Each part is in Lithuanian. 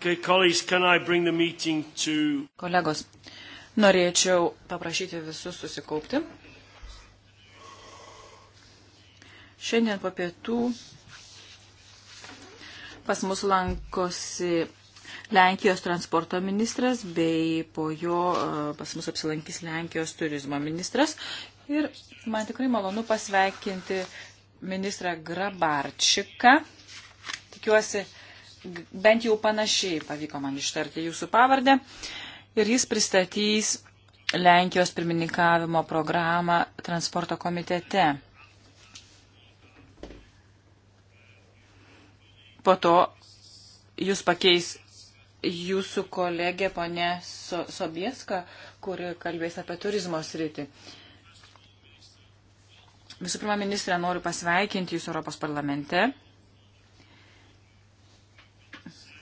Okay, to... Kolegos, norėčiau paprašyti visus susikaupti. Šiandien po pietų pas mus lankosi Lenkijos transporto ministras bei po jo e, pas mus apsilankys Lenkijos turizmo ministras. Ir man tikrai malonu pasveikinti ministrą Grabarčiką. Tikiuosi, bent jau panašiai pavyko man ištarti jūsų pavardę. Ir jis pristatys Lenkijos pirmininkavimo programą transporto komitete. Po to jūs pakeis jūsų kolegė ponė so Sobieska, kuri kalbės apie turizmo sritį. Visų pirma, ministrė, noriu pasveikinti Jūs Europos parlamente.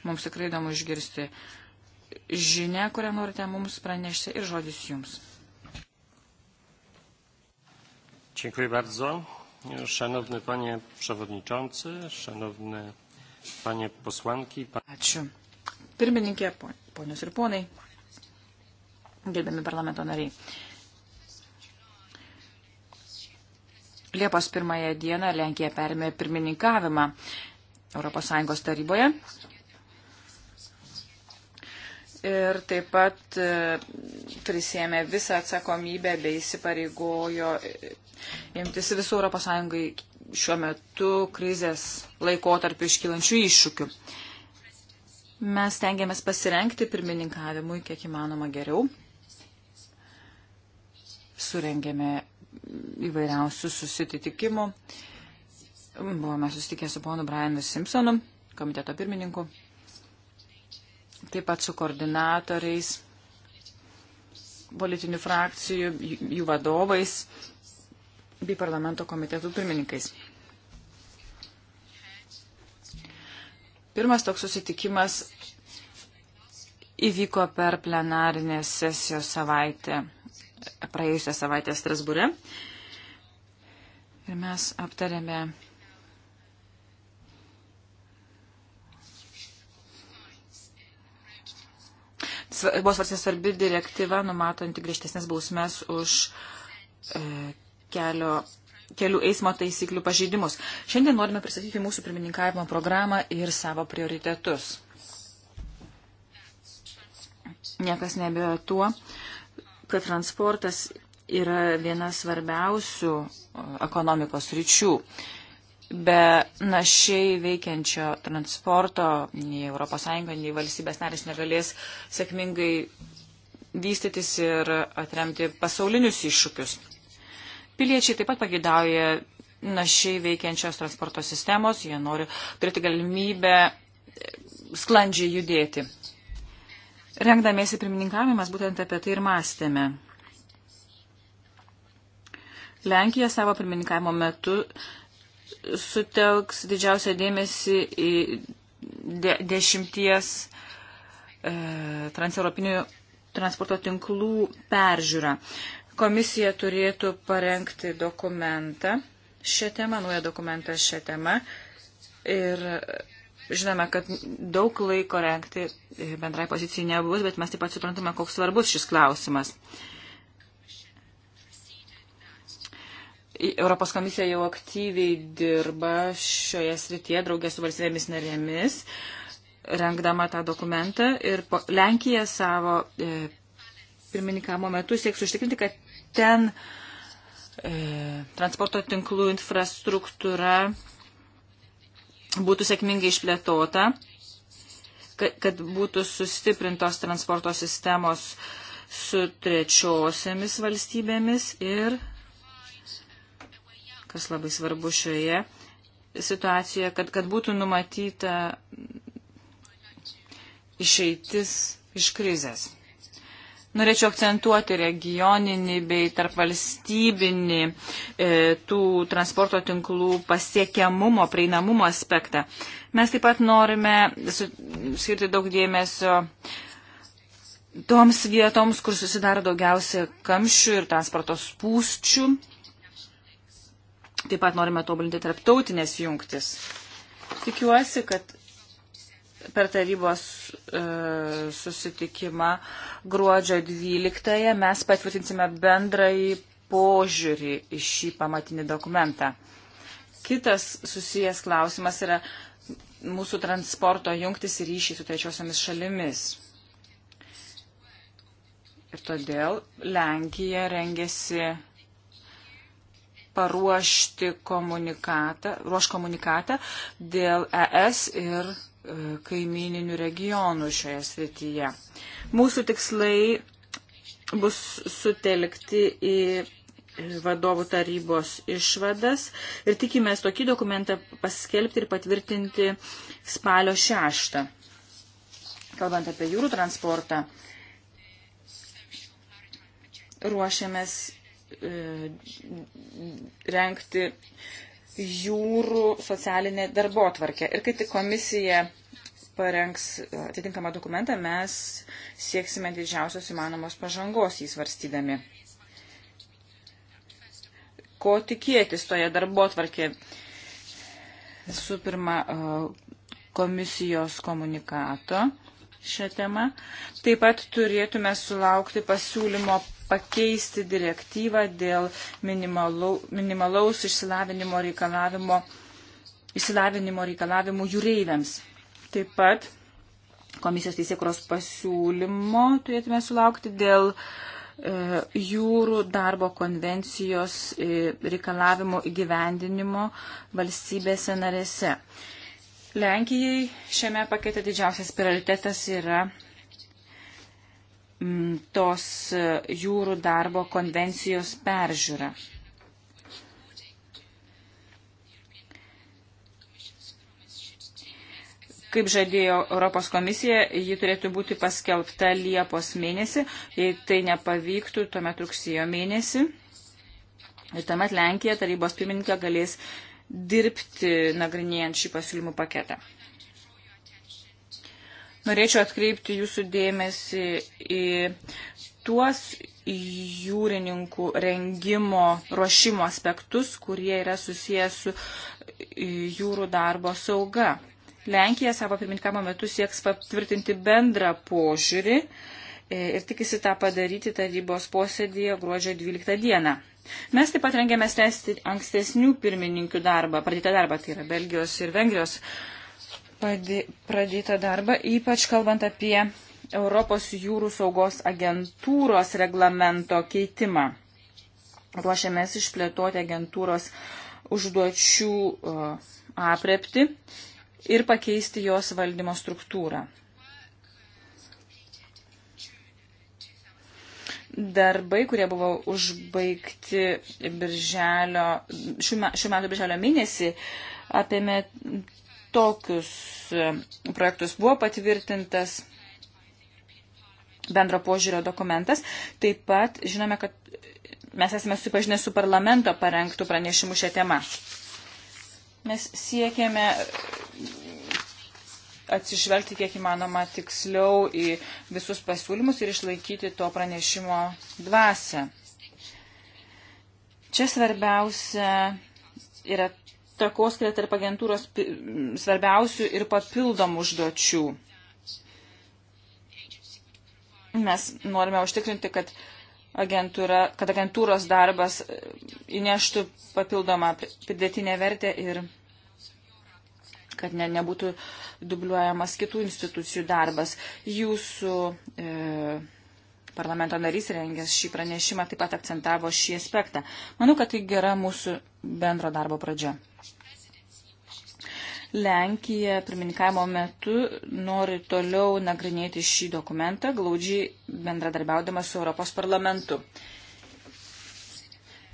Mums tikrai įdomu išgirsti žinę, kurią norite mums pranešti ir žodis jums. Dziękuję bardzo. Szanowny panie przewodniczący, szanowne panie posłanki. Pan... Ačiū. Pirmininkė, ponios ir ponai, gerbiami parlamento nariai. Liepos pirmąją dieną Lenkija perėmė pirmininkavimą ES taryboje ir taip pat e, prisėmė visą atsakomybę bei įsipareigojo e, imtis visų ES šiuo metu krizės laikotarpiu iškylančių iššūkių. Mes tengiamės pasirenkti pirmininkavimui kiek įmanoma geriau. Surengėme įvairiausių susitikimų. Buvome susitikę su ponu Brianu Simpsonu, komiteto pirmininku taip pat su koordinatoriais, politinių frakcijų, jų vadovais bei parlamento komitetų pirmininkais. Pirmas toks susitikimas įvyko per plenarinės sesijos savaitę, praėjusią savaitę Strasbūre. Ir mes aptarėme buvo svarstė svarbi direktyva numatanti griežtesnės bausmes už e, kelio kelių eismo taisyklių pažeidimus. Šiandien norime pristatyti mūsų pirmininkavimo programą ir savo prioritetus. Niekas nebejo tuo, kad transportas yra viena svarbiausių e, ekonomikos ryčių. E, be našiai veikiančio transporto nei ES, nei valstybės narės negalės sėkmingai vystytis ir atremti pasaulinius iššūkius. Piliečiai taip pat pagidauja našiai veikiančios transporto sistemos, jie nori turėti galimybę sklandžiai judėti. Rengdamėsi pirmininkavimą, mes būtent apie tai ir mąstėme. Lenkija savo pirmininkavimo metu sutelks didžiausią dėmesį į de dešimties e, transeuropinių transporto tinklų peržiūrą. Komisija turėtų parengti dokumentą šią temą, naują dokumentą šią temą. Ir žinome, kad daug laiko renkti bendrai pozicijai nebus, bet mes taip pat suprantame, koks svarbus šis klausimas. E, Europos komisija jau aktyviai dirba šioje srityje, draugė su valstybėmis narėmis, rengdama tą dokumentą. Ir po, Lenkija savo e, pirmininkamo metu sieks užtikrinti, kad ten e, transporto tinklų infrastruktūra būtų sėkmingai išplėtota, kad, kad būtų sustiprintos transporto sistemos su trečiosiamis valstybėmis ir kas labai svarbu šioje situacijoje, kad, kad būtų numatyta išeitis iš krizės. Norėčiau akcentuoti regioninį bei tarpvalstybinį e, tų transporto tinklų pasiekiamumo, prieinamumo aspektą. Mes taip pat norime skirti daug dėmesio toms vietoms, kur susidaro daugiausia kamščių ir transporto spūsčių. Taip pat norime tobulinti tarptautinės jungtis. Tikiuosi, kad per tarybos e, susitikimą gruodžio 12 mes patvirtinsime bendrąjį požiūrį į šį pamatinį dokumentą. Kitas susijęs klausimas yra mūsų transporto jungtis ir ryšiai su trečiosiomis šalimis. Ir todėl Lenkija rengėsi paruošti komunikatą, ruoš komunikatą dėl ES ir e, kaimininių regionų šioje srityje. Mūsų tikslai bus sutelkti į vadovų tarybos išvadas ir tikimės tokį dokumentą paskelbti ir patvirtinti spalio 6. Kalbant apie jūrų transportą, ruošiamės E, renkti jūrų socialinę darbo tvarkę. Ir kai tik komisija parengs atitinkamą dokumentą, mes sieksime didžiausios įmanomos pažangos įsvarstydami. Ko tikėtis toje darbo tvarkė? Su pirma, e, komisijos komunikato šią temą. Taip pat turėtume sulaukti pasiūlymo pakeisti direktyvą dėl minimalau, minimalaus išsilavinimo reikalavimo, išsilavinimo reikalavimų jūreiviams. Taip pat komisijos teisėkros pasiūlymo turėtume sulaukti dėl e, jūrų darbo konvencijos e, reikalavimo įgyvendinimo valstybėse narėse. Lenkijai šiame pakete didžiausias prioritetas yra Mm, tos e, jūrų darbo konvencijos peržiūra. Kaip žadėjo Europos komisija, ji turėtų būti paskelbta Liepos mėnesį, jei tai nepavyktų, tuomet rugsėjo mėnesį. Ir tuomet Lenkija tarybos pirmininkė galės dirbti nagrinėjant šį pasiūlymų paketą. Norėčiau atkreipti jūsų dėmesį į tuos jūrininkų rengimo ruošimo aspektus, kurie yra susijęs su e, jūrų darbo sauga. Lenkija savo pirmininkamo metu sieks patvirtinti bendrą požiūrį e, ir tikisi tą padaryti tarybos posėdėje gruodžio 12 dieną. Mes taip pat rengiamės tęsti ankstesnių pirmininkių darbą, pradėtą darbą, tai yra Belgijos ir Vengrijos padė, pradėtą darbą, ypač kalbant apie Europos jūrų saugos agentūros reglamento keitimą. Ruošiamės išplėtoti agentūros užduočių e, aprepti ir pakeisti jos valdymo struktūrą. darbai, kurie buvo užbaigti birželio, šių, me, šių metų birželio mėnesį, apėmė tokius e, projektus buvo patvirtintas bendro požiūrio dokumentas. Taip pat žinome, kad mes esame supažinę su parlamento parengtų pranešimų šią temą. Mes siekėme atsižvelgti kiek įmanoma tiksliau į visus pasiūlymus ir išlaikyti to pranešimo dvasę. Čia svarbiausia yra takoskirą tarp agentūros svarbiausių ir papildomų užduočių. Mes norime užtikrinti, kad, agentūra, kad agentūros darbas įneštų papildomą pridėtinę vertę ir kad ne, nebūtų dubliuojamas kitų institucijų darbas. Jūsų e, parlamento narys rengęs šį pranešimą taip pat akcentavo šį aspektą. Manau, kad tai gera mūsų bendro darbo pradžia. Lenkija pirmininkavimo metu nori toliau nagrinėti šį dokumentą, glaudžiai bendradarbiaudama su Europos parlamentu.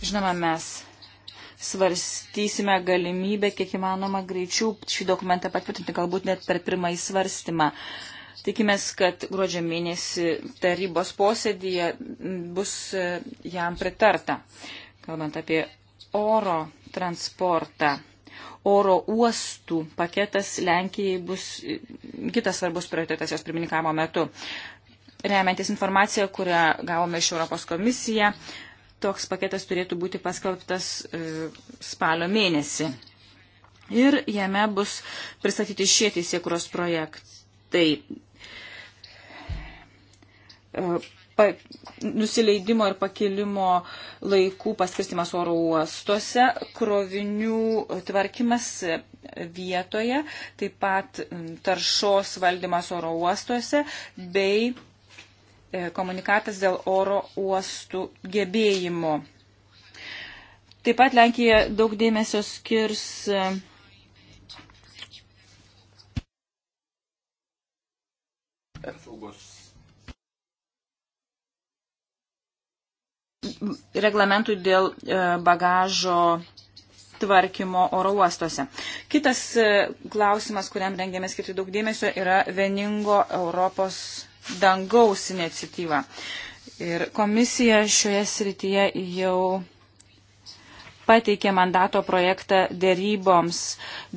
Žinoma, mes svarstysime galimybę, kiek įmanoma greičiau šį dokumentą patvirtinti, galbūt net per pirmąjį svarstymą. Uh, Tikimės, kad gruodžio mėnesį tarybos posėdėje bus e, jam pritarta, kalbant apie oro transportą. Oro uostų paketas Lenkijai bus e, kitas svarbus prioritetas jos pirmininkavimo metu. Remiantis informaciją, kurią gavome iš Europos komisiją, toks paketas turėtų būti paskelbtas e, spalio mėnesį. Ir jame bus pristatyti šie teisėkuros projektai pa, nusileidimo ir pakilimo laikų paskirstimas oro uostuose, krovinių tvarkymas vietoje, taip pat taršos valdymas oro uostuose bei e, komunikatas dėl oro uostų gebėjimo. Taip pat Lenkija daug dėmesio skirs e, saugos reglamentų dėl e, bagažo tvarkymo oro uostuose. Kitas e, klausimas, kuriam rengėme skirti daug dėmesio, yra vieningo Europos dangaus iniciatyva. Ir komisija šioje srityje jau pateikė mandato projektą dėryboms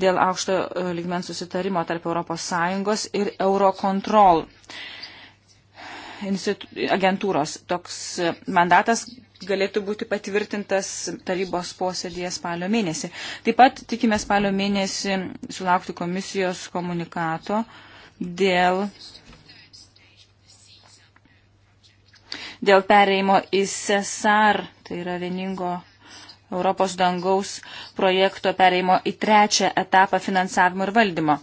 dėl aukšto e, lygmens susitarimo tarp ES ir Eurocontrol. Uh, agentūros. Toks mandatas galėtų būti patvirtintas tarybos posėdėje spalio mėnesį. Taip pat tikime spalio mėnesį sulaukti komisijos komunikato dėl, dėl pereimo į CESAR, tai yra vieningo Europos dangaus projekto pereimo į trečią etapą finansavimo ir valdymo.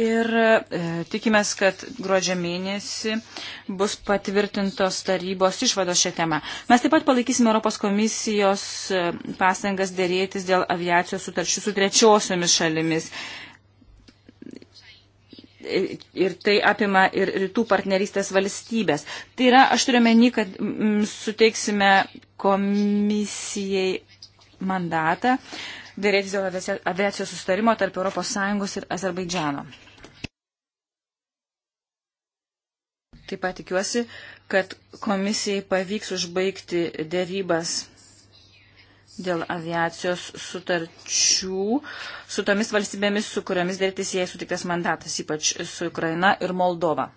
Ir e, tikimės, kad gruodžio mėnesį bus patvirtintos tarybos išvados šią temą. Mes taip pat palaikysime Europos komisijos e, pastangas dėrėtis dėl aviacijos sutarčių su trečiosiomis šalimis. E, ir tai apima ir rytų partnerystės valstybės. Tai yra, aš turiu meni, kad m, mm, suteiksime komisijai mandatą. E, dėrėtis dėl aviacijos sustarimo tarp ES ir Azerbaidžiano. Taip pat tikiuosi, kad komisijai pavyks užbaigti dėrybas dėl aviacijos sutarčių su tomis valstybėmis, su kuriomis dėrėtis jai sutiktas mandatas, ypač su Ukraina ir Moldova.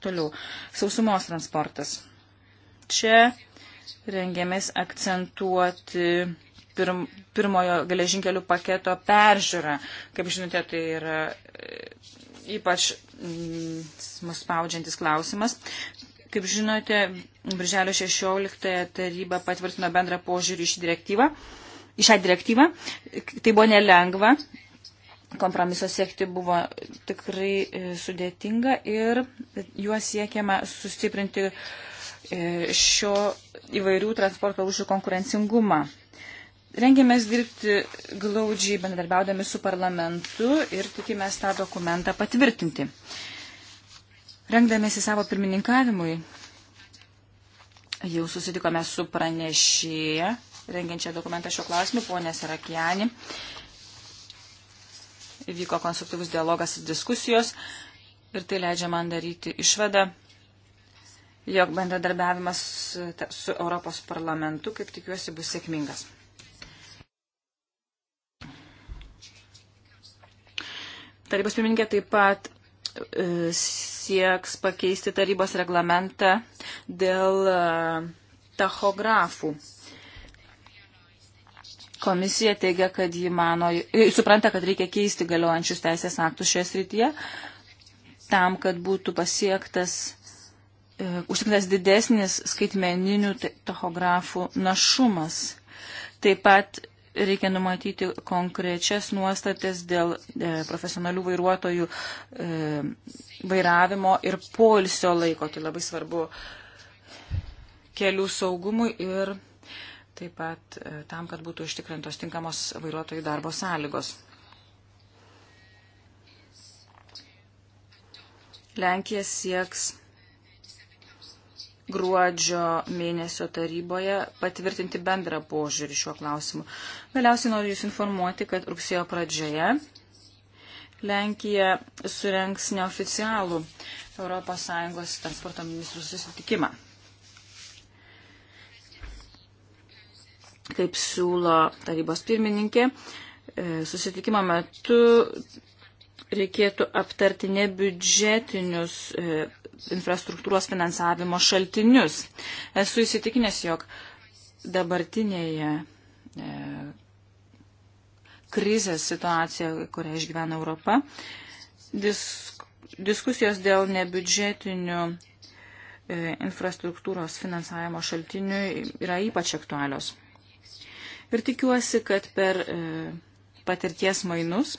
Toliau. Sausumos transportas. Čia rengiamės akcentuoti pirm, pirmojo geležinkelių paketo peržiūrą. Kaip žinote, tai yra e, ypač mm, mus spaudžiantis klausimas. Kaip žinote, Birželio 16 taryba patvirtino bendrą požiūrį iš direktyvą. Į šią direktyvą. Tai buvo nelengva. Kompromiso siekti buvo tikrai e, sudėtinga ir juos siekiama sustiprinti uh, E, šio įvairių transporto rūšių konkurencingumą. Rengiamės dirbti glaudžiai bendradarbiaudami su parlamentu ir tikimės tą dokumentą patvirtinti. Rengdamėsi savo pirmininkavimui, jau susitikome su pranešėja, rengiančia dokumentą šio klausimu, ponė Serakiani. Vyko konstruktyvus dialogas ir diskusijos ir tai leidžia man daryti išvadą, jog bendradarbiavimas su Europos parlamentu, kaip tikiuosi, bus sėkmingas. Tarybos pirmininkė taip pat e, sieks pakeisti tarybos reglamentą dėl e, tachografų. Komisija teigia, kad ji mano, supranta, kad reikia keisti galiojančius teisės aktus šioje srityje tam, kad būtų pasiektas E, užtikrintas didesnis skaitmeninių tachografų našumas. Taip pat reikia numatyti konkrečias nuostatas dėl e, profesionalių vairuotojų e, vairavimo ir poilsio laiko. Tai labai svarbu kelių saugumui ir taip pat e, tam, kad būtų ištikrintos tinkamos vairuotojų darbo sąlygos. Lenkija sieks gruodžio mėnesio taryboje patvirtinti bendrą požiūrį šiuo klausimu. Galiausiai noriu Jūs informuoti, kad rugsėjo pradžioje Lenkija surenks neoficialų ES transporto ministrų susitikimą. Kaip siūlo tarybos pirmininkė, e, susitikimo metu reikėtų aptarti nebiudžetinius e, infrastruktūros finansavimo šaltinius. Esu įsitikinęs, jog dabartinėje e, krizės situacijoje, kurią išgyvena Europa, disk, diskusijos dėl nebiudžetinių e, infrastruktūros finansavimo šaltinių yra ypač aktualios. Ir tikiuosi, kad per e, patirties mainus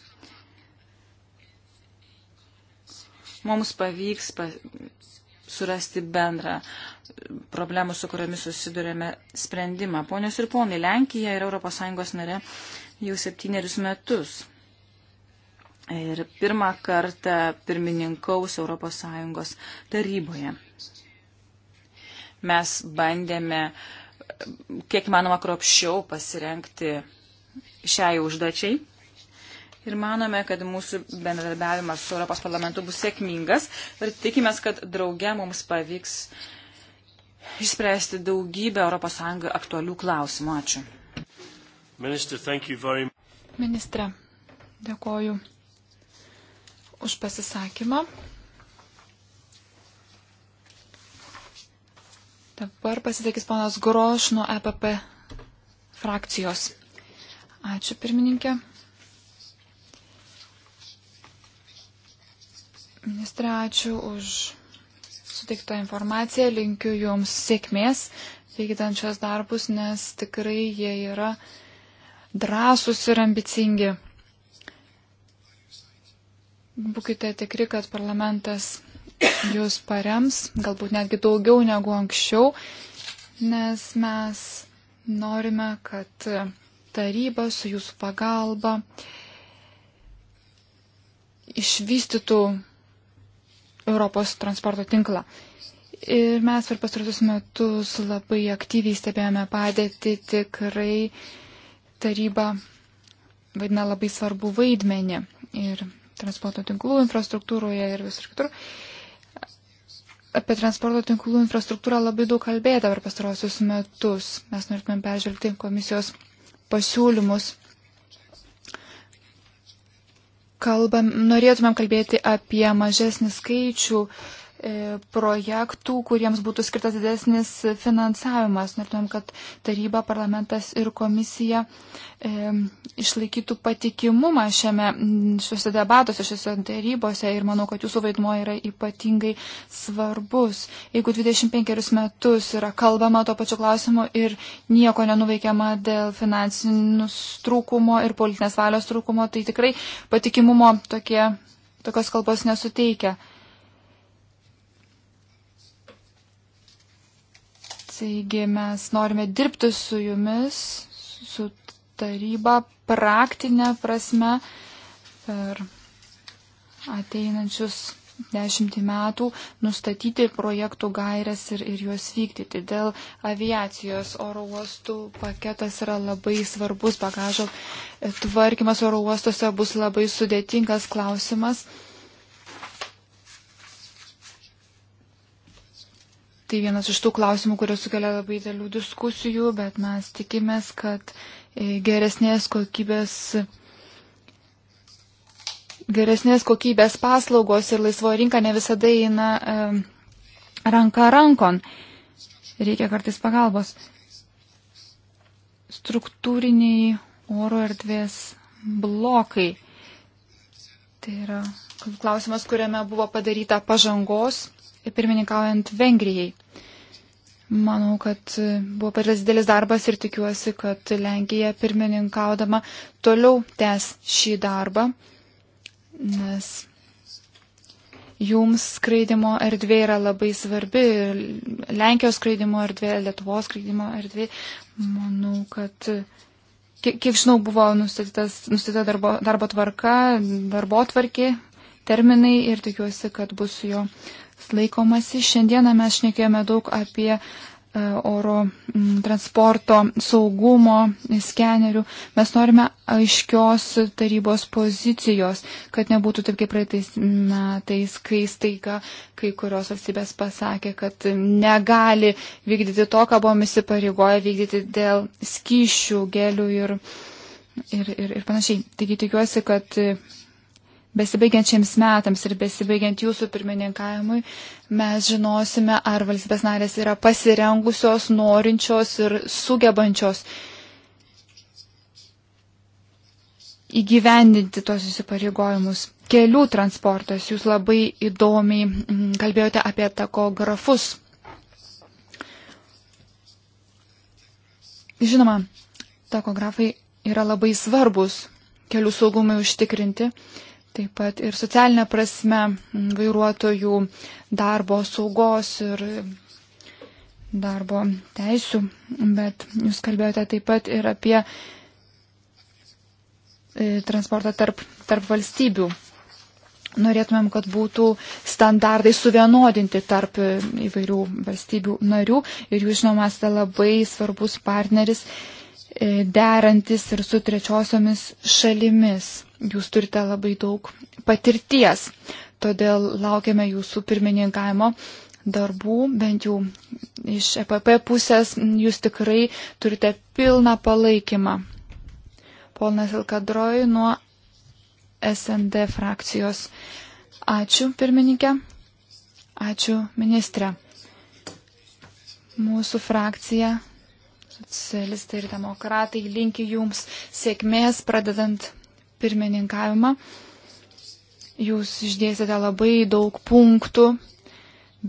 mums pavyks pa, surasti bendrą problemų, su kuriomis susidurėme sprendimą. Ponios ir ponai, Lenkija yra ES nare jau septynerius metus. Ir pirmą kartą pirmininkaus ES taryboje. Mes bandėme, kiek manoma, kropščiau pasirenkti šiai užduočiai ir manome, kad mūsų bendradarbiavimas su Europos parlamentu bus sėkmingas ir tikimės, kad drauge mums pavyks išspręsti daugybę ES aktualių klausimų. Ačiū. Minister, very... Ministre, dėkoju už pasisakymą. Dabar pasisakys ponas Groš nuo EPP frakcijos. Ačiū pirmininkė. Ministre, ačiū už suteiktą informaciją, linkiu Jums sėkmės vykdant šios darbus, nes tikrai jie yra drąsūs ir ambicingi. Būkite tikri, kad parlamentas Jūs parems, galbūt netgi daugiau negu anksčiau, nes mes norime, kad taryba su Jūsų pagalba išvystytų Europos transporto tinklą. Ir mes per pastarusius metus labai aktyviai stebėjome padėtį, tikrai taryba vaidina labai svarbu vaidmenį ir transporto tinklų infrastruktūroje ir visur kitur. Apie transporto tinklų infrastruktūrą labai daug kalbėta per pastarosius metus. Mes norėtume peržvelgti komisijos pasiūlymus kalbam, norėtumėm kalbėti apie mažesnį skaičių E, projektų, kuriems būtų skirtas didesnis finansavimas. Norėtumėm, kad taryba, parlamentas ir komisija e, išlaikytų patikimumą šiame, šiuose debatuose, šiuose tarybose ir manau, kad jūsų vaidmuo yra ypatingai svarbus. Jeigu 25 metus yra kalbama to pačiu klausimu ir nieko nenuveikiama dėl finansinių trūkumo ir politinės valios trūkumo, tai tikrai patikimumo tokie, tokios kalbos nesuteikia. Taigi mes norime dirbti su jumis, su taryba praktinė prasme per ateinančius dešimtį metų nustatyti projektų gairias ir, ir juos vykdyti. Dėl aviacijos oro uostų paketas yra labai svarbus, bagažo tvarkymas oro uostuose bus labai sudėtingas klausimas. Tai vienas iš tų klausimų, kurios sukelia labai dėlių diskusijų, bet mes tikimės, kad e, geresnės kokybės, geresnės kokybės paslaugos ir laisvoji rinka ne visada eina e, ranka rankon. Reikia kartais pagalbos. Struktūriniai oro erdvės blokai. Tai yra klausimas, kuriame buvo padaryta pažangos pirmininkaujant Vengrijai. Manau, kad buvo padarytas didelis darbas ir tikiuosi, kad Lenkija pirmininkaudama toliau tęs šį darbą, nes jums skraidimo erdvė yra labai svarbi, Lenkijos skraidimo erdvė, Lietuvos skraidimo erdvė. Manau, kad kiek, kiek žinau, buvo nustatyta darbo, darbo tvarka, darbo tvarkė, terminai ir tikiuosi, kad bus su jo laikomasi. Šiandieną mes šnekėjome daug apie e, oro transporto saugumo skenerių. Mes norime aiškios tarybos pozicijos, kad nebūtų taip kaip praeitais metais, kai staiga kai kurios valstybės pasakė, kad negali vykdyti to, ką buvome įsipareigoję vykdyti dėl skyšių, gelių ir, ir, ir, ir panašiai. Taigi tikiuosi, kad besibaigiančiams metams ir besibaigiant jūsų pirmininkavimui, mes žinosime, ar valstybės narės yra pasirengusios, norinčios ir sugebančios įgyvendinti tos įsipareigojimus. Kelių transportas, jūs labai įdomiai mm, kalbėjote apie takografus. Žinoma, takografai yra labai svarbus kelių saugumai užtikrinti. Taip pat ir socialinė prasme vairuotojų darbo saugos ir darbo teisų, bet jūs kalbėjote taip pat ir apie e, transportą tarp, tarp valstybių. Norėtumėm, kad būtų standartai suvienodinti tarp e, įvairių valstybių narių ir jūs žinoma esate labai svarbus partneris e, derantis ir su trečiosiomis šalimis. Jūs turite labai daug patirties, todėl laukiame jūsų pirmininkavimo darbų, bent jau iš EPP pusės jūs tikrai turite pilną palaikymą. Polnas Ilkadroj nuo SND frakcijos. Ačiū, pirmininkė. Ačiū, ministrė. Mūsų frakcija, socialistai ir demokratai, linki jums sėkmės pradedant pirmininkavimą. Jūs išdėsite labai daug punktų,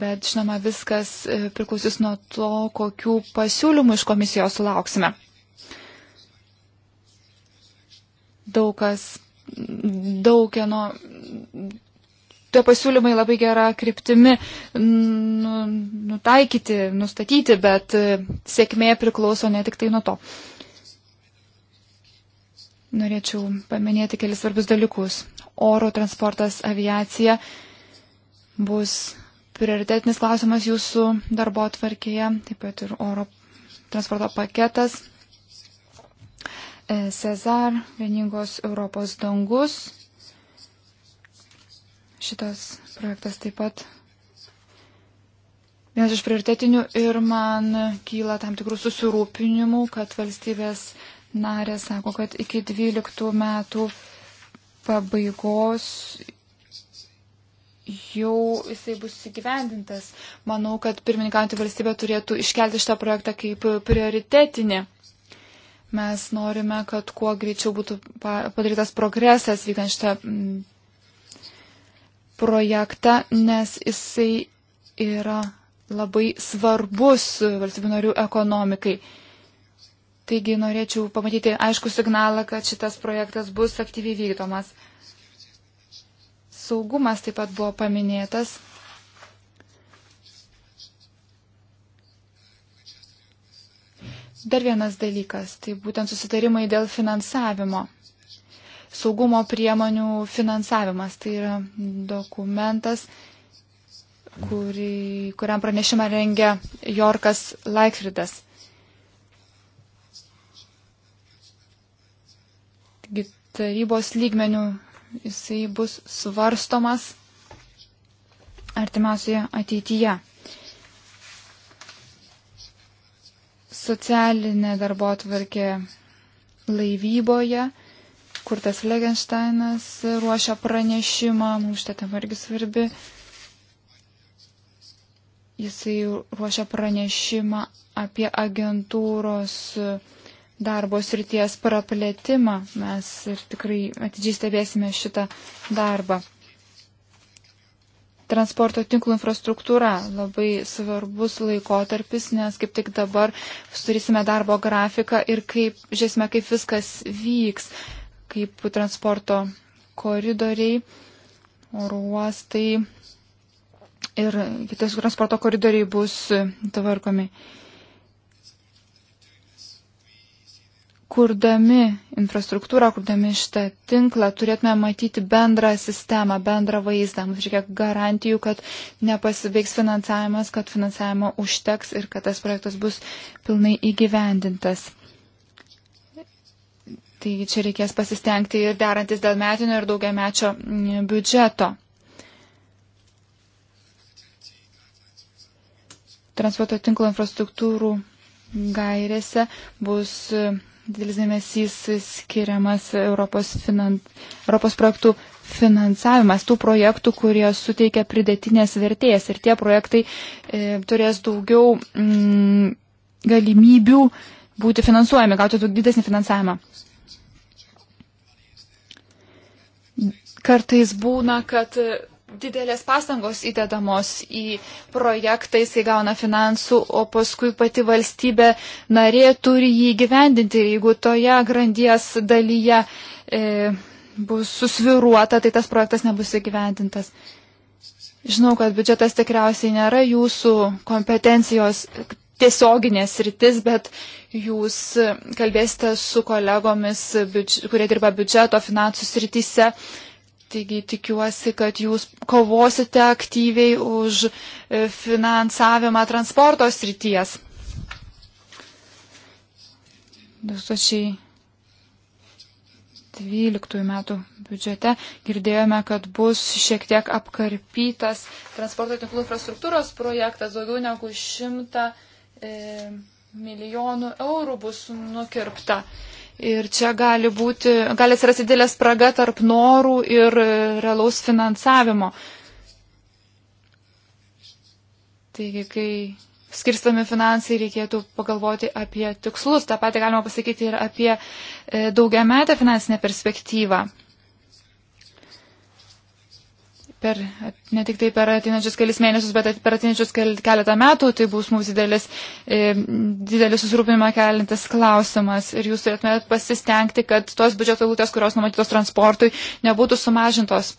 bet žinoma, viskas e, priklausys nuo to, kokių pasiūlymų iš komisijos sulauksime. Daug kas, daug kieno, tie pasiūlymai labai gera kryptimi nu, nutaikyti, nustatyti, bet e, sėkmė priklauso ne tik tai nuo to. Norėčiau paminėti kelis svarbius dalykus. Oro transportas, aviacija bus prioritetinis klausimas jūsų darbo atvarkėje, taip pat ir oro transporto paketas. E, Cezar, vieningos Europos dangus. Šitas projektas taip pat vienas iš prioritetinių ir man kyla tam tikrų susirūpinimų, kad valstybės narės sako, kad iki 12 metų pabaigos jau jisai bus įgyvendintas. Manau, kad pirmininkaujantį valstybę turėtų iškelti šitą projektą kaip prioritetinį. Mes norime, kad kuo greičiau būtų padarytas progresas vykant šitą mm, projektą, nes jisai yra labai svarbus valstybių narių ekonomikai. Taigi norėčiau pamatyti aišku signalą, kad šitas projektas bus aktyviai vykdomas. Saugumas taip pat buvo paminėtas. Dar vienas dalykas, tai būtent susitarimai dėl finansavimo. Saugumo priemonių finansavimas, tai yra dokumentas, kurį, kuriam pranešimą rengia Jorkas Laikfridas. Taigi tarybos lygmenių jisai bus svarstomas artimiausioje ateityje. Socialinė darbo atvarkė laivyboje, kur tas Legensteinas ruošia pranešimą, mums šitą temą irgi svarbi. Jisai ruošia pranešimą apie agentūros uh, darbo srities praplėtimą. Mes ir tikrai atidžiai stebėsime šitą darbą. Transporto tinklų infrastruktūra labai svarbus laikotarpis, nes kaip tik dabar turėsime darbo grafiką ir kaip, žiūrėsime, kaip viskas vyks, kaip transporto koridoriai, oro uostai ir kitas transporto koridoriai bus tvarkomi. kurdami infrastruktūrą, kurdami šitą tinklą, turėtume matyti bendrą sistemą, bendrą vaizdą. Mums reikia garantijų, kad nepasibaigs finansavimas, kad finansavimo užteks ir kad tas projektas bus pilnai įgyvendintas. Taigi čia reikės pasistengti ir derantis dėl metinio ir daugiamečio biudžeto. Transporto tinklo infrastruktūrų gairėse bus didelis dėmesys skiriamas Europos, finan, Europos projektų finansavimas, tų projektų, kurie suteikia pridėtinės vertės ir tie projektai e, turės daugiau mm, galimybių būti finansuojami, gauti didesnį finansavimą. Kartais būna, kad didelės pastangos įdedamos į projektą, jisai gauna finansų, o paskui pati valstybė narė turi jį gyvendinti. Ir jeigu toje grandies dalyje e, bus susviruota, tai tas projektas nebus įgyvendintas. Žinau, kad biudžetas tikriausiai nėra jūsų kompetencijos tiesioginės rytis, bet jūs kalbėsite su kolegomis, kurie dirba biudžeto, finansų srityse Taigi tikiuosi, kad jūs kovosite aktyviai už e, finansavimą transporto srities. 2012 metų biudžete girdėjome, kad bus šiek tiek apkarpytas transporto tinklų infrastruktūros projektas, daugiau negu 100 e, milijonų eurų bus nukirpta. Ir čia gali, būti, gali atsirasti didelė spraga tarp norų ir realaus finansavimo. Taigi, kai skirstami finansai, reikėtų pagalvoti apie tikslus. Ta pati galima pasakyti ir apie e, daugiametę finansinę perspektyvą per, ne tik tai per ateinančius kelis mėnesius, bet per ateinančius keletą metų, tai bus mums didelis, e, didelis susirūpinimą kelintas klausimas. Ir jūs turėtumėt pasistengti, kad tos biudžeto lūtės, kurios numatytos transportui, nebūtų sumažintos.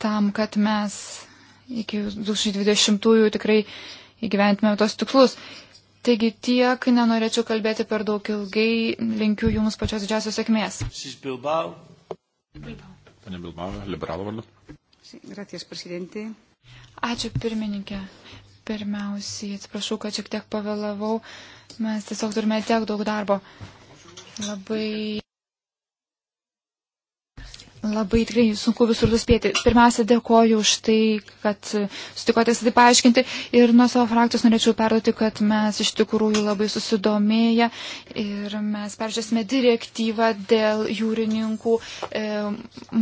Tam, kad mes iki 2020-ųjų tikrai įgyventumėm tos tikslus. Taigi tiek, nenorėčiau kalbėti per daug ilgai, linkiu Jums pačios didžiausios sėkmės. Bilbao. Pane Bilbao, liberalų vardu. Gracias, prezidentė. Ačiū, pirmininkė. Pirmiausiai, atsiprašau, kad šiek tiek pavėlavau. Mes tiesiog turime tiek daug darbo. Labai Labai tikrai sunku visur suspėti. Pirmiausia, dėkoju už tai, kad sutikote tai paaiškinti ir nuo savo frakcijos norėčiau perduoti, kad mes iš tikrųjų labai susidomėję ir mes peržiūrėsime direktyvą dėl jūrininkų e,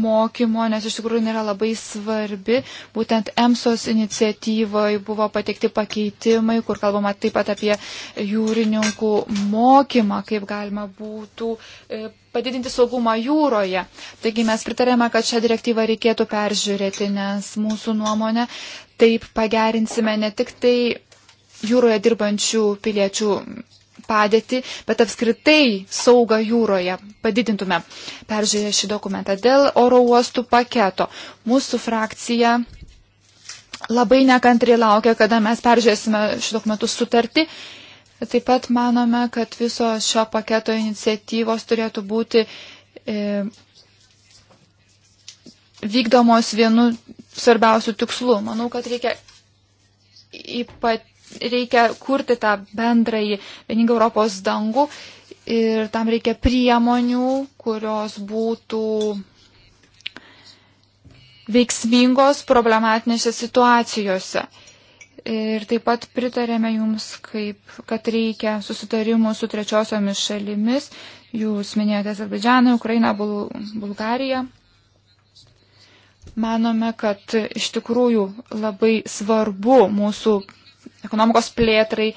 mokymo, nes iš tikrųjų nėra labai svarbi. Būtent EMSOS iniciatyvoje buvo pateikti pakeitimai, kur kalbama taip pat apie jūrininkų mokymą, kaip galima būtų. E, padidinti saugumą jūroje. Taigi mes pritarėme, kad šią direktyvą reikėtų peržiūrėti, nes mūsų nuomonė taip pagerinsime ne tik tai jūroje dirbančių piliečių padėtį, bet apskritai saugą jūroje padidintume peržiūrėję šį dokumentą. Dėl oro uostų paketo mūsų frakcija labai nekantriai laukia, kada mes peržiūrėsime šį dokumentų sutartį Taip pat manome, kad viso šio paketo iniciatyvos turėtų būti e, vykdomos vienu svarbiausių tikslų. Manau, kad reikia, ypat, reikia kurti tą bendrąjį vieningą Europos dangų ir tam reikia priemonių, kurios būtų veiksmingos problematinėse situacijose. Ir taip pat pritarėme jums, kaip, kad reikia susitarimų su trečiosiomis šalimis. Jūs minėjote Azerbaidžianą, Ukrainą, Bul Bulgariją. Manome, kad iš tikrųjų labai svarbu mūsų ekonomikos plėtrai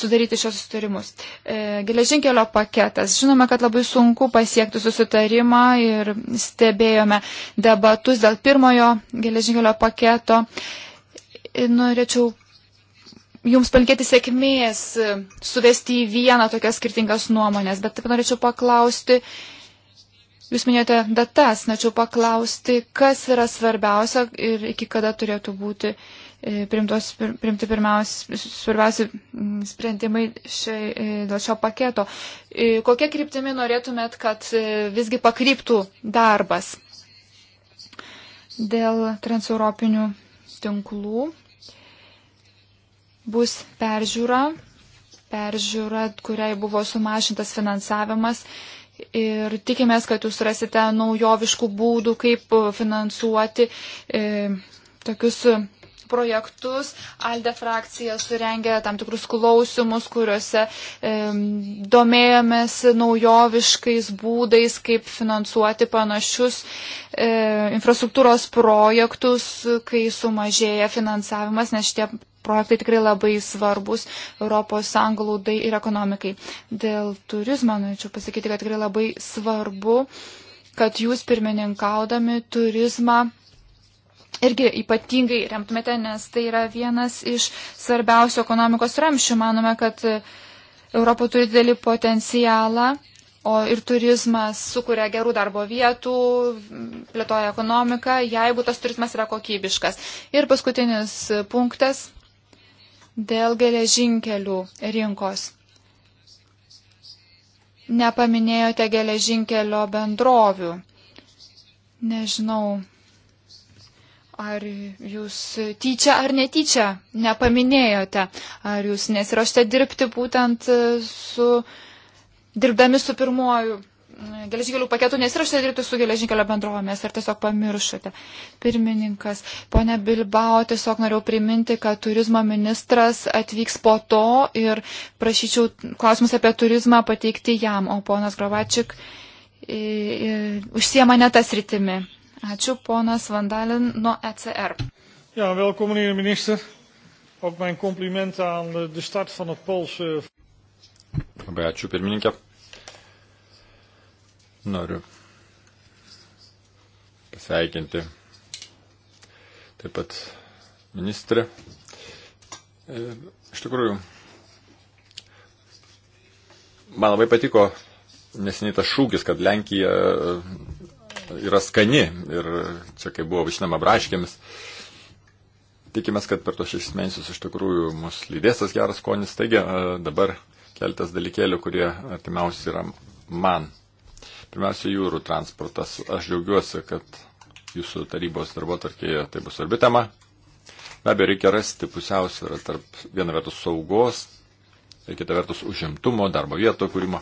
sudaryti šios susitarimus. E, geležinkelio paketas. Žinome, kad labai sunku pasiekti susitarimą ir stebėjome debatus dėl pirmojo geležinkelio paketo. Norėčiau Jums palinkėti sėkmės e, suvesti į vieną tokias skirtingas nuomonės, bet taip norėčiau paklausti, Jūs minėjote datas, načiau paklausti, kas yra svarbiausia ir iki kada turėtų būti e, primtos, primti svarbiausi mm, sprendimai šiai, e, dėl šio paketo. Kokie kryptimi norėtumėt, kad visgi pakryptų darbas dėl transeuropinių tinklų? bus peržiūra, peržiūra, kuriai buvo sumažintas finansavimas ir tikimės, kad jūs rasite naujoviškų būdų, kaip finansuoti e, tokius projektus. Alde frakcija surengė tam tikrus klausimus, kuriuose e, domėjomės naujoviškais būdais, kaip finansuoti panašius e, infrastruktūros projektus, kai sumažėja finansavimas, nes šitie projektai tikrai labai svarbus Europos sanglaudai ir ekonomikai. Dėl turizmo norėčiau pasakyti, kad tikrai labai svarbu, kad jūs pirmininkaudami turizmą irgi ypatingai remtumėte, nes tai yra vienas iš svarbiausių ekonomikos ramščių. Manome, kad Europa turi didelį potencialą. O ir turizmas sukuria gerų darbo vietų, plėtoja ekonomiką, jeigu tas turizmas yra kokybiškas. Ir paskutinis punktas dėl geležinkelių rinkos. Nepaminėjote geležinkelio bendrovių. Nežinau, ar jūs tyčia ar netyčia nepaminėjote, ar jūs nesirošte dirbti būtent su, dirbdami su pirmoju geležinkelių paketų nesirašėte dirbti su geležinkelio bendrovėmis ar tiesiog pamiršote. Pirmininkas, ponia Bilbao, tiesiog norėjau priminti, kad turizmo ministras atvyks po to ir prašyčiau klausimus apie turizmą pateikti jam, o ponas Gravačik užsiema ne tas rytimi. Ačiū, ponas Vandalin nuo ECR. Ja, welkom, meneer de minister. Ook mijn complimenten aan de start van het Poolse. Labai ačiū, pirmininkė noriu pasveikinti taip pat ministrę. Iš tikrųjų, man labai patiko nesiniai tas šūkis, kad Lenkija yra skani ir čia kai buvo važinama braškėmis. Tikimės, kad per to šešis mėnesius iš tikrųjų mus lydės tas geras skonis. Taigi dabar keltas dalykėlių, kurie artimiausi yra man. Pirmiausia, jūrų transportas. Aš džiaugiuosi, kad jūsų tarybos darbo tarkėje tai bus svarbi tema. Be abejo, reikia rasti pusiausvyrą tarp viena vertus saugos ir kita vertus užimtumo, darbo vieto kūrimo.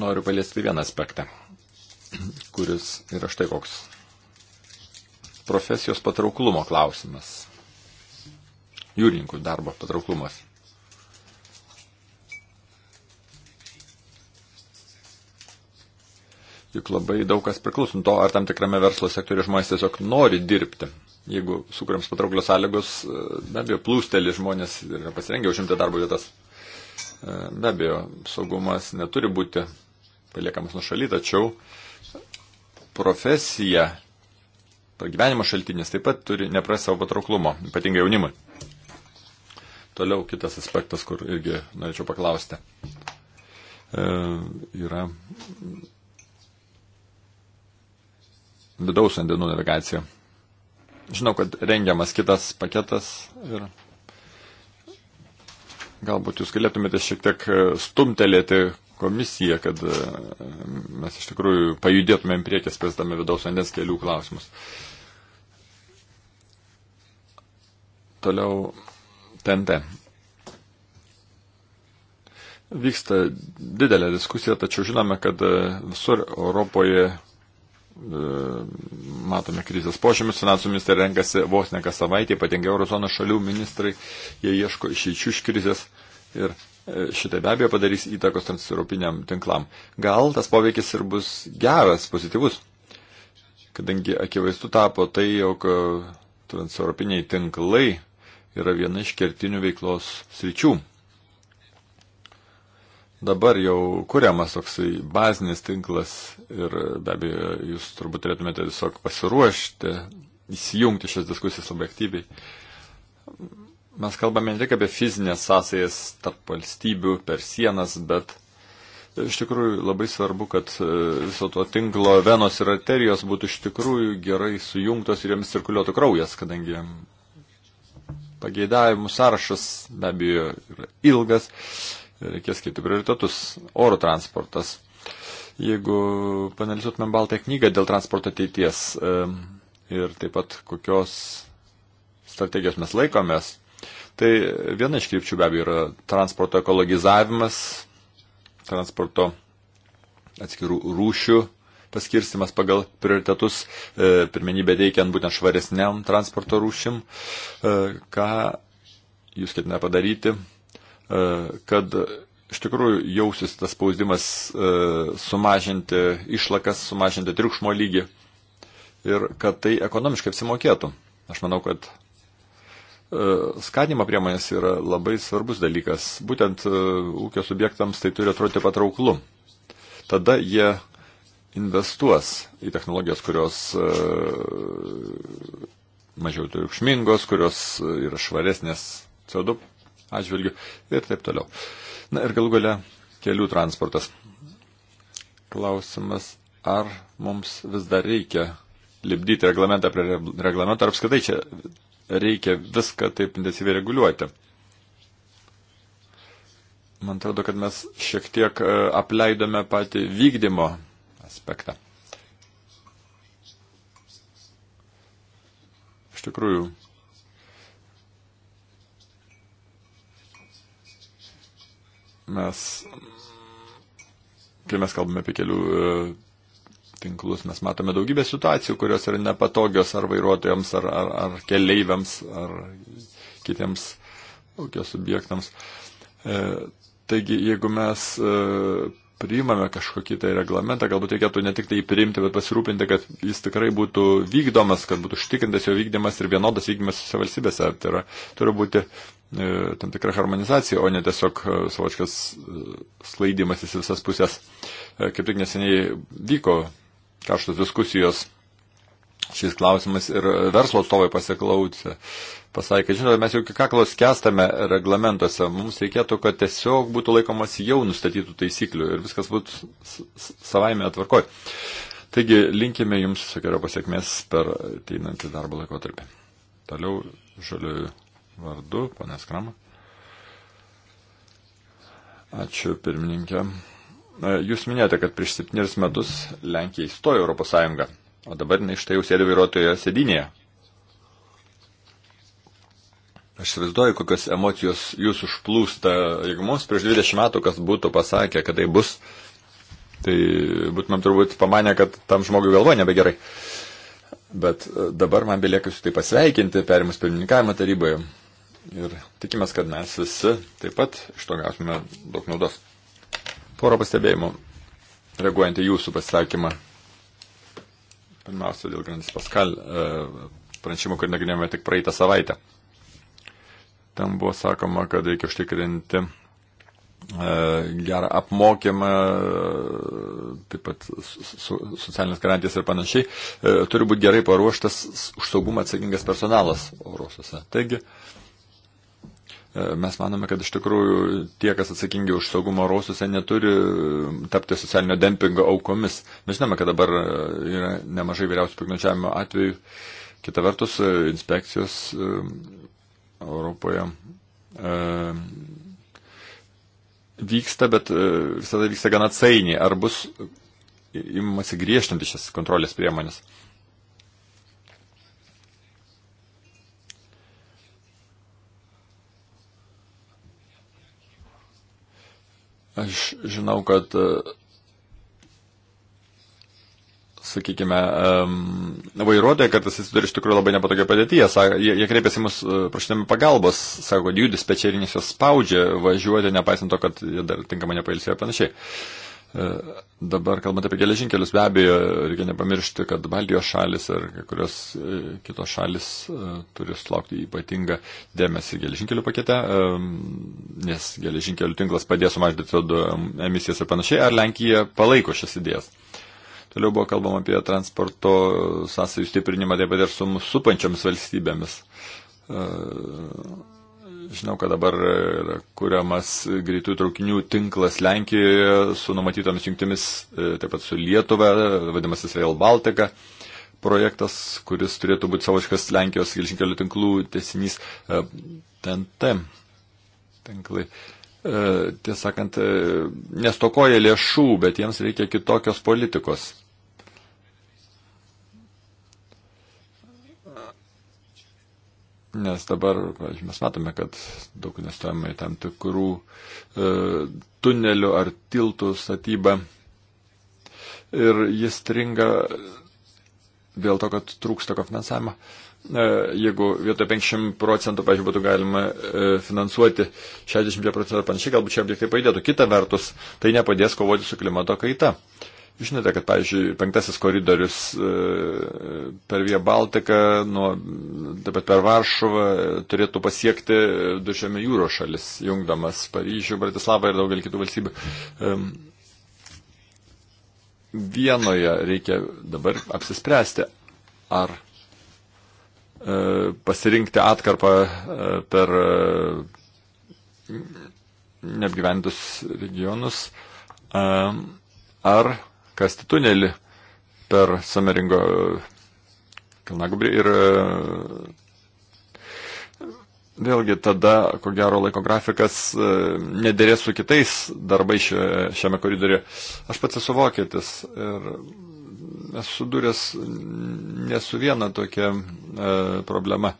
Noriu paliesti vieną aspektą, kuris yra štai koks. Profesijos patrauklumo klausimas. Jūrininkų darbo patrauklumas. juk labai daug kas priklauso nuo to, ar tam tikrame verslo sektoriu žmonės tiesiog nori dirbti. Jeigu sukuriams patrauklios sąlygos, e, be abejo, plūsteli žmonės ir yra pasirengę užimti darbo vietas. E, be abejo, saugumas neturi būti paliekamas nušaly, tačiau profesija, pragyvenimo šaltinis taip pat turi neprasti savo patrauklumo, ypatingai jaunimui. Toliau kitas aspektas, kur irgi norėčiau paklausti, e, yra vidaus vandenų navigaciją. Žinau, kad rengiamas kitas paketas ir galbūt jūs galėtumėte šiek tiek e, stumtelėti komisiją, kad e, mes iš tikrųjų pajudėtumėm priekį spręsdami vidaus vandens kelių klausimus. Toliau TNT. Vyksta didelė diskusija, tačiau žinome, kad e, visur Europoje E, matome krizės požymius, finansų ministrai renkasi vos ne kas savaitę, ypatingai eurozonos šalių ministrai, jie ieško išeičių iš krizės ir e, šitai be abejo padarys įtakos transeuropiniam tinklam. Gal tas poveikis ir bus geras, pozityvus, kadangi akivaizdu tapo tai, jog e, transeuropiniai tinklai yra viena iš kertinių veiklos sričių dabar jau kuriamas toksai bazinis tinklas ir be abejo jūs turbūt turėtumėte tiesiog pasiruošti, įsijungti šias diskusijas labai aktyviai. Mes kalbame ne tik apie fizinės sąsajas tarp valstybių, per sienas, bet iš tikrųjų labai svarbu, kad e, viso to tinklo venos ir arterijos būtų iš tikrųjų gerai sujungtos ir jomis cirkuliuotų kraujas, kadangi pageidavimų sąrašas be abejo yra ilgas reikės skirti prioritetus. Oro transportas. Jeigu panalizuotumėm baltą knygą dėl transporto ateities ir taip pat kokios strategijos mes laikomės, tai viena iš krypčių be abejo yra transporto ekologizavimas, transporto atskirų rūšių paskirstimas pagal prioritetus, e, pirmenybė teikiant būtent švaresniam transporto rūšim, e, ką jūs ketina padaryti E, kad iš tikrųjų jausis tas spaudimas e, sumažinti išlakas, sumažinti triukšmo lygį ir kad tai ekonomiškai apsimokėtų. Aš manau, kad e, skatinimo priemonės yra labai svarbus dalykas. Būtent ūkio subjektams tai turi atrodyti patrauklu. Tada jie investuos į technologijas, kurios mažiau triukšmingos, kurios yra švaresnės CO2 atžvilgių ir taip toliau. Na ir galų gale kelių transportas. Klausimas, ar mums vis dar reikia libdyti reglamentą prie reglamento, ar apskritai čia reikia viską taip intensyviai reguliuoti. Man atrodo, kad mes šiek tiek e, apleidome patį vykdymo aspektą. Iš tikrųjų, Mes, kai mes kalbame apie kelių e, tinklus, mes matome daugybę situacijų, kurios yra nepatogios ar vairuotojams, ar, ar, ar keleiviams, ar kitiems ūkio subjektams. E, taigi, jeigu mes e, priimame kažkokį tai reglamentą, galbūt reikėtų ne tik tai jį priimti, bet pasirūpinti, kad jis tikrai būtų vykdomas, kad būtų užtikrintas jo vykdymas ir vienodas vykdymas visose valstybėse. Tai yra, turi būti e, tam tikra harmonizacija, o ne tiesiog e, savočkas e, slaidimas į visas pusės. E, kaip tik neseniai vyko karštos diskusijos šiais klausimais ir verslo atstovai pasiklausė. Pasakė, žinote, mes jau kaklos kestame reglamentuose, mums reikėtų, kad tiesiog būtų laikomas jau nustatytų taisyklių ir viskas būtų savaime atvarkoj. Taigi linkime jums visokio pasiekmės per teinantį darbo laikotarpį. Toliau žaliųjų vardu, ponės Krama. Ačiū pirmininkė. Jūs minėjote, kad prieš septynerius metus Lenkija įstojo Europos Sąjungą. O dabar jinai štai jau sėdi vairuotojo sėdinėje. Aš įsivaizduoju, kokios emocijos jūs užplūsta, jeigu mums prieš 20 metų kas būtų pasakę, kad tai bus, tai būtumėm turbūt pamanę, kad tam žmogui galva nebegerai. Bet e, dabar man belieka jūs tai pasveikinti, perimus pirmininkavimo taryboje. Ir tikimės, kad mes visi taip pat iš to gausime daug naudos. Porą pastebėjimų, reaguojant į jūsų pasisakymą Pirmiausia, dėl Grandis Paskal e, pranešimo, kurį nagrinėjome tik praeitą savaitę. Ten buvo sakoma, kad reikia užtikrinti e, gerą apmokymą, taip pat socialinės garantijas ir panašiai, e, turi būti gerai paruoštas už saugumą atsakingas personalas orosuose. Taigi, E, mes manome, kad iš tikrųjų tie, kas atsakingi už saugumą rausiuose, neturi e, tapti socialinio dempingo aukomis. Mes žinome, kad dabar e, yra nemažai vyriausių piknačiavimo atvejų. Kita vertus, inspekcijos Europoje vyksta, bet visada vyksta gana atsainiai. Ar bus įmasi griežtinti šias kontrolės priemonės? Aš žinau, kad, e, sakykime, vairuotojai kartais susiduria iš tikrųjų labai nepatogią padėtyje. Jie, jie kreipiasi mus e, prašydami pagalbos, sako, kad jų dispečerinės jos spaudžia važiuoti, nepaisant to, kad jie dar tinkamai nepailsėjo ir panašiai. Uh, E, dabar, kalbant apie geležinkelius, be abejo, reikia nepamiršti, kad Baltijos šalis ar kurios e, kitos šalis e, turi sulaukti ypatingą dėmesį geležinkelių pakete, nes geležinkelių tinklas padės sumažinti CO2 emisijas ir panašiai, ar Lenkija palaiko šias idėjas. Toliau buvo kalbama apie transporto sąsajų stiprinimą taip pat ir su supančiomis valstybėmis. Uh, Žinau, kad dabar yra kuriamas greitų traukinių tinklas Lenkijoje su numatytomis jungtimis, e, taip pat su Lietuva, vadinamasis Rail Baltica projektas, kuris turėtų būti savoškas Lenkijos gelžinkelių tinklų tesinys TNT e, tinklai. E, tiesą sakant, nestokoja lėšų, bet jiems reikia kitokios politikos. Nes dabar, pavyzdžiui, mes matome, kad daug investuojama į tam tikrų e, tunelių ar tiltų statybą. Ir jis stringa dėl to, kad trūksta kofinansavimo. E, jeigu vietoj 50 procentų, pavyzdžiui, būtų galima e, finansuoti 60 procentų ar panašiai, galbūt šie objektai padėtų. Kita vertus, tai nepadės kovoti su klimato kaita. E, Žinote, kad, pavyzdžiui, penktasis koridorius e, per Via Baltiką, nuo, taip pat per Varšuvą, turėtų pasiekti dušiame jūros šalis, jungdamas Paryžių, Bratislavą ir daugelį kitų valstybių. Vienoje reikia dabar apsispręsti, ar e, pasirinkti atkarpą e, per neapgyventus regionus, ar kasti tunelį per Sameringo Kalnagubrį ir e, vėlgi tada, ko gero, laiko grafikas e, nedėrės su kitais darbais šiame koridoriuje. Aš pats esu vokietis ir esu sudūręs ne su viena tokia e, problema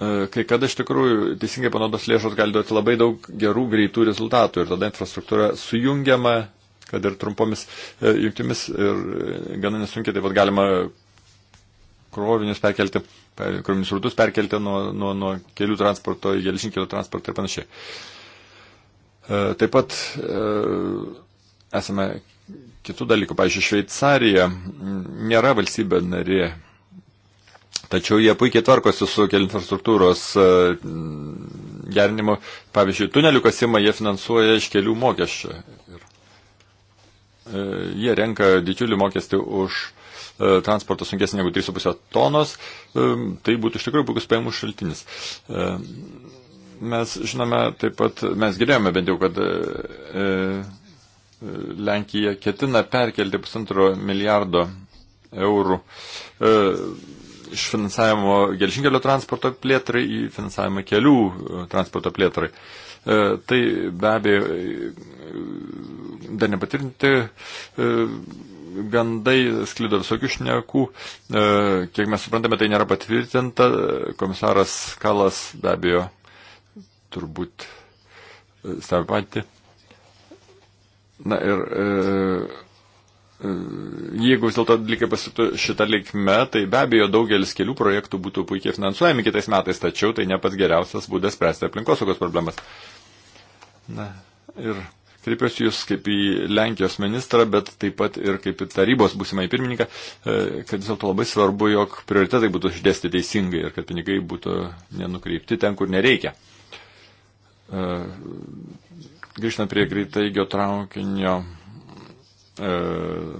kai kada iš tikrųjų teisingai panaudos lėšos gali duoti labai daug gerų greitų rezultatų ir tada infrastruktūra sujungiama kad ir trumpomis e, jungtimis ir e, gana nesunkiai taip pat galima krovinius perkelti, krovinius rūtus perkelti nuo, nuo, nuo kelių transporto į geležinkelio transportą ir panašiai. E, taip pat esame kitų dalykų. Pavyzdžiui, Šveicarija nėra valstybė narė, tačiau jie puikiai tvarkosi su kelių infrastruktūros gerinimu. Pavyzdžiui, tunelių kasimą jie finansuoja iš kelių mokesčių jie renka didžiulį mokestį už e, transporto sunkesnį negu 3,5 tonos, e, tai būtų iš tikrųjų puikus pajamų šaltinis. E, mes žinome taip pat, mes girdėjome bent jau, kad Lenkija ketina perkelti pusantro milijardo eurų iš finansavimo gelžinkelio transporto plėtrai į finansavimą kelių transporto plėtrai. E, E, tai be abejo e, dar nepatvirtinti e, gandai sklido visokių šnekų, kiek mes suprantame, tai nėra patvirtinta. Komisaras Kalas be abejo turbūt stebi patį. Na ir e, Jeigu vis dėlto dalykai pasiptų šitą linkme, tai be abejo daugelis kelių projektų būtų puikiai finansuojami kitais metais, tačiau tai ne pats geriausias būdas spręsti aplinkosaugos problemas. Na, ir kreipiuosi jūs kaip į Lenkijos ministrą, bet taip pat ir kaip į tarybos būsimai pirmininką, e, kad vis dėlto labai svarbu, jog prioritetai būtų išdėsti teisingai ir kad pinigai būtų nenukreipti ten, kur nereikia. E, grįžtant prie greitaigio traukinio E,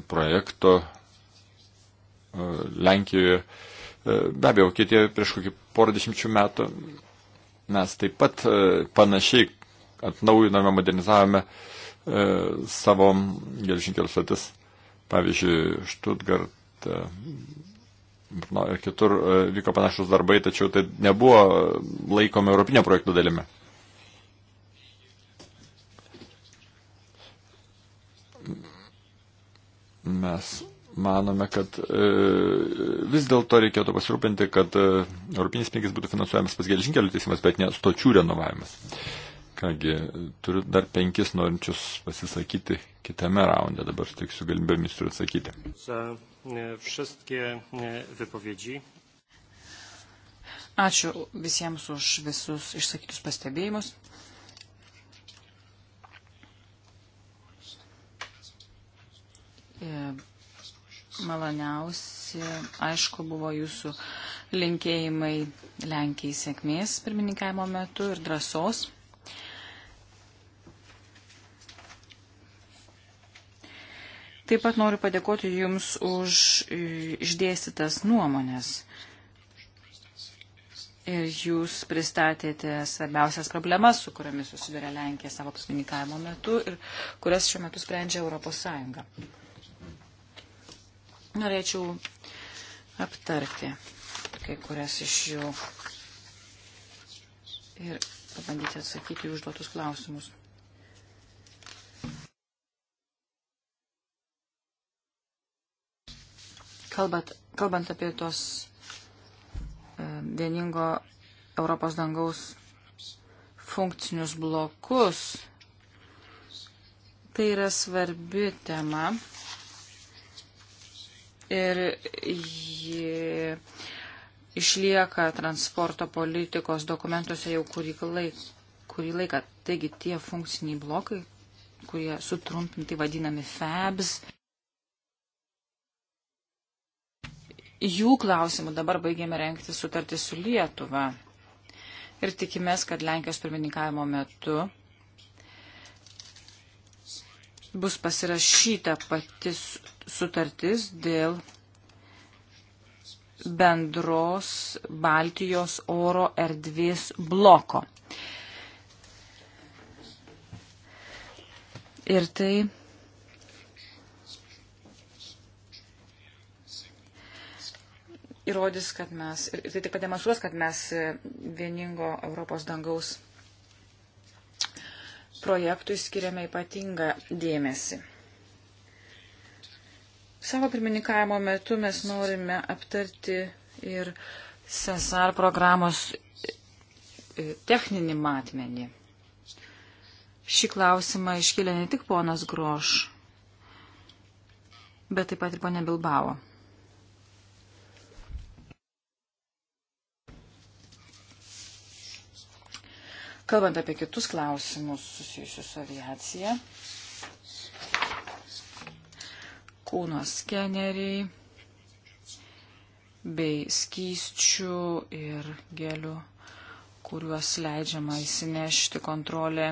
projekto e, Lenkijoje. E, be abejo, Vokietijoje prieš kokį porą dešimčių metų mes taip pat panašiai atnaujiname, modernizavome savo gelžinkelių stotis. Pavyzdžiui, Štutgart no, nu, ir kitur vyko panašus darbai, tačiau tai nebuvo laikomi Europinio projektų dalimi. Mes manome, kad e, vis dėlto reikėtų pasirūpinti, kad e, europinis pinigis būtų finansuojamas pas geležinkelių teisimas, bet ne stočių renovavimas. Kągi, turiu dar penkis norinčius pasisakyti kitame raunde, dabar suteiksiu galimybę ministrui atsakyti. E, e, Ačiū visiems už visus išsakytus pastebėjimus. E, maloniausi, aišku, buvo jūsų linkėjimai Lenkijai sėkmės pirmininkavimo metu ir drąsos. Taip pat noriu padėkoti Jums už išdėstytas nuomonės. Ir Jūs pristatėte svarbiausias problemas, su kuriamis susiduria Lenkija savo pirmininkavimo metu ir kurias šiuo metu sprendžia Europos Sąjunga. Norėčiau aptarti kai kurias iš jų ir pabandyti atsakyti užduotus klausimus. Kalbant, kalbant apie tos e, vieningo Europos dangaus funkcinius blokus, tai yra svarbi tema ir ji išlieka transporto politikos dokumentuose jau kurį, laik, kurį laiką. Taigi tie funkciniai blokai, kurie sutrumpintai vadinami FABs, jų klausimų dabar baigėme renkti sutartį su Lietuva. Ir tikimės, kad Lenkijos pirmininkavimo metu bus pasirašyta patys sutartis dėl bendros Baltijos oro erdvės bloko. Ir tai įrodys, kad mes, tai tik pademonstruos, kad mes vieningo Europos dangaus projektui skiriame ypatingą dėmesį. Savo pirmininkavimo metu mes norime aptarti ir CSR programos e, techninį matmenį. Šį klausimą iškėlė ne tik ponas Groš, bet taip pat ir ponė Bilbao. Kalbant apie kitus klausimus susijusius su aviacija, kūno skeneriai bei skysčių ir gelių, kuriuos leidžiama įsinešti kontrolė.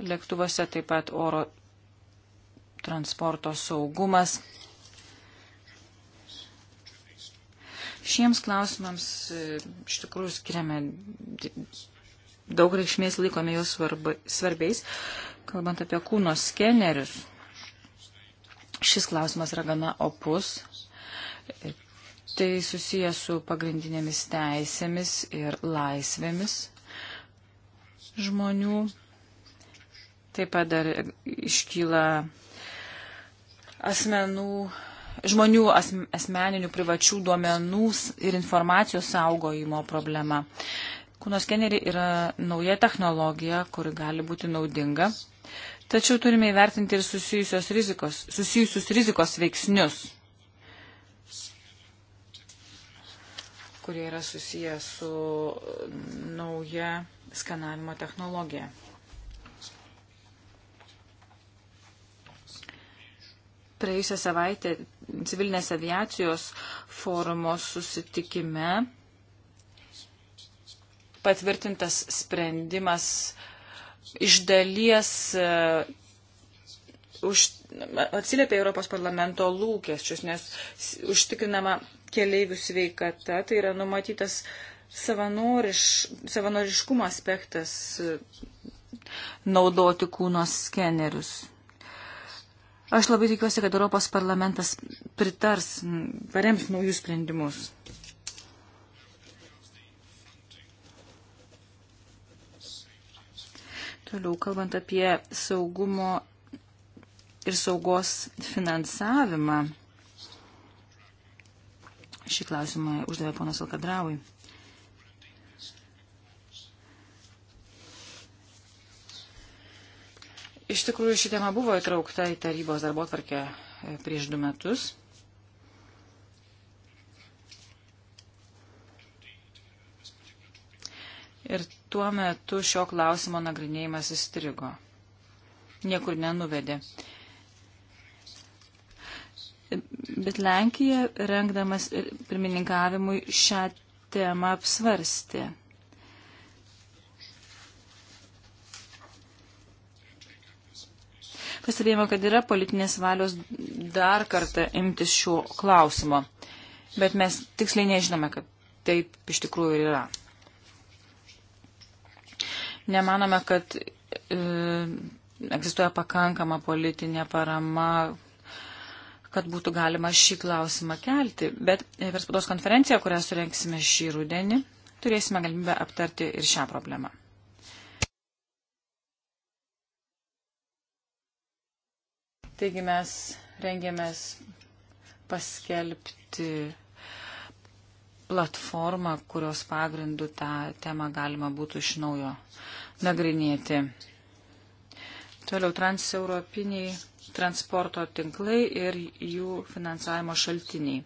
Lėktuvose taip pat oro transporto saugumas. Šiems klausimams e, iš tikrųjų skiriame daug reikšmės, laikome juos svarbiais, kalbant apie kūno skenerius. Šis klausimas yra gana opus. Tai susijęs su pagrindinėmis teisėmis ir laisvėmis žmonių. Taip pat dar iškyla asmenų, žmonių asmeninių privačių duomenų ir informacijos saugojimo problema. Kūno skeneriai yra nauja technologija, kuri gali būti naudinga. Tačiau turime įvertinti ir susijusios rizikos, susijusius rizikos veiksnius, kurie yra susiję su nauja skanavimo technologija. praėjusią savaitę civilinės aviacijos forumo susitikime patvirtintas sprendimas iš dalies e, už, atsiliepia Europos parlamento lūkesčius, nes užtikrinama keliaivių sveikata, tai yra numatytas savanoriš, savanoriškumo aspektas e, naudoti kūno skenerius. Aš labai tikiuosi, kad Europos parlamentas pritars, parems naujus sprendimus. Toliau, kalbant apie saugumo ir saugos finansavimą, šį klausimą uždavė ponas Alkadravui. Iš tikrųjų, ši tema buvo įtraukta į tarybos darbo tvarkę e, prieš du metus. Ir tuo metu šio klausimo nagrinėjimas įstrigo. Niekur nenuvedė. Bet Lenkija, rengdamas pirmininkavimui, šią temą apsvarstė. Pastebėjome, kad yra politinės valios dar kartą imtis šiuo klausimo, bet mes tiksliai nežinome, kad taip iš tikrųjų yra. Nemanome, kad e, egzistuoja pakankama politinė parama kad būtų galima šį klausimą kelti. Bet per spaudos konferenciją, kurią surenksime šį rudenį, turėsime galimybę aptarti ir šią problemą. Taigi mes rengiamės paskelbti platformą, kurios pagrindų tą temą galima būtų iš naujo nagrinėti. Toliau transeuropiniai transporto tinklai ir jų finansavimo šaltiniai.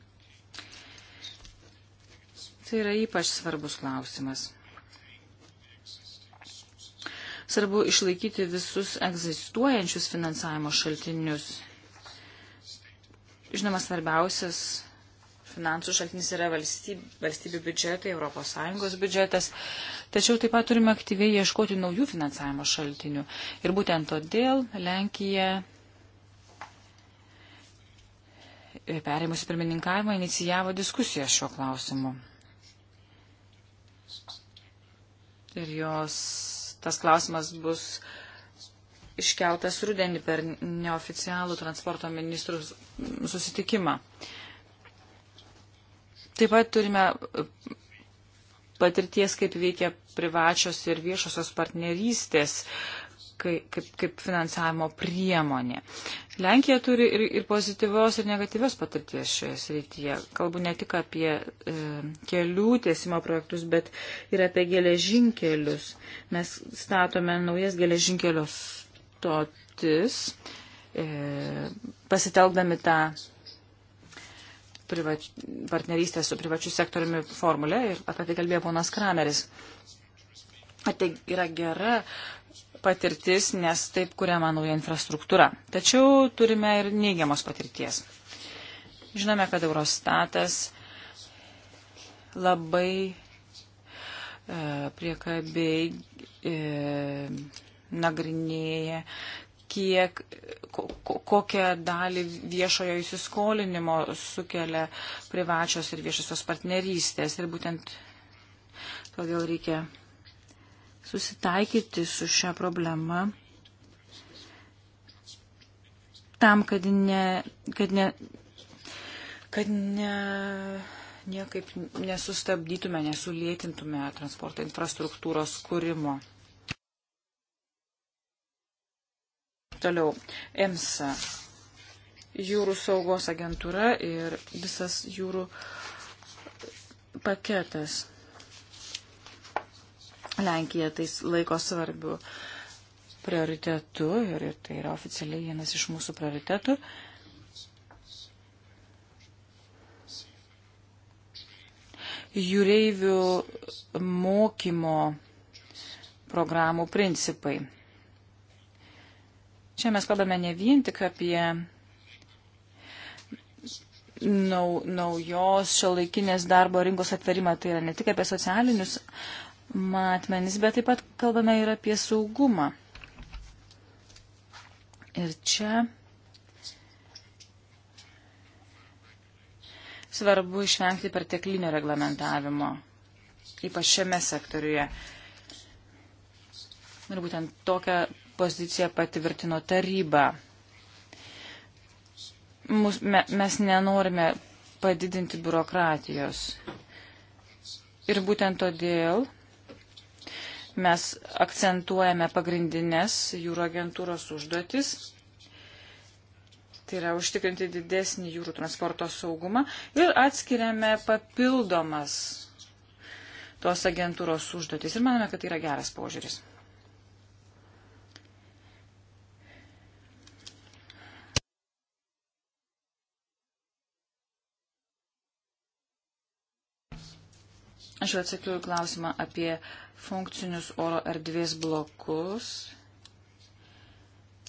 Tai yra ypač svarbus klausimas. Svarbu išlaikyti visus egzistuojančius finansavimo šaltinius. Žinoma, svarbiausias finansų šaltinis yra valstybių, valstybių biudžetai, ES biudžetas, tačiau taip pat turime aktyviai ieškoti naujų finansavimo šaltinių. Ir būtent todėl Lenkija e, perėmusi pirmininkavimą inicijavo diskusiją šiuo klausimu. Ir jos tas klausimas bus iškeltas rudenį per neoficialų transporto ministrų susitikimą. Uh, Taip pat turime e, patirties, kaip veikia privačios ir viešosios partnerystės kaip, kaip, kaip finansavimo priemonė. Lenkija turi ir, ir pozityvios, ir negatyvios patirties šioje srityje. Kalbu ne tik apie e, kelių tiesimo projektus, bet ir apie geležinkelius. Mes statome naujas geležinkelio stotis, e, pasitelkdami tą privač, partnerystės su privačiu sektoriumi formulė ir apie tai kalbėjo ponas Krameris. Ar tai yra gera patirtis, nes taip kuriama nauja infrastruktūra. Tačiau turime ir neigiamos patirties. Žinome, kad Eurostatas labai e, priekabiai e, nagrinėja kiek, kokią dalį viešojo įsiskolinimo sukelia privačios ir viešosios partnerystės. Ir būtent todėl reikia susitaikyti su šią problemą tam, kad ne, kad ne, kad ne, niekaip nesustabdytume, nesulėtintume transporto infrastruktūros kūrimo. Toliau, EMSA, jūrų saugos agentūra ir visas jūrų paketas. Lenkija tai laiko svarbiu prioritetu ir tai yra oficialiai vienas iš mūsų prioritetų. Jūreivių mokymo programų principai. Čia mes kalbame ne vien tik apie nau, naujos šio laikinės darbo rinkos atverimą, tai yra ne tik apie socialinius matmenis, bet taip pat kalbame ir apie saugumą. Ir čia svarbu išvengti perteklinio reglamentavimo, ypač šiame sektoriuje. Ir būtent tokią poziciją patvirtino taryba. Mus, me, mes nenorime padidinti biurokratijos. Ir būtent todėl mes akcentuojame pagrindinės jūro agentūros užduotis. Tai yra užtikrinti didesnį jūrų transporto saugumą ir atskiriame papildomas tos agentūros užduotis. Ir manome, kad tai yra geras požiūris. Aš jau atsakiau į klausimą apie funkcinius oro erdvės blokus.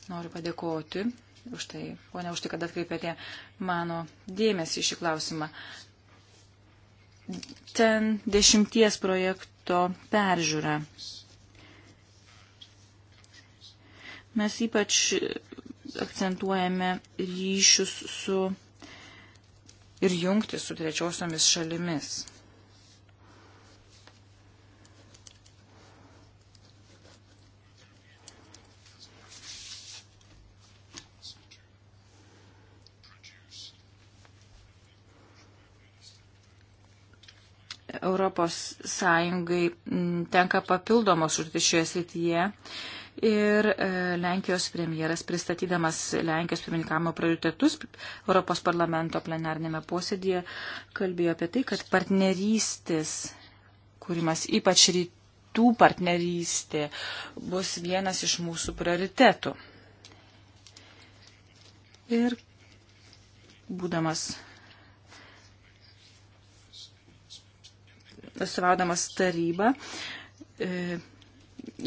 Noriu padėkoti už tai, ponia, už tai, kad atkreipėte mano dėmesį šį klausimą. Ten dešimties projekto peržiūra. Mes ypač akcentuojame ryšius su ir jungti su trečiosiomis šalimis. Europos Sąjungai tenka papildomos užduotis šioje srityje. Ir e, Lenkijos premjeras, pristatydamas Lenkijos pirmininkavimo prioritetus Europos parlamento plenarnėme posėdėje, kalbėjo apie tai, kad partnerystės kūrimas, ypač rytų partnerystė, bus vienas iš mūsų prioritetų. Ir būdamas atstovaudamas tarybą. E,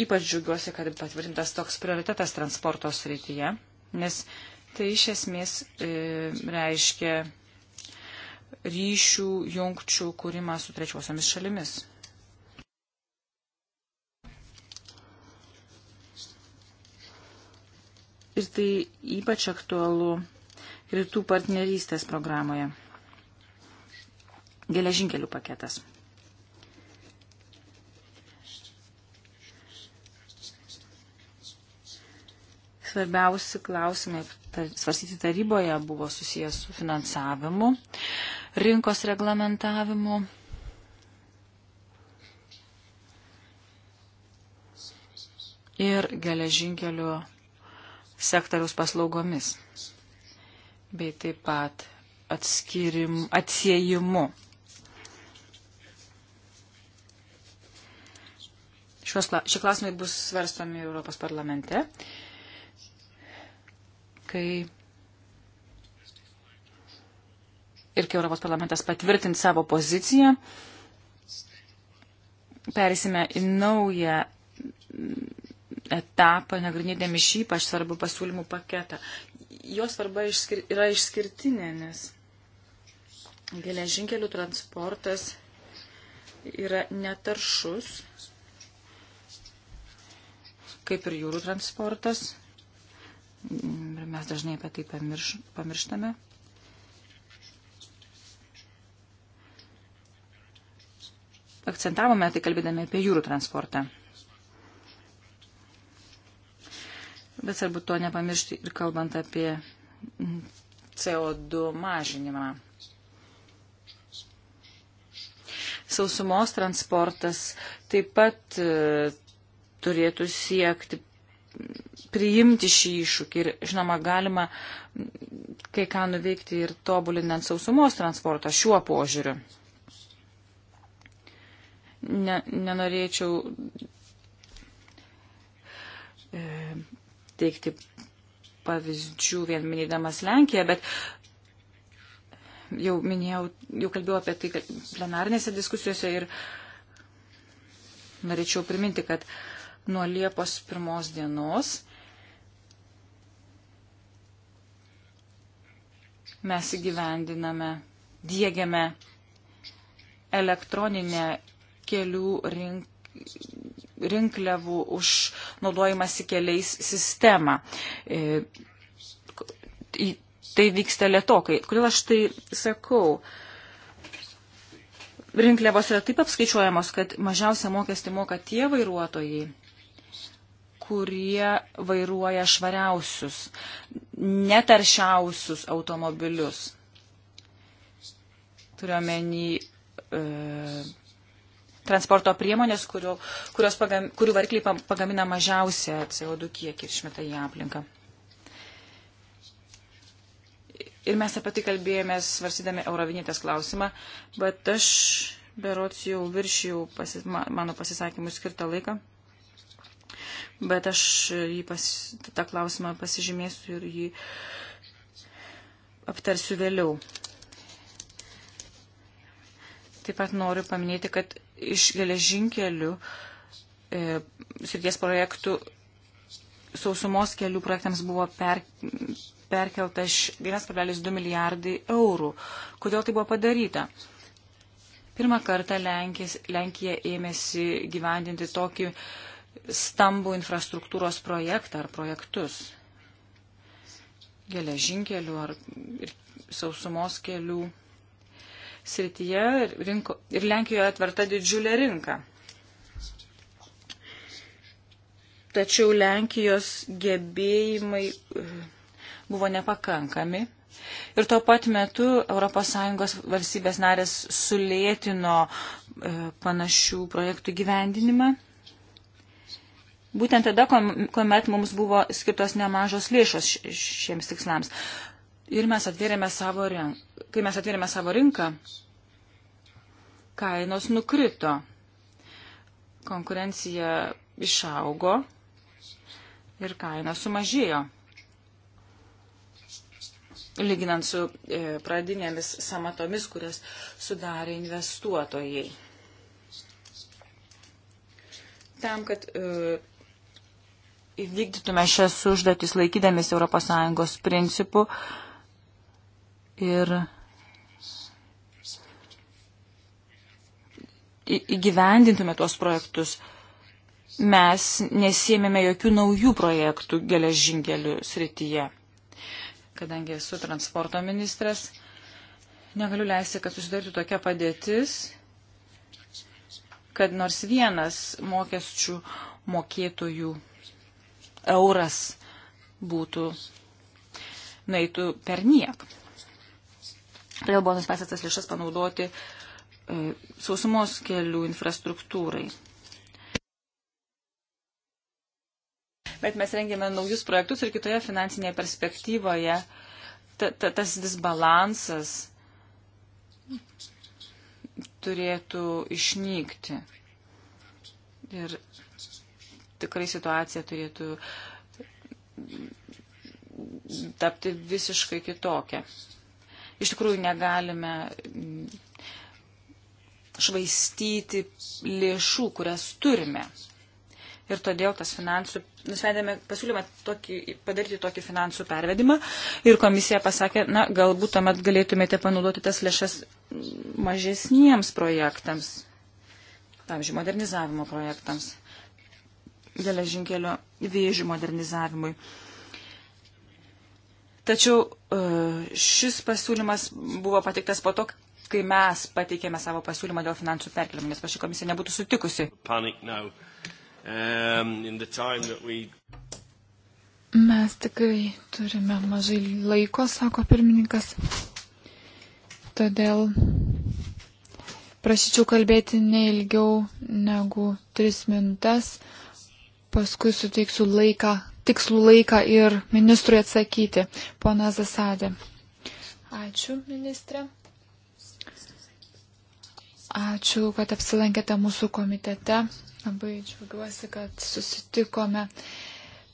ypač džiugiuosi, kad patvirtintas toks prioritetas transporto srityje, nes tai iš esmės e, reiškia ryšių, jungčių kūrimą su trečiosiomis šalimis. Ir tai ypač aktualu rytų partnerystės programoje. Geležinkelių paketas. Svarbiausi klausimai svarstyti taryboje buvo susijęs su finansavimu, rinkos reglamentavimu. Ir geležinkelių sektoriaus paslaugomis, bei taip pat atskirim, atsiejimu. Šios, šie klausimai bus svarstomi Europos parlamente kai ir kai Europos parlamentas patvirtint savo poziciją, perėsime į naują etapą, nagrinėdami šį ypač svarbų pasiūlymų paketą. Jo svarba išskir yra išskirtinė, nes geležinkelių transportas yra netaršus, kaip ir jūrų transportas. Mes dažnai apie tai pamirš, pamirštame. Akcentavome tai kalbėdami apie jūrų transportą. Bet svarbu to nepamiršti ir kalbant apie CO2 mažinimą. Sausumos transportas taip pat e, turėtų siekti priimti šį iššūkį ir, žinoma, galima kai ką nuveikti ir tobulinant sausumos transportą šiuo požiūriu. Ne, nenorėčiau e, teikti pavyzdžių vien minėdamas Lenkiją, bet jau minėjau, jau kalbėjau apie tai plenarinėse diskusijose ir norėčiau priminti, kad e, nuo Liepos pirmos dienos. Mes įgyvendiname, dėgiame elektroninę kelių rink, rinkliavų už naudojimąsi keliais sistemą. E, tai vyksta lietokai. Kodėl aš tai sakau? rinkliavos yra taip apskaičiuojamos, kad mažiausią mokestį moka tie vairuotojai, kurie vairuoja švariausius, netaršiausius automobilius. Turiuomenį e, transporto priemonės, kurių, pagam, kurių varikliai pagamina mažiausią CO2 kiekį ir išmeta į aplinką. Ir mes apie tai kalbėjome svarsydami Eurovinėtės klausimą, bet aš berots jau viršijau pasis, mano pasisakymui skirtą laiką bet aš jį pas, tą klausimą pasižymėsiu ir jį aptarsiu vėliau. Taip pat noriu paminėti, kad iš geležinkelių e, srities projektų sausumos kelių projektams buvo per, perkelta 1,2 milijardai eurų. Kodėl tai buvo padaryta? Pirmą kartą Lenkis, Lenkija ėmėsi gyvendinti tokį stambų infrastruktūros projektą ar projektus, geležinkelių ar sausumos kelių srityje rinko, ir Lenkijoje atverta didžiulė rinka. Tačiau Lenkijos gebėjimai uh, buvo nepakankami ir tuo pat metu ES valstybės narės sulėtino uh, panašių projektų gyvendinimą Būtent tada, kuomet mums buvo skirtos nemažos lėšos šiems tikslams. Ir mes atvėrėme savo rinką. Kai mes atvėrėme savo rinką, kainos nukrito. Konkurencija išaugo ir kaina sumažėjo. Lyginant su e, pradinėmis samatomis, kurias sudarė investuotojai. Tam, kad e, įvykdytume šias užduotis laikydamis ES principų ir įgyvendintume tuos projektus. Mes nesėmėme jokių naujų projektų geležinkelių srityje. Kadangi esu transporto ministras, negaliu leisti, kad susidarytų tokia padėtis, kad nors vienas mokesčių mokėtojų euras būtų naitų per niek. Todėl buvo nuspręsta tas lėšas panaudoti e, sausumos kelių infrastruktūrai. Bet mes rengėme naujus projektus ir kitoje finansinėje perspektyvoje ta, ta, tas disbalansas turėtų išnykti. Ir tikrai situacija turėtų tapti visiškai kitokią. Iš tikrųjų negalime mm, švaistyti lėšų, kurias turime. Ir todėl tas finansų, nusvedėme, pasiūlymą tokį, padaryti tokį finansų pervedimą ir komisija pasakė, na, galbūt tuomet galėtumėte panaudoti tas lėšas mažesniems projektams, pavyzdžiui, modernizavimo projektams geležinkelio vėžių modernizavimui. Tačiau e, šis pasiūlymas buvo pateiktas po to, kai mes pateikėme savo pasiūlymą dėl finansų perkelimo, nes paši komisija nebūtų sutikusi. Um, mes tikrai turime mažai laiko, sako pirmininkas. Todėl prašyčiau kalbėti neilgiau negu tris minutės paskui suteiksiu laiką, tikslų laiką ir ministrui atsakyti. Pona Zasadė. Ačiū, ministrė. Ačiū, kad apsilankėte mūsų komitete. Labai džiaugiuosi, kad susitikome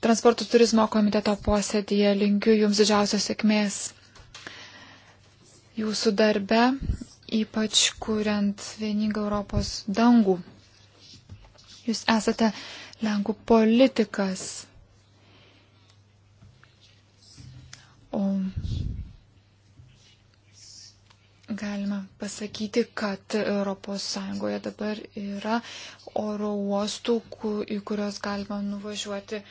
transporto turizmo komiteto posėdėje. Linkiu Jums didžiausios sėkmės Jūsų darbe, ypač kuriant vieningą Europos dangų. Jūs esate Lenkų politikas. O galima pasakyti, kad ES dabar yra oro uostų, į kuriuos galima nuvažiuoti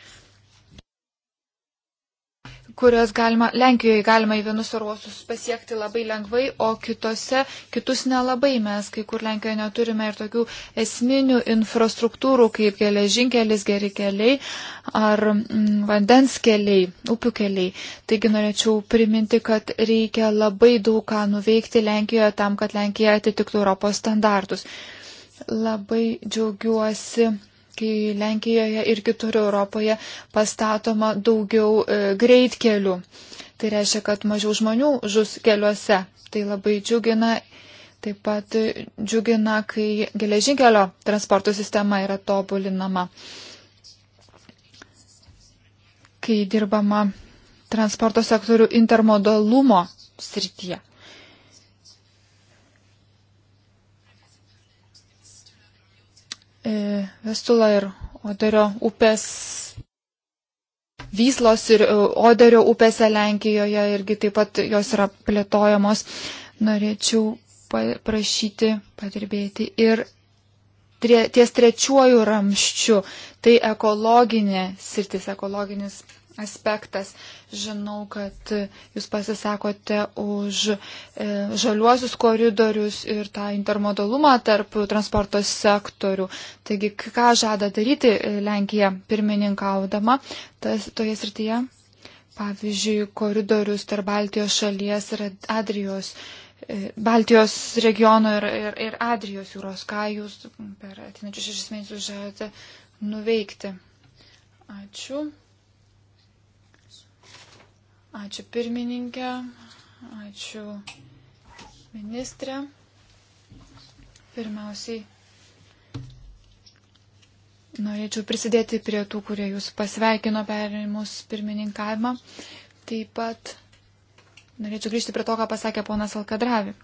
kurias galima, Lenkijoje galima į vienus oruostus pasiekti labai lengvai, o kitose, kitus nelabai. Mes kai kur Lenkijoje neturime ir tokių esminių infrastruktūrų, kaip geležinkelis, geri keliai ar mm, vandens keliai, upių keliai. Taigi norėčiau priminti, kad reikia labai daug ką nuveikti Lenkijoje tam, kad Lenkija atitiktų Europos standartus. Labai džiaugiuosi kai Lenkijoje ir kitur Europoje pastatoma daugiau e, greitkelių. Tai reiškia, kad mažiau žmonių žus keliuose. Tai labai džiugina. Taip pat džiugina, kai geležinkelio transporto sistema yra tobulinama. Kai dirbama transporto sektorių intermodalumo srityje. E, Vestula ir Oderio upės. Vyslos ir e, Oderio upėse Lenkijoje irgi taip pat jos yra plėtojamos. Norėčiau prašyti padirbėti ir ties trečiuoju ramščiu. Tai ekologinė sritis, ekologinis aspektas. Žinau, kad jūs pasisakote už e, žaliuosius koridorius ir tą intermodalumą tarp transporto sektorių. Taigi, ką žada daryti e, Lenkija pirmininkaudama tas, toje srityje? Pavyzdžiui, koridorius tarp Baltijos šalies ir Adrijos. E, Baltijos regiono ir, ir, ir Adrijos jūros, ką jūs per atinačius šešis mėnesius žadate nuveikti. Ačiū. Ačiū pirmininkė, ačiū ministrė. Pirmiausiai norėčiau prisidėti prie tų, kurie jūs pasveikino perimus pirmininkavimą. Taip pat norėčiau grįžti prie to, ką pasakė ponas Alkadravi.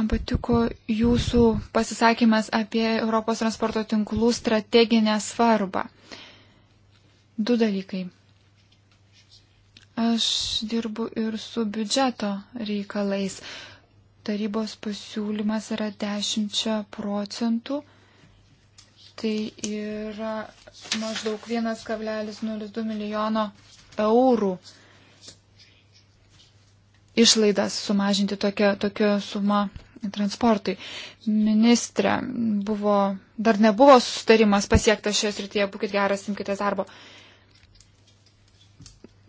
Man patiko jūsų pasisakymas apie Europos transporto tinklų strateginę svarbą. Du dalykai. Aš dirbu ir su biudžeto reikalais. Tarybos pasiūlymas yra 10 procentų. Tai yra maždaug 1,02 milijono eurų išlaidas sumažinti tokią sumą transportui. Ministrė, buvo, dar nebuvo sustarimas pasiektas šioje srityje, būkite geras, imkite darbo.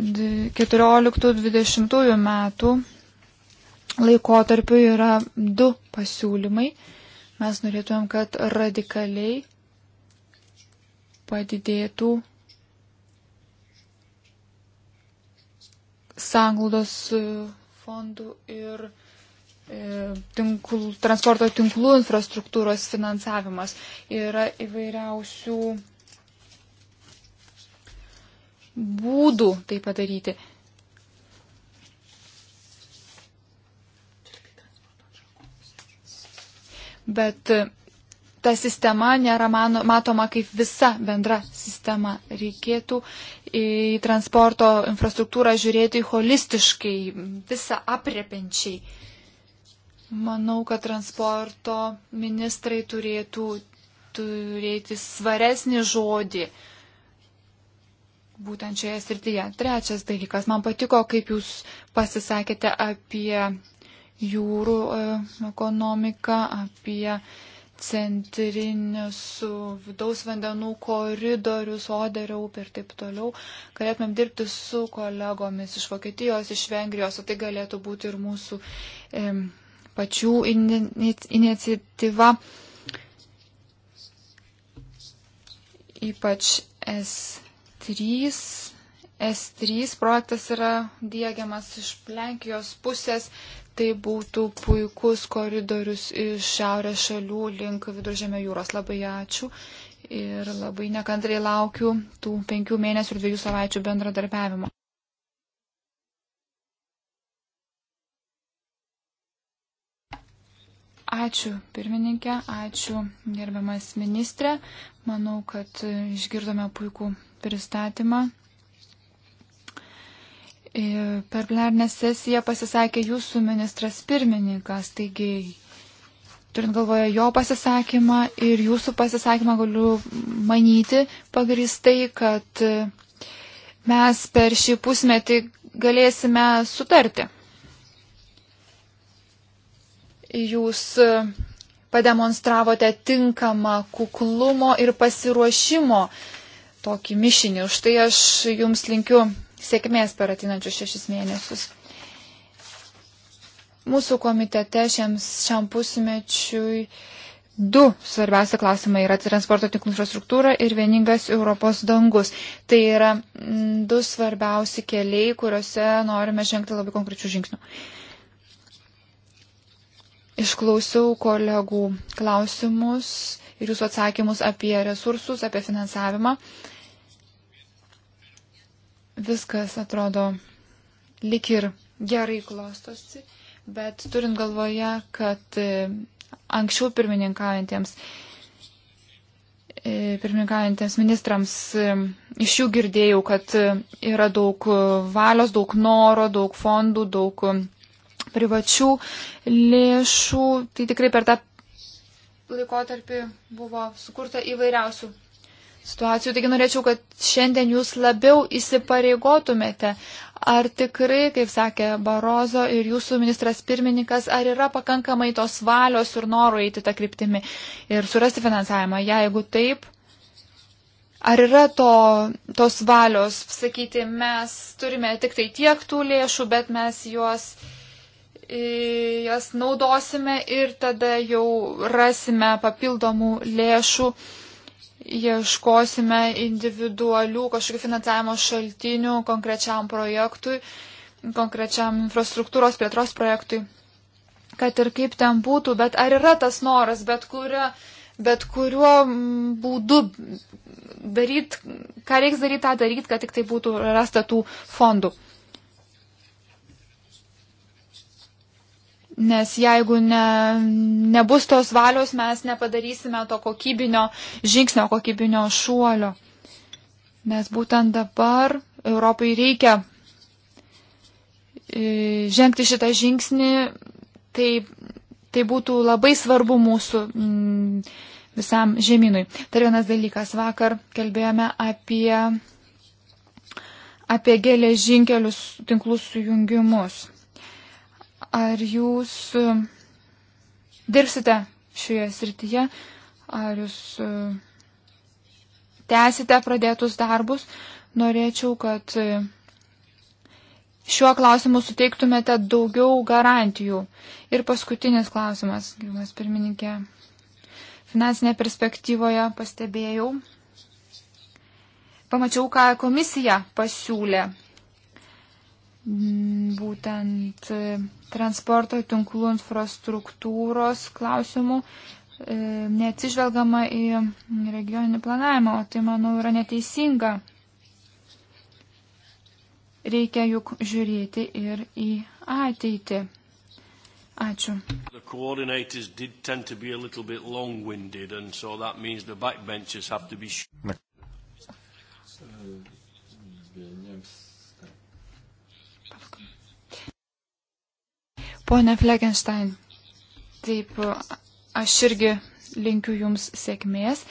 14-20 metų laikotarpiu yra du pasiūlymai. Mes norėtumėm, kad radikaliai padidėtų sanglaudos fondų ir E, tinklų, transporto tinklų infrastruktūros finansavimas. Yra įvairiausių būdų tai padaryti. Bet ta sistema nėra mano, matoma kaip visa bendra sistema. Reikėtų į transporto infrastruktūrą žiūrėti holistiškai, visą apriepenčiai. Manau, kad transporto ministrai turėtų turėti svaresnį žodį būtent šioje srityje. Trečias dalykas, man patiko, kaip jūs pasisakėte apie jūrų e, ekonomiką, apie centrinius vidaus vandenų koridorius, oderio upė ir taip toliau. Galėtumėm dirbti su kolegomis iš Vokietijos, iš Vengrijos, o tai galėtų būti ir mūsų. E, pačių iniciatyva, ypač S3. S3 projektas yra dėgiamas iš Lenkijos pusės, tai būtų puikus koridorius iš šiaurės šalių link viduržėmio jūros. Labai ačiū ir labai nekantrai laukiu tų penkių mėnesių ir dviejų savaičių bendradarbiavimo. Ačiū pirmininkė, ačiū gerbiamas ministrė. Manau, kad išgirdome puikų pristatymą. E, per plenarnę sesiją pasisakė jūsų ministras pirmininkas, taigi turint galvoje jo pasisakymą ir jūsų pasisakymą galiu manyti pagristai, kad mes per šį pusmetį galėsime sutarti jūs e, pademonstravote tinkamą kuklumo ir pasiruošimo tokį mišinį. Už tai aš jums linkiu sėkmės per atinančius šešis mėnesius. Mūsų komitete šiems, šiam pusmečiui du svarbiausia klausimai yra transporto tinklų infrastruktūra ir vieningas Europos dangus. Tai yra du svarbiausi keliai, kuriuose norime žengti labai konkrečių žingsnių. Išklausiau kolegų klausimus ir jūsų atsakymus apie resursus, apie finansavimą. Viskas atrodo lik ir gerai klostosi, bet turint galvoje, kad e, anksčiau pirmininkaujantiems, e, pirmininkaujantiems ministrams e, iš jų girdėjau, kad yra daug valios, daug noro, daug fondų, daug privačių lėšų. Tai tikrai per tą laikotarpį buvo sukurta įvairiausių situacijų. Taigi norėčiau, kad šiandien jūs labiau įsipareigotumėte. Ar tikrai, kaip sakė Barozo ir jūsų ministras pirmininkas, ar yra pakankamai tos valios ir norų eiti tą kryptimį ir surasti finansavimą? Ja, jeigu taip, ar yra to, tos valios sakyti, mes turime tik tai tiek tų lėšų, bet mes juos. Juos jas naudosime ir tada jau rasime papildomų lėšų, ieškosime individualių kažkokių finansavimo šaltinių konkrečiam projektui, konkrečiam infrastruktūros plėtros projektui. Kad ir kaip ten būtų, bet ar yra tas noras, bet kurio bet kuriuo būdu daryt, ką reiks daryti, tą daryti, kad tik tai būtų rasta tų fondų. Nes jeigu ne, nebus tos valios, mes nepadarysime to kokybinio žingsnio, kokybinio šuolio. Nes būtent dabar Europai reikia e, žengti šitą žingsnį, tai, tai būtų labai svarbu mūsų mm, visam žemynui. Dar vienas dalykas. Vakar kalbėjome apie, apie geležinkelius tinklus sujungimus. Ar jūs uh, dirbsite šioje srityje, ar jūs uh, tęsite pradėtus darbus? Norėčiau, kad uh, šiuo klausimu suteiktumėte daugiau garantijų. Ir paskutinis klausimas, gyvas pirmininkė. Finansinėje perspektyvoje pastebėjau, pamačiau, ką komisija pasiūlė Mm, būtent e, transporto tinklų infrastruktūros klausimų e, neatsižvelgama į regioninį planavimą, o tai, manau, yra neteisinga. Reikia juk žiūrėti ir į ateitį. Ačiū. The coordinators did tend to be a little bit long-winded, and so that means the backbenchers have to be. Pone Fleckenstein, taip, aš irgi linkiu Jums sėkmės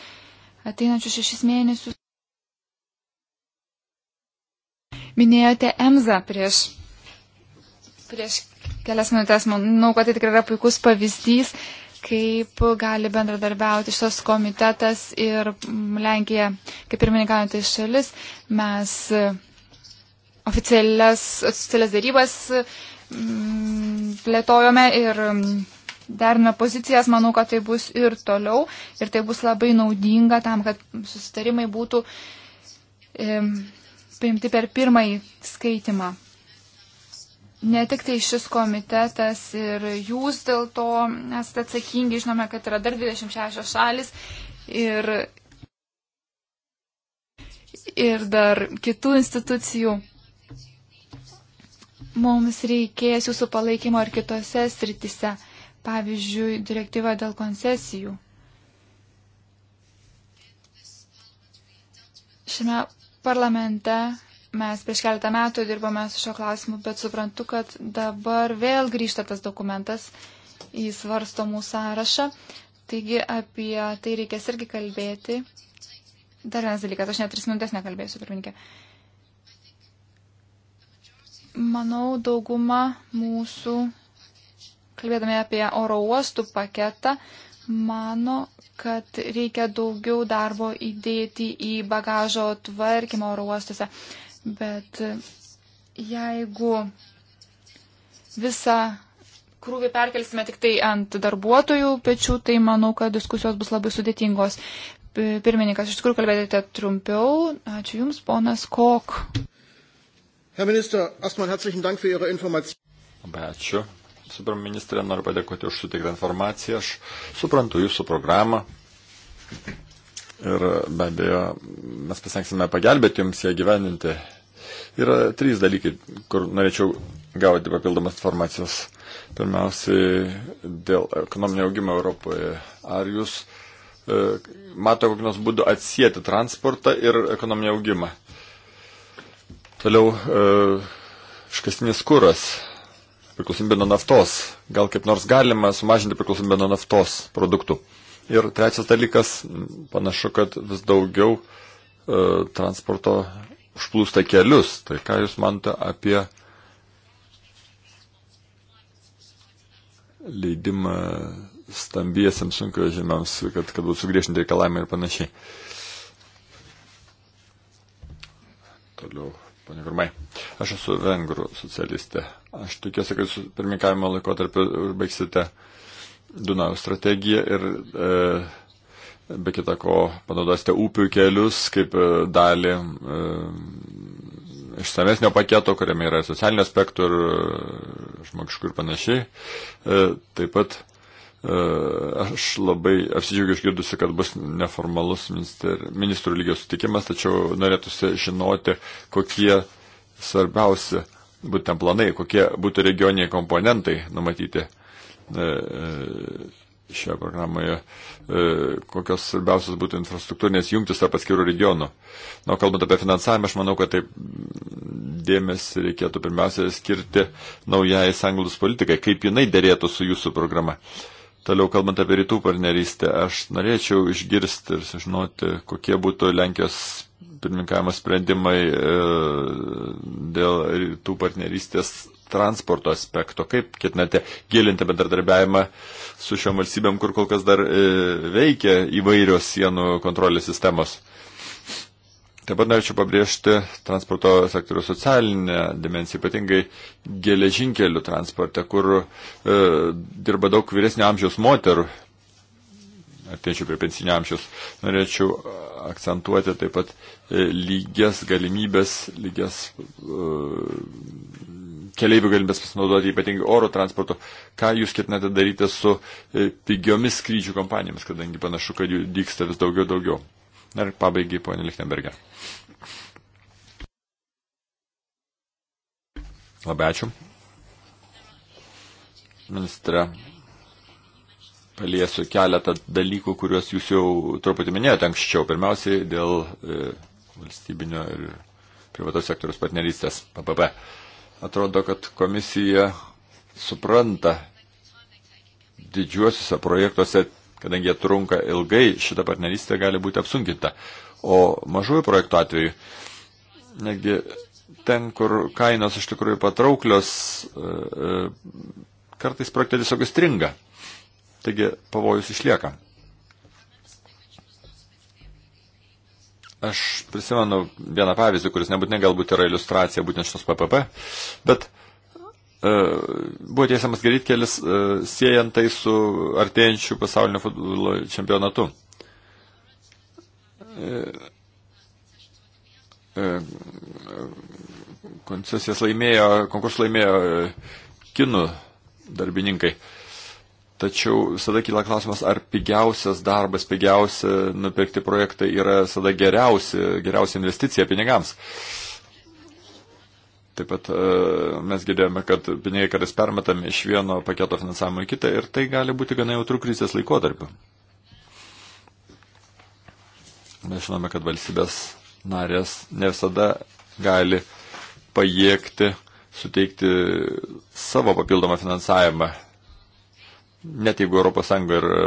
ateinančius šešis mėnesius. Minėjote Emza prieš, prieš kelias minutės, manau, kad tai tikrai yra puikus pavyzdys, kaip gali bendradarbiauti šios komitetas ir mm, Lenkija, kaip ir minėkaujantis šalis, mes e, oficialias, oficialias darybas Mm, plėtojome ir mm, derinome pozicijas, manau, kad tai bus ir toliau ir tai bus labai naudinga tam, kad susitarimai būtų e, priimti per pirmąjį skaitimą. Ne tik tai šis komitetas ir jūs dėl to esate atsakingi, žinome, kad yra dar 26 šalis ir, ir dar kitų institucijų mums reikės jūsų palaikymo ir kitose sritise, pavyzdžiui, direktyva dėl koncesijų. Šiame parlamente mes prieš keletą metų dirbome su šio klausimu, bet suprantu, kad dabar vėl grįžta tas dokumentas į svarstomų sąrašą. Taigi apie tai reikės irgi kalbėti. Dar vienas dalykas, aš net tris minutės nekalbėsiu, pirminkė. Uh, Manau, dauguma mūsų, kalbėdami apie oro uostų paketą, mano, kad reikia daugiau darbo įdėti į bagažo tvarkymą oro uostuose. Bet jeigu visą krūvį perkelsime tik tai ant darbuotojų pečių, tai manau, kad diskusijos bus labai sudėtingos. Pirmininkas, iš tikrųjų kalbėjote trumpiau. Ačiū Jums, ponas Kok. Herr Minister, erstmal herzlichen Dank für Ihre Information. Labai ačiū. Suprantu, ministrė, noriu padėkoti už sutiktą informaciją. Aš suprantu jūsų programą. Ir be abejo, mes pasengsime pagelbėti jums ją gyveninti. Yra trys dalykai, kur norėčiau gauti papildomas informacijos. Pirmiausiai, dėl ekonominio augimo Europoje. Ar jūs e, mato kokios būdų atsijėti transportą ir ekonominį augimą? Toliau e, iškastinės kuras, priklausomybė nuo naftos. Gal kaip nors galima sumažinti priklausomybę nuo naftos produktų. Ir trečias dalykas, panašu, kad vis daugiau e, transporto užplūsta kelius. Tai ką Jūs manote apie leidimą stambiesiams sunkvežimiams, kad, kad būtų sugriežtinti reikalavimai ir panašiai. Toliau. Pane Gurmai, aš esu vengrų socialistė. Aš tikiuosi, kad su pirmininkavimo laikotarpiu užbaigsite Dunajų strategiją ir e, be kita ko panaudosite upių kelius kaip e, dalį e, išsamesnio paketo, kuriame yra socialinių aspektų ir e, žmogiškų ir panašiai. E, taip pat E, aš labai apsidžiaugiu išgirdusi, kad bus neformalus ministrų lygio sutikimas, tačiau norėtųsi žinoti, kokie svarbiausi būtent planai, kokie būtų regioniniai komponentai numatyti e, e, šioje programoje, kokios svarbiausios būtų infrastruktūrinės jungtis tarp atskirų regionų. Na, kalbant apie finansavimą, aš manau, kad taip dėmesį reikėtų pirmiausia skirti naujai sanglus politikai, kaip jinai dėrėtų su jūsų programa. Uh, Toliau kalbant apie rytų partnerystę, aš norėčiau išgirsti ir sužinoti, kokie būtų Lenkijos pirmininkavimo sprendimai e, dėl rytų partnerystės transporto aspekto. Kaip ketinate gilinti bendradarbiavimą su šiom valstybėm, kur kol kas dar e, veikia įvairios sienų kontrolės sistemos? Taip pat norėčiau pabrėžti transporto sektorių socialinę dimensiją, ypatingai geležinkelių transporte, kur e, dirba daug vyresnio amžiaus moterų, artėčiau prie pensinio amžiaus. Norėčiau akcentuoti taip pat e, lygias galimybės, lygias e, keliaivių galimybės pasinaudoti ypatingai oro transportu. Ką jūs ketinate daryti su e, pigiomis skrydžių kompanijomis, kadangi panašu, kad jų vyksta vis daugiau daugiau. Ir pabaigai, ponė Lichtenberger. Labai ačiū. Ministre, paliesiu keletą dalykų, kuriuos jūs jau truputį minėjote anksčiau. Pirmiausiai dėl e, valstybinio ir privatos sektoriaus partnerystės PPP. Atrodo, kad komisija supranta didžiuosiuose projektuose kadangi jie trunka ilgai, šita partnerystė gali būti apsunkinta. O mažųjų projektų atveju, negi ten, kur kainos iš tikrųjų patrauklios, e, e, kartais projektai tiesiog stringa. Taigi pavojus išlieka. Aš prisimenu vieną pavyzdį, kuris nebūtinai galbūt yra iliustracija būtent šios PPP, bet E, buvo tiesiamas greitkelis e, siejant tai su artėjančiu pasaulinio futbolo čempionatu. E, koncesijas laimėjo, konkursą laimėjo kinų darbininkai. Tačiau visada kyla klausimas, ar pigiausias darbas, pigiausia nupirkti projektai yra visada geriausia, geriausia investicija pinigams. Uh, Taip pat e, mes girdėjome, kad pinigai kartais permetami iš vieno paketo finansavimo į kitą ir tai gali būti gana jautru krizės laikotarpiu. Mes žinome, kad valstybės narės ne visada gali pajėgti suteikti savo papildomą finansavimą. Net jeigu ES ir e,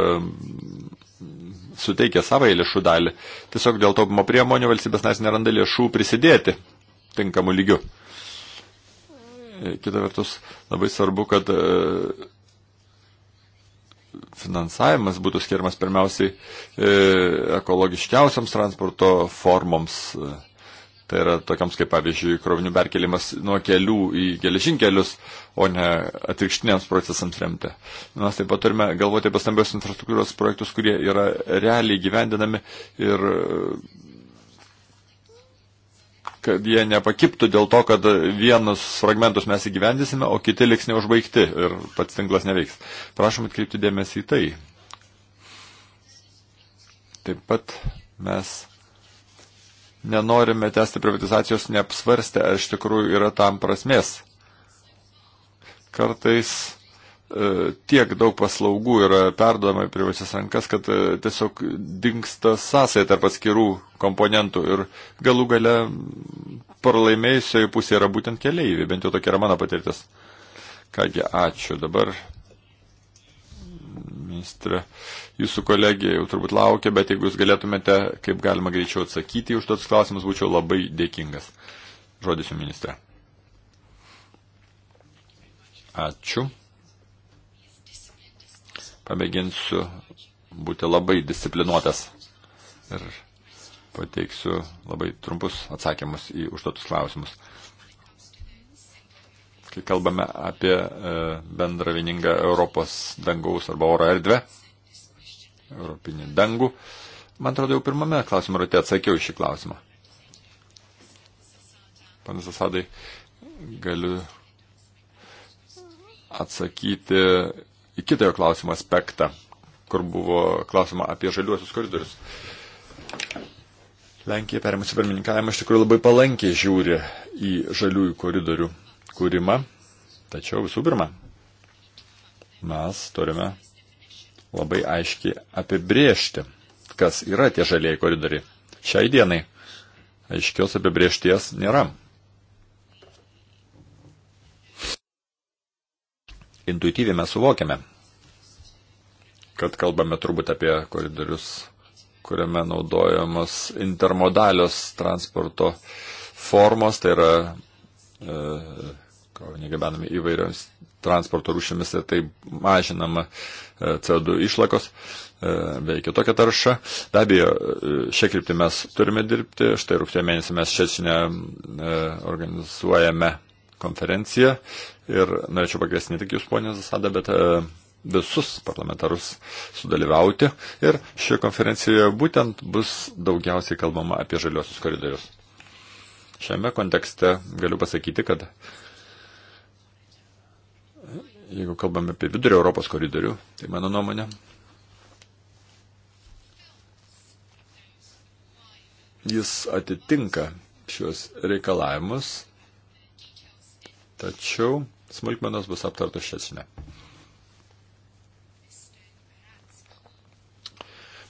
suteikia savo lėšų dalį, tiesiog dėl taupimo priemonių valstybės narės neranda lėšų prisidėti tinkamų lygių. E, kita vertus labai svarbu, kad e, finansavimas būtų skiriamas pirmiausiai e, ekologiškiausiams transporto formoms. Tai yra tokiams kaip pavyzdžiui krovinių perkelimas nuo kelių į geležinkelius, o ne atvirkštiniams procesams remti. Mes taip pat turime galvoti apie stambios infrastruktūros projektus, kurie yra realiai gyvendinami ir kad jie nepakiptų dėl to, kad vienus fragmentus mes įgyvendysime, o kiti liks neužbaigti ir pats tinklas neveiks. Prašom atkreipti dėmesį į tai. Taip pat mes nenorime tęsti privatizacijos neapsvarstę, ar iš tikrųjų yra tam prasmės. Kartais E, tiek daug paslaugų yra perduodama į privačias rankas, kad e, tiesiog dinksta sąsaja tarp atskirų komponentų ir galų gale pralaimėjusioje pusėje yra būtent keleiviai, bent jau tokia yra mano patirtis. Kągi, ačiū dabar. Ministrė, jūsų kolegija jau turbūt laukia, bet jeigu jūs galėtumėte kaip galima greičiau atsakyti už tos klausimus, būčiau labai dėkingas. Žodis jums ministrė. Ačiū pamėginsiu būti labai disciplinuotas ir pateiksiu labai trumpus atsakymus į užduotus klausimus. Kai kalbame apie e, bendrą vieningą Europos dangaus arba oro erdvę, europinį dangų, man atrodo, jau pirmame klausimo rate atsakiau šį klausimą. Panas Asadai, galiu atsakyti į kitą jo klausimo aspektą, kur buvo klausima apie žaliuosius koridorius. Lenkija perėmusi pirmininkavimą iš tikrųjų labai palankiai žiūri į žaliųjų koridorių kūrimą, tačiau visų pirma, mes turime labai aiškiai apibriežti, kas yra tie žalieji koridoriai. Šiai dienai aiškios apibriežties nėra. intuityviai mes suvokiame, kad kalbame turbūt apie koridorius, kuriame naudojamos intermodalios transporto formos, tai yra e, krovinį gabenami įvairioms transporto rūšimis ir tai mažinama e, CO2 išlakos e, bei kitokia tarša. Be abejo, e, šią kryptį mes turime dirbti. Štai rugsėjo mėnesį mes šešinę organizuojame konferenciją ir norėčiau pakviesti ne tik jūs, ponė Zasada, bet e, visus parlamentarus sudalyvauti. Ir šioje konferencijoje būtent bus daugiausiai kalbama apie žaliosius koridorius. Šiame kontekste galiu pasakyti, kad jeigu kalbame apie vidurio Europos koridorių, tai mano nuomonė, jis atitinka šios reikalavimus Tačiau smulkmenos bus aptartos šiandien.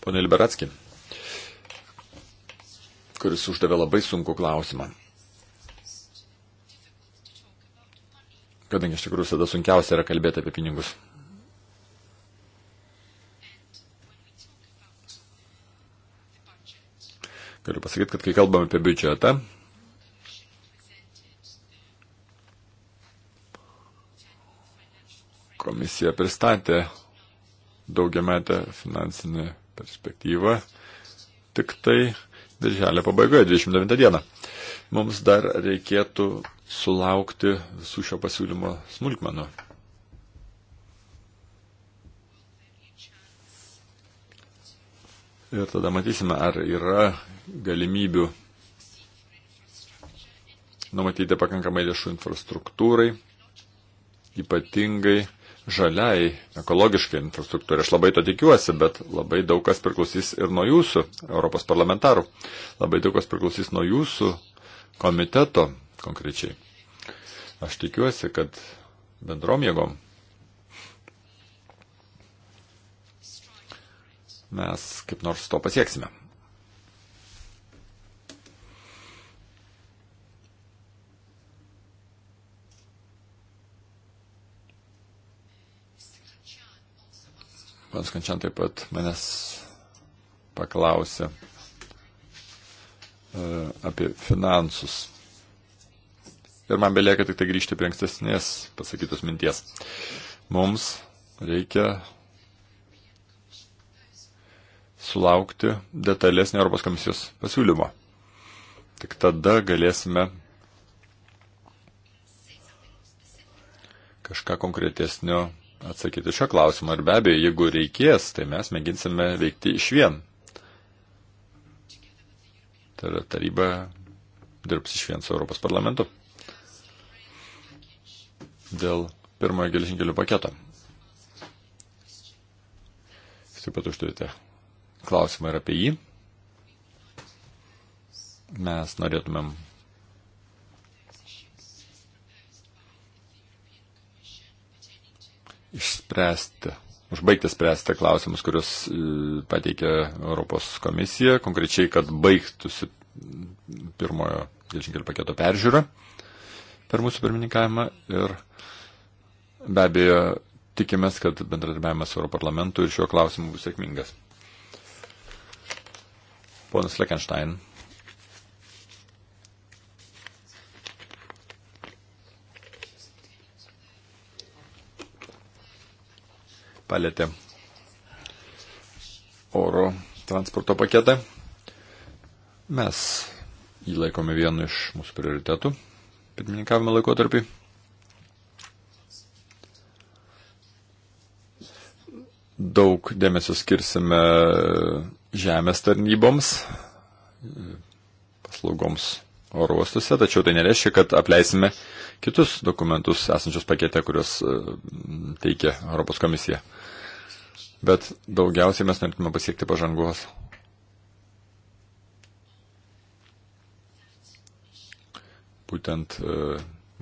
Pone Liberatski, kuris uždavė labai sunku klausimą. Kadangi iš tikrųjų visada sunkiausia yra kalbėti apie pinigus. Galiu pasakyti, kad kai kalbam apie biudžetą, Komisija pristatė daugiametę finansinę perspektyvą tik tai Birželio pabaigoje, 29 dieną. Mums dar reikėtų sulaukti visų šio pasiūlymo smulkmenų. Ir tada matysime, ar yra galimybių numatyti pakankamai lėšų infrastruktūrai, ypatingai žaliai, ekologiškai infrastruktūrai. Aš labai to tikiuosi, bet labai daug kas priklausys ir nuo jūsų, Europos parlamentarų. Labai daug kas priklausys nuo jūsų komiteto konkrečiai. Aš tikiuosi, kad bendrom jėgom mes kaip nors to pasieksime. Panas Kančian taip pat manęs paklausė e, apie finansus. Ir man belieka tik tai grįžti prie ankstesnės pasakytos minties. Mums reikia sulaukti detalesnio Europos komisijos pasiūlymo. Tik tada galėsime kažką konkretesnio atsakyti šio klausimo. Ir be abejo, jeigu reikės, tai mes mėginsime veikti iš vien. Tai yra taryba dirbs iš vien su Europos parlamentu. Dėl pirmojo geležinkelių paketo. Jūs taip pat užduojate klausimą ir apie jį. Mes norėtumėm išspręsti, užbaigti spręsti klausimus, kuriuos e, pateikė Europos komisija, konkrečiai, kad baigtųsi pirmojo geležinkelių paketo peržiūra per mūsų pirmininkavimą ir be abejo tikimės, kad bendradarbiavimas su Europarlamentu ir šiuo klausimu bus sėkmingas. Ponas Lekenstein palėtė oro transporto paketą. Mes jį laikome vienu iš mūsų prioritetų pirmininkavimo laikotarpį. Daug dėmesio skirsime žemės tarnyboms, paslaugoms oro uostuose, tačiau tai nereiškia, kad apleisime kitus dokumentus esančius pakete, kuriuos e, teikia Europos komisija bet daugiausiai mes norėtume pasiekti pažangos. Būtent e,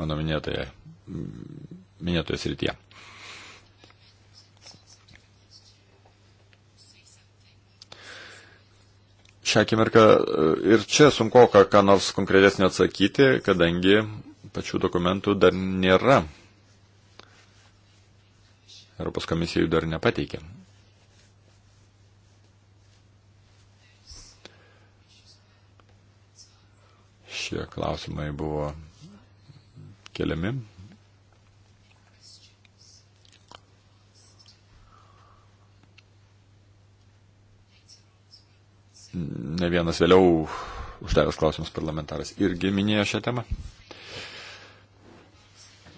mano minėtoje, minėtoje srityje. Šią akimirką e, ir čia sunku ką, ką nors konkretesnį atsakyti, kadangi pačių dokumentų dar nėra. Europos komisija jų dar nepateikė. šie klausimai buvo keliami. Ne vienas vėliau uždavęs klausimus parlamentaras irgi minėjo šią temą.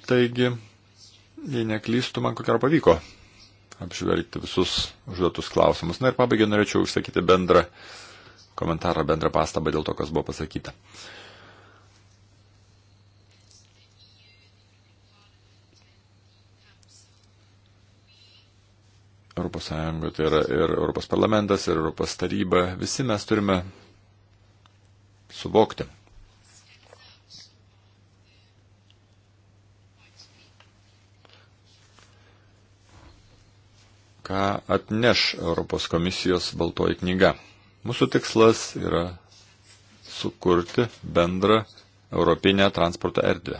Taigi, jei neklystų, man ko gero pavyko apžvelgti visus užduotus klausimus. Na ir pabaigai norėčiau užsakyti bendrą komentarą, bendrą pastabą dėl to, kas buvo pasakyta. Uh, ES, tai yra ir Europos parlamentas, ir Europos taryba, visi mes turime suvokti. ką atneš Europos komisijos baltoji knyga. Mūsų tikslas yra sukurti bendrą europinę transporto erdvę.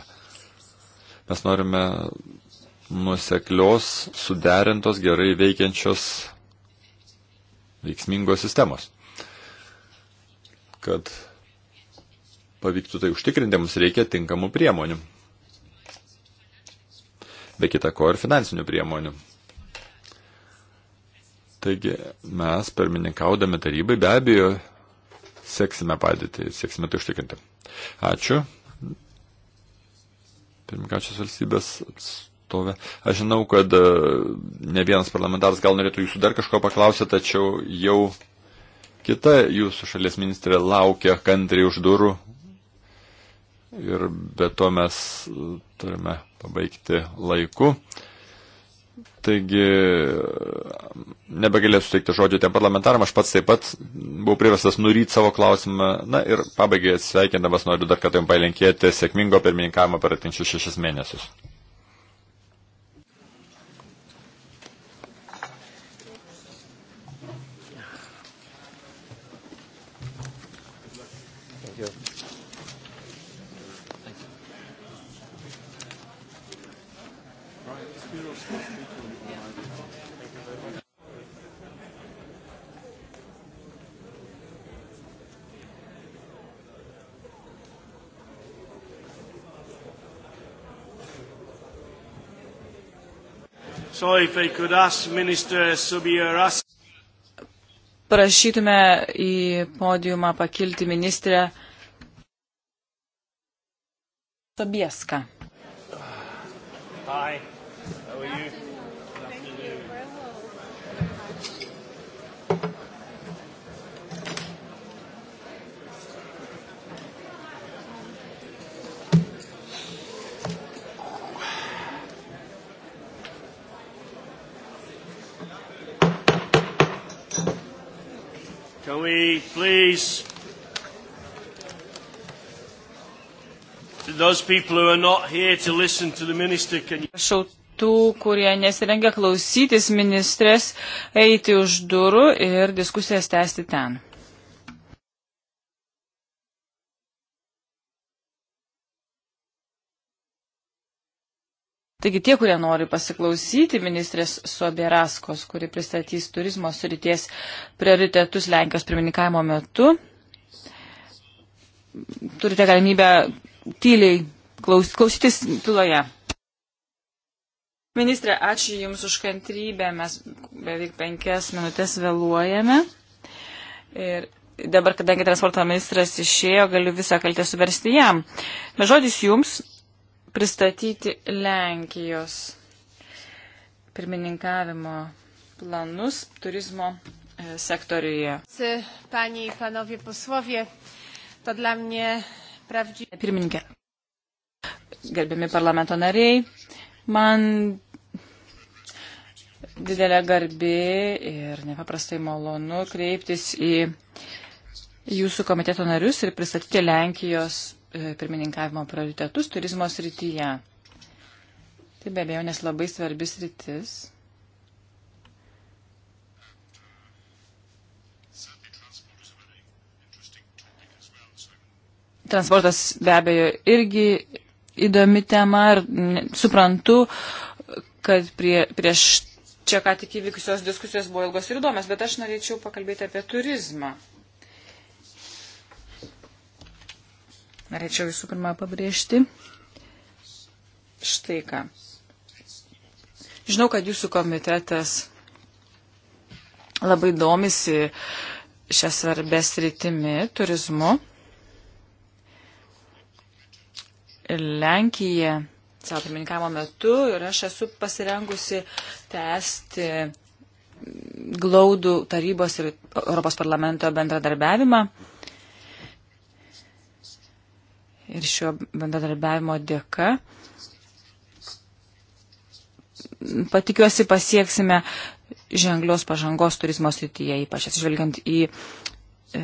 Mes norime nuseklios, suderintos, gerai veikiančios veiksmingos sistemos. Kad pavyktų tai užtikrinti, mums reikia tinkamų priemonių. Be kita ko ir finansinių priemonių. Taigi mes, pirmininkaudami tarybai, be abejo, seksime padėtį, seksime tai užtikrinti. Ačiū. Pirmininkačios valstybės atstovas atstovė. Aš žinau, kad e, ne vienas parlamentaras gal norėtų jūsų dar kažko paklausyti, tačiau jau kita jūsų šalies ministrė laukia kantriai už durų. Ir be to mes e, turime pabaigti laiku. Taigi e, nebegalėsiu suteikti žodžio tiem parlamentaram, aš pats taip pat buvau priverstas nuryti savo klausimą. Na ir pabaigai sveikindamas noriu dar kartą jums palinkėti sėkmingo pirmininkavimo per atinčius šešis mėnesius. So if I could ask Minister Subioras. Prašytume į podiumą pakilti ministrę Sobieską. Hi. we please, those people who are not here to listen to the minister, can you... Prašau tų, kurie nesirengia klausytis ministrės, eiti už durų ir diskusijas tęsti ten. Taigi tie, kurie nori pasiklausyti ministrės Sobieraskos, kuri pristatys turizmo srities prioritetus Lenkijos pirmininkavimo metu, turite galimybę tyliai klaus, klausytis tyloje. Ministrė, ačiū Jums už kantrybę, mes beveik penkias minutės vėluojame. Ir dabar, kadangi transporto ministras išėjo, galiu visą kaltę suversti jam. Bet žodis Jums pristatyti Lenkijos pirmininkavimo planus turizmo e, sektoriuje. Pani, panowie posłowie, to dla mnie prawdziwe. Pirmininkė. Gerbiami parlamento nariai, man didelė garbė ir nepaprastai malonu kreiptis į jūsų komiteto narius ir pristatyti Lenkijos E, pirmininkavimo prioritetus turizmo srityje. Tai be abejo, nes labai svarbis rytis. Transportas be abejo irgi įdomi tema ir suprantu, kad prie, prieš čia ką tik įvykusios diskusijos buvo ilgos ir įdomios, bet aš norėčiau pakalbėti apie turizmą. norėčiau visų pirma pabrėžti štai ką. Žinau, kad jūsų komitetas labai domisi šią svarbę sritimi - turizmu. Lenkija savo pirmininkavimo metu ir aš esu pasirengusi tęsti glaudų tarybos ir Europos parlamento bendradarbiavimą ir šio bendradarbiavimo dėka. Patikiuosi pasieksime ženglios pažangos turizmo srityje, ypač atsižvelgiant į e,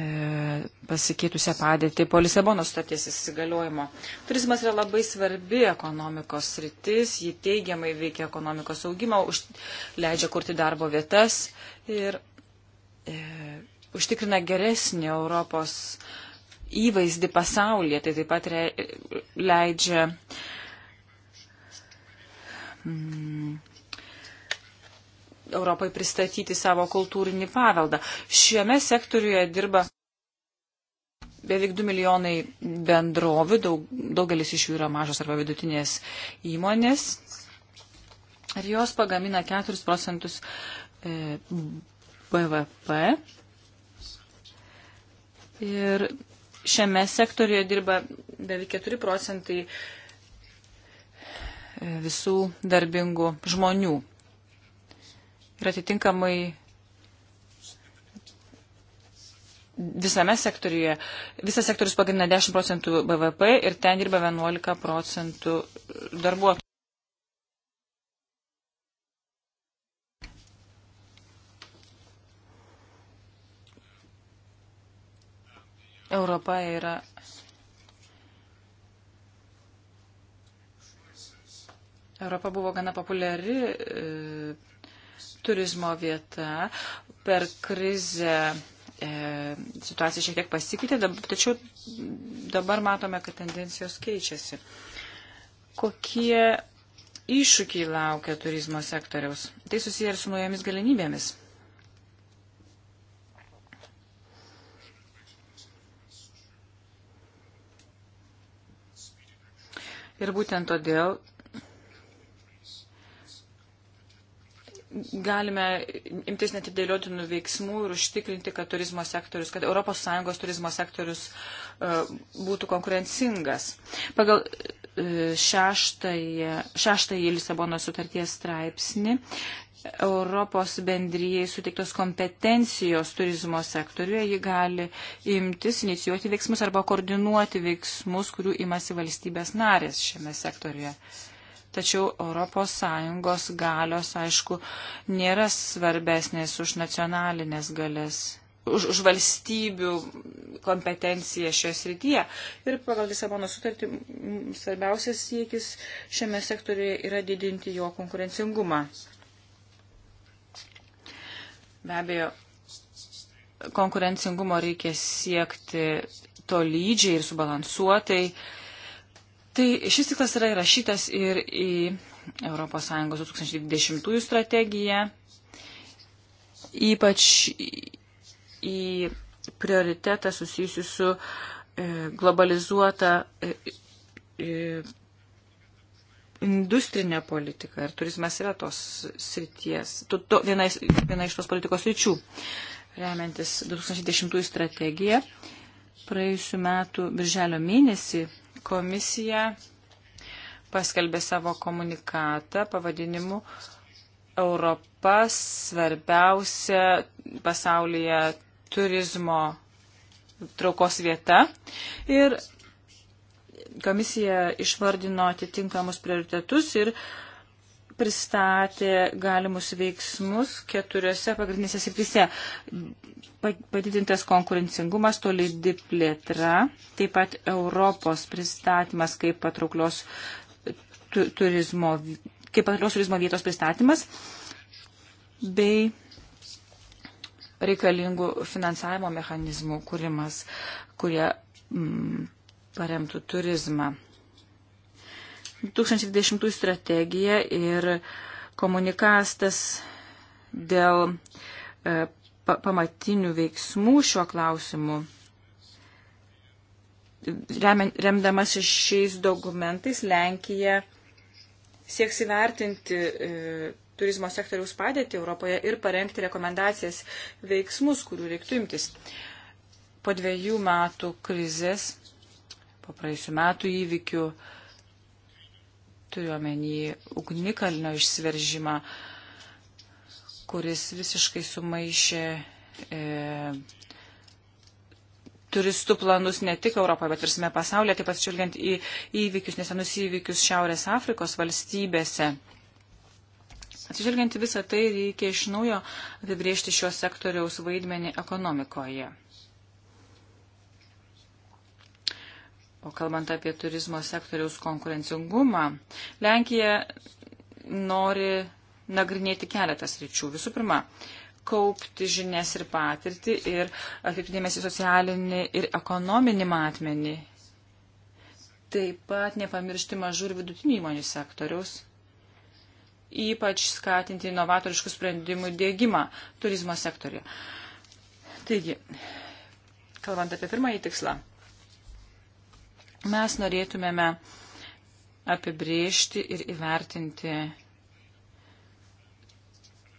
pasikeitusią padėtį po Lisabono sutarties įsigaliojimo. Turizmas yra labai svarbi ekonomikos sritis, ji teigiamai veikia ekonomikos augimą, už, leidžia kurti darbo vietas ir e, užtikrina geresnį Europos e, įvaizdį pasaulyje. Tai taip pat re, leidžia mm, Europai pristatyti savo kultūrinį paveldą. Šiame sektoriuje dirba beveik 2 milijonai bendrovių, daug, daugelis iš jų yra mažos arba vidutinės įmonės. Ir jos pagamina 4 procentus e, BVP. Ir šiame sektorijoje dirba beveik 4 procentai e, visų darbingų žmonių. Ir atitinkamai visame sektoriuje, visas sektorius pagamina 10 procentų BVP ir ten dirba 11 procentų darbuotojų. Europa yra Europa buvo gana populiari e, turizmo vieta. Per krizę e, situacija šiek tiek pasikeitė, tačiau dabar matome, kad tendencijos keičiasi. Kokie iššūkiai laukia turizmo sektoriaus? Tai susiję ir su naujomis galimybėmis. Ir būtent todėl galime imtis netidėliotinų veiksmų ir užtikrinti, kad turizmo sektorius, kad ES turizmo sektorius e, būtų konkurencingas. Pagal e, šeštąjį, šeštąjį Lisabono sutarties straipsnį Europos bendryjai suteiktos kompetencijos turizmo sektoriuje, ji gali imtis, inicijuoti veiksmus arba koordinuoti veiksmus, kurių imasi valstybės narės šiame sektoriuje. Tačiau ES galios, aišku, nėra svarbesnės už nacionalinės galės. Už, už valstybių kompetenciją šioje srityje. Ir pagal Lisabono sutartį svarbiausias siekis šiame sektoriuje yra didinti jo konkurencingumą. Be abejo, konkurencingumo reikia siekti tolydžiai ir subalansuotai. Tai šis tikslas yra įrašytas ir į ES 2020 strategiją, ypač į prioritetą susijusiu su e, globalizuota e, e, industrinė politika ir turizmas yra tos srities, to, to, viena, viena iš tos politikos ryčių. Remiantis 2010 strategiją, praėjusiu metu birželio mėnesį komisija paskelbė savo komunikatą pavadinimu Europa svarbiausia pasaulyje turizmo traukos vieta. Ir komisija išvardino atitinkamus prioritetus ir pristatė galimus veiksmus keturiose pagrindinėse srityse. Padidintas konkurencingumas, tolidi plėtra, taip pat Europos pristatymas kaip patrauklios turizmo, kaip patrauklios turizmo vietos pristatymas bei reikalingų finansavimo mechanizmų kūrimas, kurie mm, paremtų turizmą. 2010 strategija ir komunikastas dėl e, pa pamatinių veiksmų šiuo klausimu. Remdamas šiais dokumentais, Lenkija sieks įvertinti e, turizmo sektoriaus padėtį Europoje ir parengti rekomendacijas veiksmus, kurių reiktų imtis. Po dviejų metų krizės po praėjusiu metu įvykių, turiuomenį ugnikalnio išsiveržimą, kuris visiškai sumaišė e, turistų planus ne tik Europoje, bet ir visame pasaulyje, taip pat žiūrint į įvykius, nesenus įvykius Šiaurės Afrikos valstybėse. Atsižvelgiant į visą tai, reikia iš naujo apibriežti šio sektoriaus vaidmenį ekonomikoje. O kalbant apie turizmo sektoriaus konkurencingumą, Lenkija nori nagrinėti keletas ryčių. Visų pirma, kaupti žinias ir patirtį ir atkreipdėmės į socialinį ir ekonominį matmenį. Taip pat nepamiršti mažų ir vidutinių įmonių sektoriaus. Ypač skatinti inovatoriškų sprendimų dėgymą turizmo sektorija. Taigi, kalbant apie pirmąjį tikslą Mes norėtumėme apibriežti ir įvertinti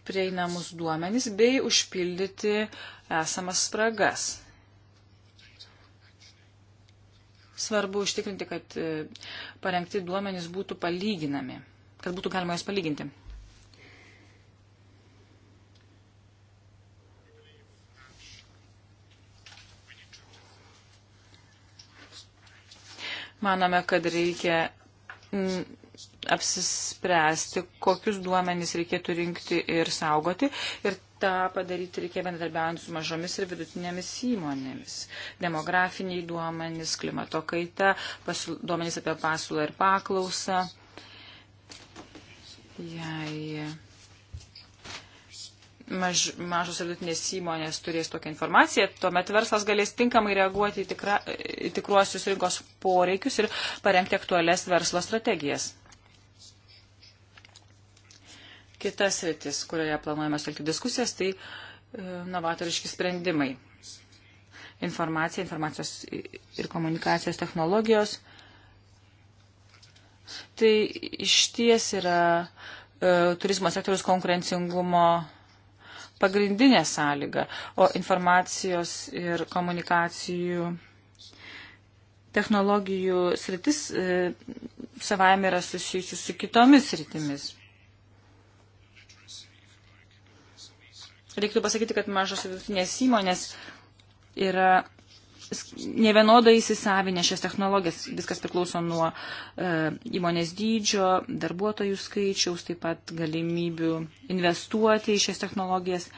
prieinamus duomenys bei užpildyti esamas spragas. Svarbu užtikrinti, kad parengti duomenys būtų palyginami, kad būtų galima juos palyginti. Manome, kad reikia apsispręsti, kokius duomenys reikėtų rinkti ir saugoti. Ir tą padaryti reikia bendradarbiaujant su mažomis ir vidutinėmis įmonėmis. Demografiniai duomenys, klimato kaita, pasul, duomenys apie pasiūlą ir paklausą. Jei maž, mažos ir vidutinės įmonės turės tokią informaciją, tuomet verslas galės tinkamai reaguoti į, tikra, į tikruosius rinkos poreikius ir parengti aktualias verslo strategijas. Kitas rytis, kurioje planuojame skelti diskusijas, tai e, novatoriški sprendimai. Informacija, informacijos ir komunikacijos technologijos. Tai iš ties yra e, turizmo sektoriaus konkurencingumo pagrindinė sąlyga, o informacijos ir komunikacijų technologijų sritis e, savaime yra susijusi su kitomis sritimis. Reiktų pasakyti, kad mažos vidutinės įmonės yra nevienodai įsisavinę šias technologijas. Viskas priklauso nuo e, įmonės dydžio, darbuotojų skaičiaus, taip pat galimybių investuoti į šias technologijas.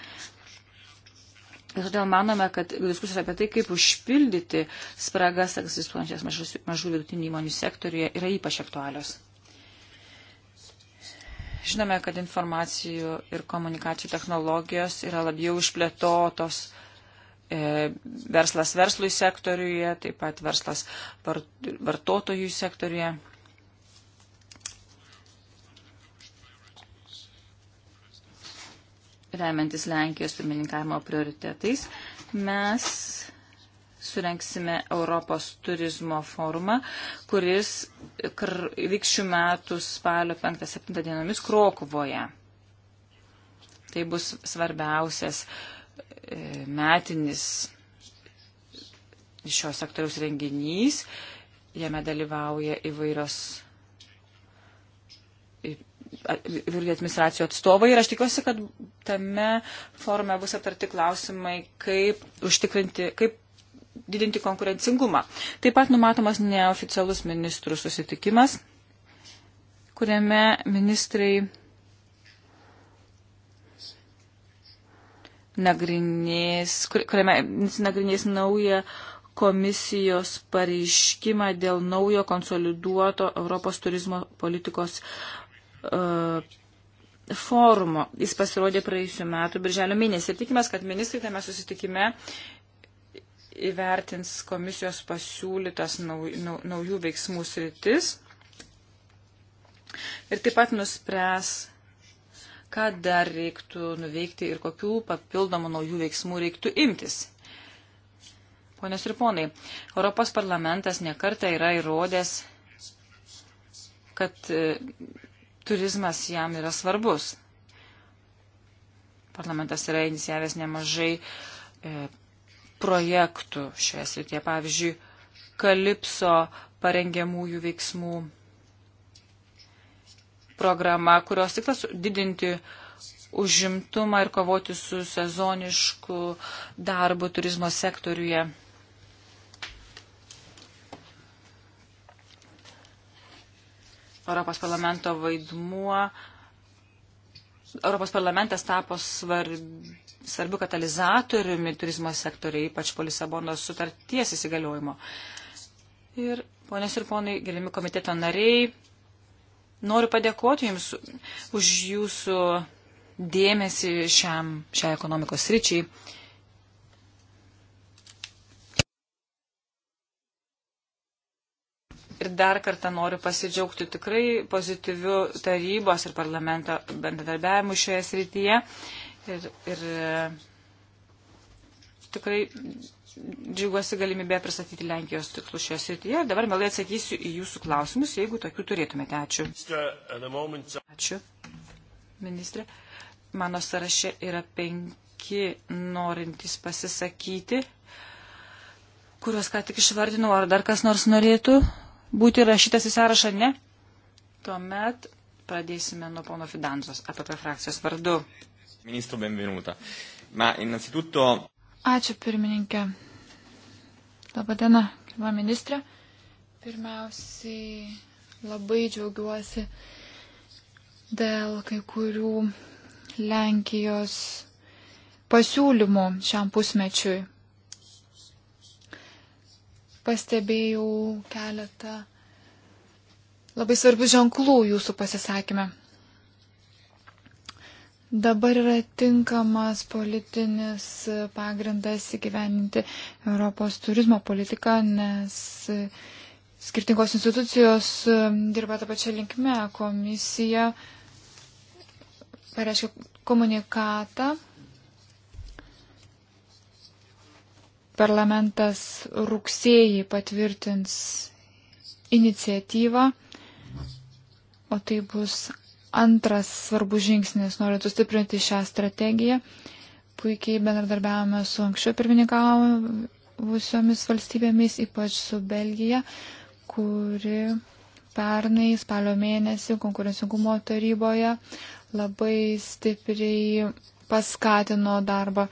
Ir todėl manome, kad diskusijos apie tai, kaip užpildyti spragas egzistuojančias mažų, mažų vidutinių įmonių sektoriuje, yra ypač aktualios. Žinome, kad informacijų ir komunikacijų technologijos yra labiau išplėtotos uh, E, verslas verslui sektoriuje, taip pat verslas vartotojų sektoriuje. Remiantis Lenkijos pirmininkavimo prioritetais, mes surenksime Europos turizmo forumą, kuris vyks šių metų spalio 5-7 dienomis Krokuvoje. Tai bus svarbiausias uh, E, metinis šios sektoriaus renginys. Jame dalyvauja įvairios įvairių administracijų atstovai ir aš tikiuosi, kad tame forume bus aptarti klausimai, kaip užtikrinti, kaip didinti konkurencingumą. Taip pat numatomas neoficialus ministrų susitikimas, kuriame ministrai nagrinės, kur, kuriame nagrinės naują komisijos pareiškimą dėl naujo konsoliduoto Europos turizmo politikos uh, forumo. Jis pasirodė praėjusiu metu, birželio mėnesį. Ir tikimės, kad ministrai tame susitikime įvertins komisijos pasiūlytas nau, nau, naujų veiksmų sritis ir taip pat nuspręs ką dar reiktų nuveikti ir kokių papildomų naujų veiksmų reiktų imtis. Ponios ir ponai, Europos parlamentas nekarta yra įrodęs, kad e, turizmas jam yra svarbus. Parlamentas yra inicijavęs nemažai e, projektų šioje srityje, pavyzdžiui, Kalipso parengiamųjų veiksmų programa, kurios tiklas didinti užimtumą ir kovoti su sezonišku darbu turizmo sektoriuje. Europos parlamento vaidmuo. Europos parlamentas tapo svarbi, svarbiu katalizatoriumi turizmo sektoriai, ypač po Lisabonos sutarties įsigaliojimo. Ir ponios ir ponai, gerimi komiteto nariai, Noriu padėkoti Jums už Jūsų dėmesį šiam, šiai ekonomikos ryčiai. Ir dar kartą noriu pasidžiaugti tikrai pozityviu tarybos ir parlamento bendradarbiavimu šioje srityje. Ir, ir tikrai džiaugiuosi galimybę pristatyti Lenkijos tikslus šioje srityje. Dabar melai atsakysiu į jūsų klausimus, jeigu tokių turėtumėte. Ačiū. Ačiū, ministrė. Mano sąraše yra penki norintys pasisakyti, kuriuos ką tik išvardinau. Ar dar kas nors norėtų būti rašytas į sąrašą? Ne. Tuomet pradėsime nuo pono Fidanzos, APP frakcijos vardu. Ministro, benvenuta. Ma innanzitutto Ačiū pirmininkė. Labadiena, gerbama ministrė. Pirmiausiai labai džiaugiuosi dėl kai kurių Lenkijos pasiūlymų šiam pusmečiui. Pastebėjau keletą labai svarbių ženklų jūsų pasisakymę dabar yra tinkamas politinis pagrindas įgyveninti Europos turizmo politiką, nes skirtingos institucijos um, dirba tą pačią linkmę. Komisija pareiškia komunikatą. Parlamentas rugsėjį patvirtins iniciatyvą, o tai bus antras svarbus žingsnis, norint sustiprinti šią strategiją. Puikiai bendradarbiavome su anksčiau pirmininkavusiomis valstybėmis, ypač su Belgija, kuri pernai spalio mėnesį konkurencingumo taryboje labai stipriai paskatino darbą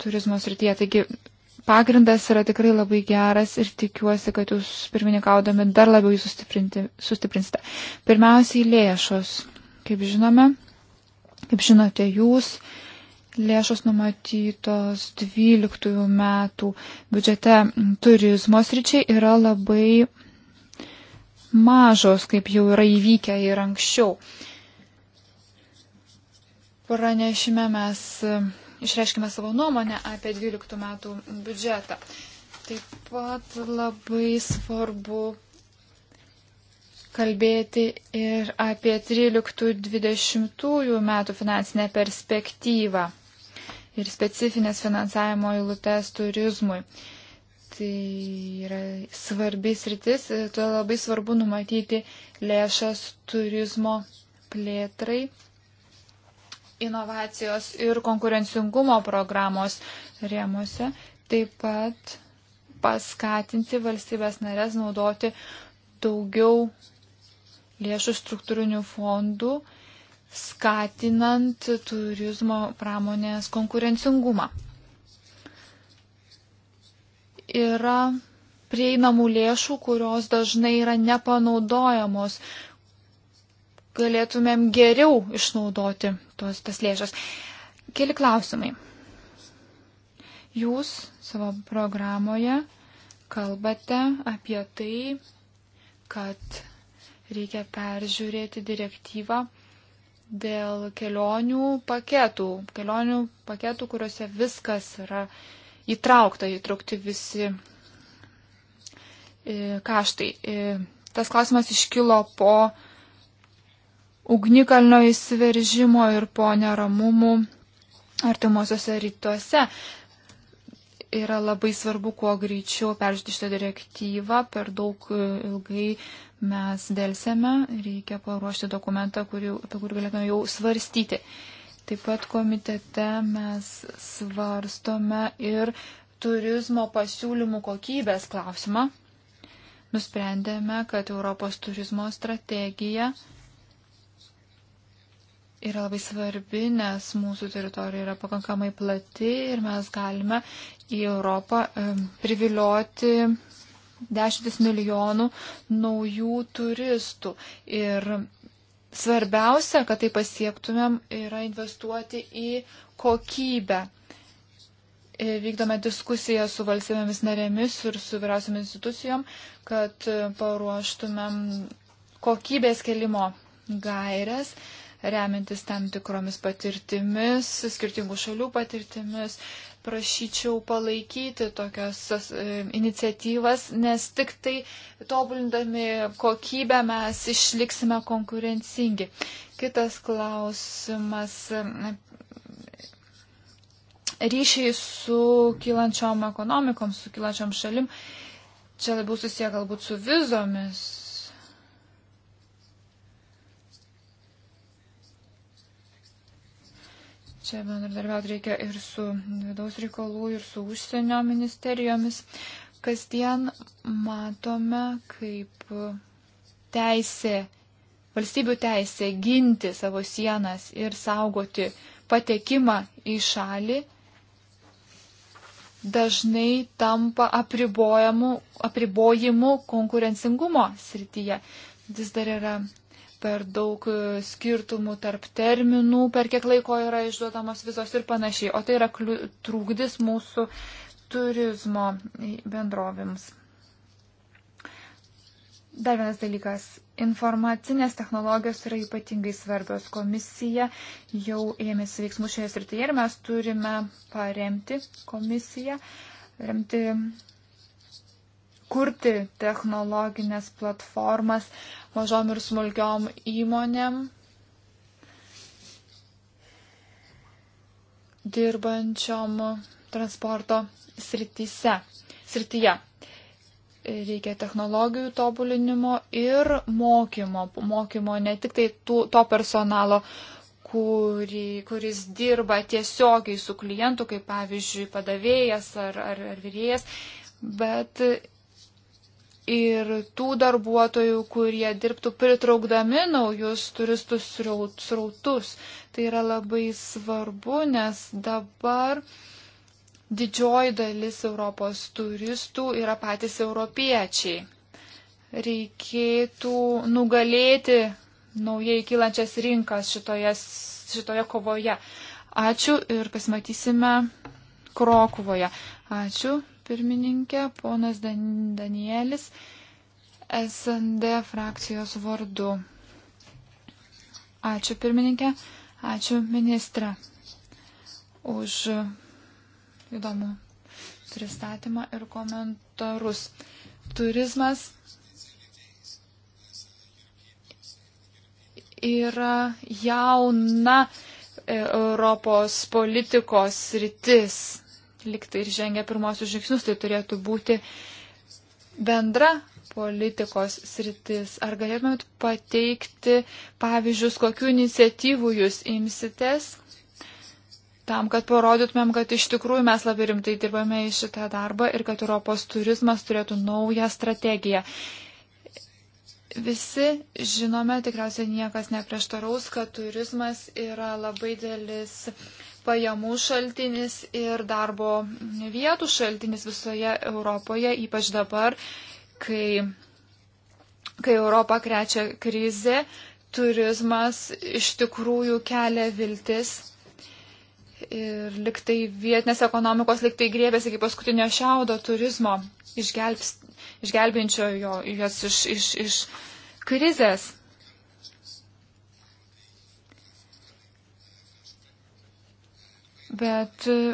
turizmo srityje. Taigi pagrindas yra tikrai labai geras ir tikiuosi, kad jūs pirmininkaudami dar labiau jį sustiprinsite. Pirmiausiai lėšos. Kaip žinome, kaip žinote jūs, lėšos numatytos 12 metų biudžete turizmo sričiai yra labai mažos, kaip jau yra įvykę ir anksčiau. Pranešime mes e, išreiškime savo nuomonę apie 12 metų biudžetą. Taip pat labai svarbu kalbėti ir apie 13-20 metų finansinę perspektyvą ir specifines finansavimo eilutes turizmui. Tai yra svarbis rytis, tuo labai svarbu numatyti lėšas turizmo plėtrai, inovacijos ir konkurencingumo programos rėmose, taip pat paskatinti valstybės narės naudoti daugiau lėšų struktūrinių fondų, skatinant turizmo pramonės konkurencingumą. Yra prieinamų lėšų, kurios dažnai yra nepanaudojamos. Galėtumėm geriau išnaudoti tos, tas lėšas. Keli klausimai. Jūs savo programoje kalbate apie tai, kad Reikia peržiūrėti direktyvą dėl kelionių paketų. Kelionių paketų, kuriuose viskas yra įtraukta, įtraukti visi e, kaštai. E, tas klausimas iškilo po ugnikalnio įsiveržimo ir po neramumų artimuosiuose rytuose yra labai svarbu kuo greičiau peržiūrėti šitą direktyvą, per daug e, ilgai mes dėlsėme, reikia paruošti dokumentą, kurį, apie kurį galėtume jau svarstyti. Taip pat komitete mes svarstome ir turizmo pasiūlymų kokybės klausimą. Nusprendėme, kad Europos turizmo strategija yra labai svarbi, nes mūsų teritorija yra pakankamai plati ir mes galime į Europą privilioti dešimtis milijonų naujų turistų. Ir svarbiausia, kad tai pasiektumėm, yra investuoti į kokybę. E, vykdome diskusiją su valstybėmis narėmis ir su vyriausiam institucijom, kad e, paruoštumėm kokybės kelimo gairias, remintis tam tikromis patirtimis, skirtingų šalių patirtimis. Prašyčiau palaikyti tokias e, iniciatyvas, nes tik tai tobulindami kokybę mes išliksime konkurencingi. Kitas klausimas e, ryšiai su kylančiom ekonomikom, su kylančiom šalim. Čia labiau susiję galbūt su vizomis. Čia bendradarbiauti reikia ir su vidaus reikalų, ir su užsienio ministerijomis. Kasdien matome, kaip teisė, valstybių teisė ginti savo sienas ir saugoti patekimą į šalį dažnai tampa apribojimu, apribojimu konkurencingumo srityje. Vis dar yra per daug e, skirtumų tarp terminų, per kiek laiko yra išduodamos vizos ir panašiai. O tai yra trūkdis mūsų turizmo bendrovėms. Dar vienas dalykas. Informacinės technologijos yra ypatingai svarbios. Komisija jau ėmėsi veiksmų šioje srityje ir mes turime paremti komisiją, remti kurti technologinės platformas mažom ir smulkiom įmonėm, dirbančiom transporto srityse, srityje. Reikia technologijų tobulinimo ir mokymo, mokymo ne tik tai tų, to personalo, kurį, kuris dirba tiesiogiai su klientu, kaip pavyzdžiui padavėjas ar, ar, ar vyrėjas, bet ir tų darbuotojų, kurie dirbtų pritraukdami naujus turistus srautus. Tai yra labai svarbu, nes dabar didžioji dalis Europos turistų yra patys europiečiai. Reikėtų nugalėti naujai kylančias rinkas šitoje, šitoje kovoje. Ačiū ir pasimatysime Krokuvoje. Ačiū pirmininkė, ponas Dan Danielis, SND frakcijos vardu. Ačiū pirmininkė, ačiū ministrė už įdomų pristatymą ir komentarus. Turizmas yra jauna e, Europos politikos rytis liktai ir žengia pirmosius žingsnius, tai turėtų būti bendra politikos sritis. Ar galėtumėt pateikti pavyzdžius, kokiu iniciatyvu jūs imsitės? Tam, kad parodytumėm, kad iš tikrųjų mes labai rimtai dirbame į šitą darbą ir kad Europos turizmas turėtų naują strategiją. Visi žinome, tikriausiai niekas neprieštaraus, kad turizmas yra labai dėlis uh, pajamų šaltinis ir darbo vietų šaltinis visoje Europoje, ypač dabar, kai, kai Europą krečia krizė, turizmas iš tikrųjų kelia viltis. Ir liktai vietinės ekonomikos liktai grėbėsi iki paskutinio šiaudo turizmo, išgelbinčio jo, juos iš, iš, iš krizės. Bet e,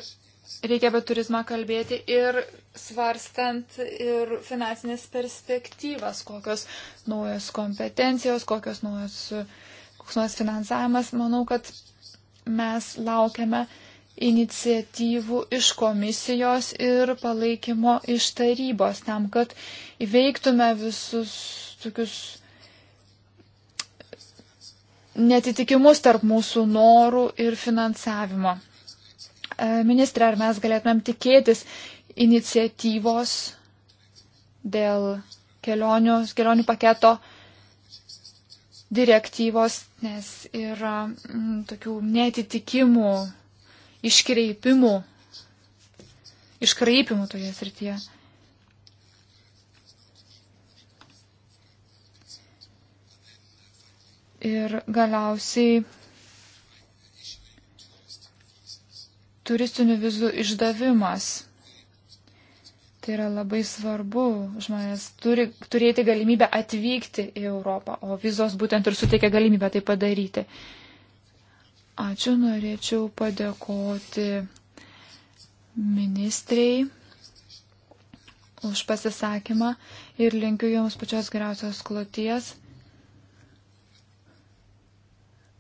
reikia apie turizmą kalbėti ir svarstant ir finansinės perspektyvas, kokios naujos kompetencijos, kokios naujos, koks naujas finansavimas. Manau, kad mes laukiame iniciatyvų iš komisijos ir palaikymo iš tarybos tam, kad įveiktume visus tokius netitikimus tarp mūsų norų ir finansavimo. Ministrė, ar mes galėtumėm tikėtis iniciatyvos dėl kelionių, kelionių paketo direktyvos, nes yra m, mm, tokių netitikimų, iškreipimų, iškraipimų toje srityje. Ir galiausiai turistinių vizų išdavimas. Tai yra labai svarbu. Žmonės turi turėti galimybę atvykti į Europą, o vizos būtent ir suteikia galimybę tai padaryti. Ačiū, norėčiau padėkoti ministrei už pasisakymą ir linkiu Jums pačios geriausios kloties.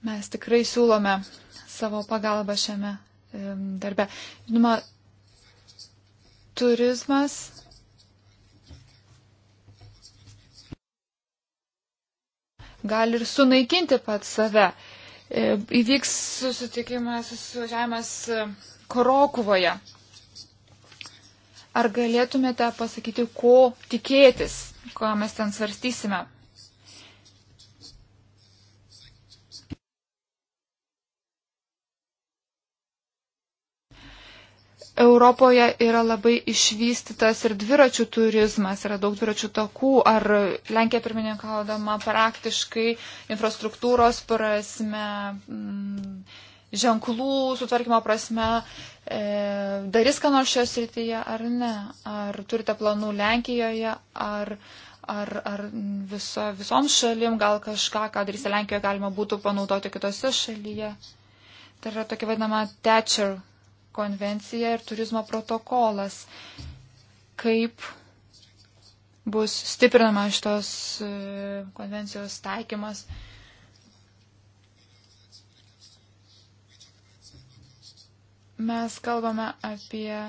Mes tikrai siūlome savo pagalbą šiame darbe. Žinoma, turizmas. Gali ir sunaikinti pat save. E, įvyks susitikimas, susivažiavimas e, Korokuvoje. Ar galėtumėte pasakyti, ko tikėtis, ko mes ten svarstysime? Europoje yra labai išvystytas ir dviračių turizmas, yra daug dviračių takų, ar Lenkija pirmininkaudama praktiškai infrastruktūros prasme, mm, ženklų sutvarkymo prasme, e, darys ką nors šios rytyje ar ne, ar turite planų Lenkijoje, ar, ar, ar viso, visoms šalim gal kažką, ką darysite Lenkijoje, galima būtų panaudoti kitose šalyje. Tai yra tokia vadinama Thatcher konvencija ir turizmo protokolas. Kaip bus stiprinama šitos e, konvencijos taikymas? Mes kalbame apie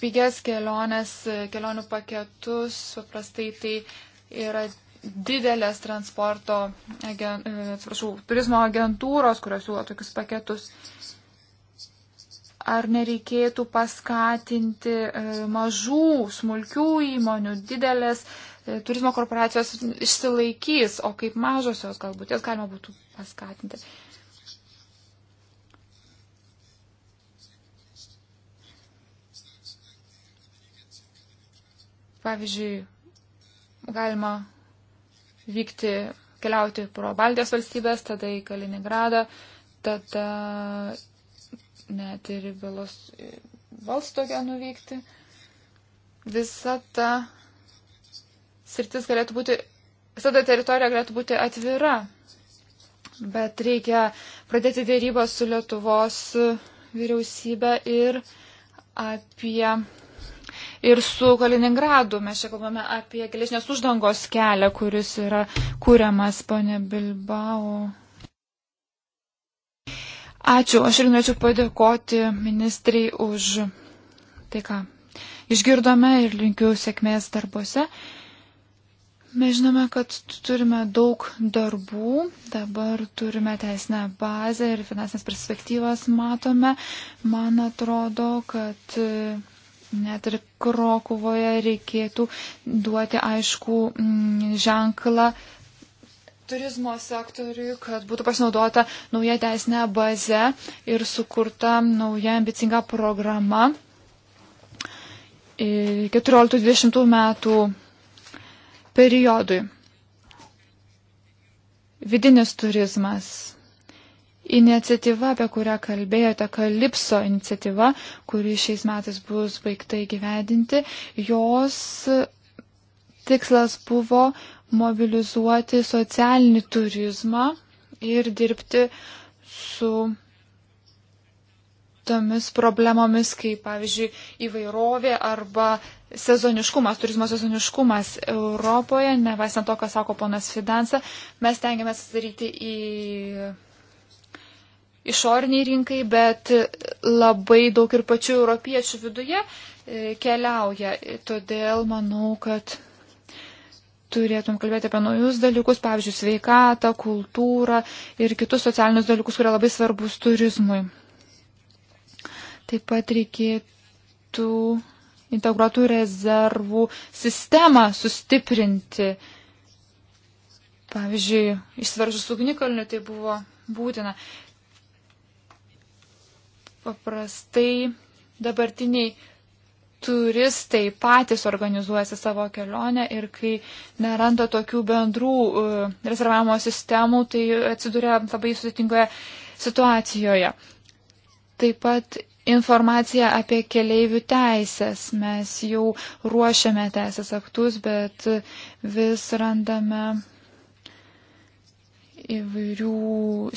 pigias keliones, e, kelionių paketus, paprastai tai yra didelės transporto, agen, e, atsiprašau, turizmo agentūros, kurios siūlo tokius paketus. Ar nereikėtų paskatinti e, mažų, smulkių įmonių, didelės e, turizmo korporacijos išsilaikys, o kaip mažosios galbūt jas galima būtų paskatinti. Pavyzdžiui, galima vykti, keliauti pro Baltijos valstybės, tada į Kaliningradą, tada net ir į Belos Valstogę nuvykti. Visa ta sritis galėtų būti, visa ta teritorija galėtų būti atvira. Bet reikia pradėti dėrybą su Lietuvos vyriausybė ir apie ir su Kaliningradu. Mes čia kalbame apie geležinės uždangos kelią, kuris yra kūriamas, ponė Bilbao. Ačiū, aš ir norėčiau padėkoti ministrai už tai, ką išgirdome ir linkiu sėkmės darbuose. Mes žinome, kad turime daug darbų, dabar turime teisinę bazę ir finansinės perspektyvas matome. Man atrodo, kad Net ir Krokuvoje reikėtų duoti aišku mm, ženklą turizmo sektoriui, kad būtų pasinaudota nauja teisinė bazė ir sukurta nauja ambicinga programa 14-20 e, metų periodui. Vidinis turizmas iniciatyva, apie kurią kalbėjote, Kalipso iniciatyva, kuri šiais metais bus baigtai gyvedinti, jos tikslas buvo mobilizuoti socialinį turizmą ir dirbti su tomis problemomis, kaip pavyzdžiui įvairovė arba sezoniškumas, turizmo sezoniškumas Europoje, nevaisant to, ką sako ponas Fidansa, mes tengiamės atsidaryti į išorniai rinkai, bet labai daug ir pačių europiečių viduje e, keliauja. Todėl manau, kad turėtum kalbėti apie naujus dalykus, pavyzdžiui, sveikatą, kultūrą ir kitus socialinius dalykus, kurie labai svarbus turizmui. Taip pat reikėtų integruotų rezervų sistemą sustiprinti. Pavyzdžiui, išsveržus ugnikalnių tai buvo būtina. Paprastai dabartiniai turistai patys organizuojasi savo kelionę ir kai neranda tokių bendrų e, rezervavimo sistemų, tai atsiduria labai sudėtingoje situacijoje. Taip pat informacija apie keleivių teisės. Mes jau ruošiame teisės aktus, bet vis randame įvairių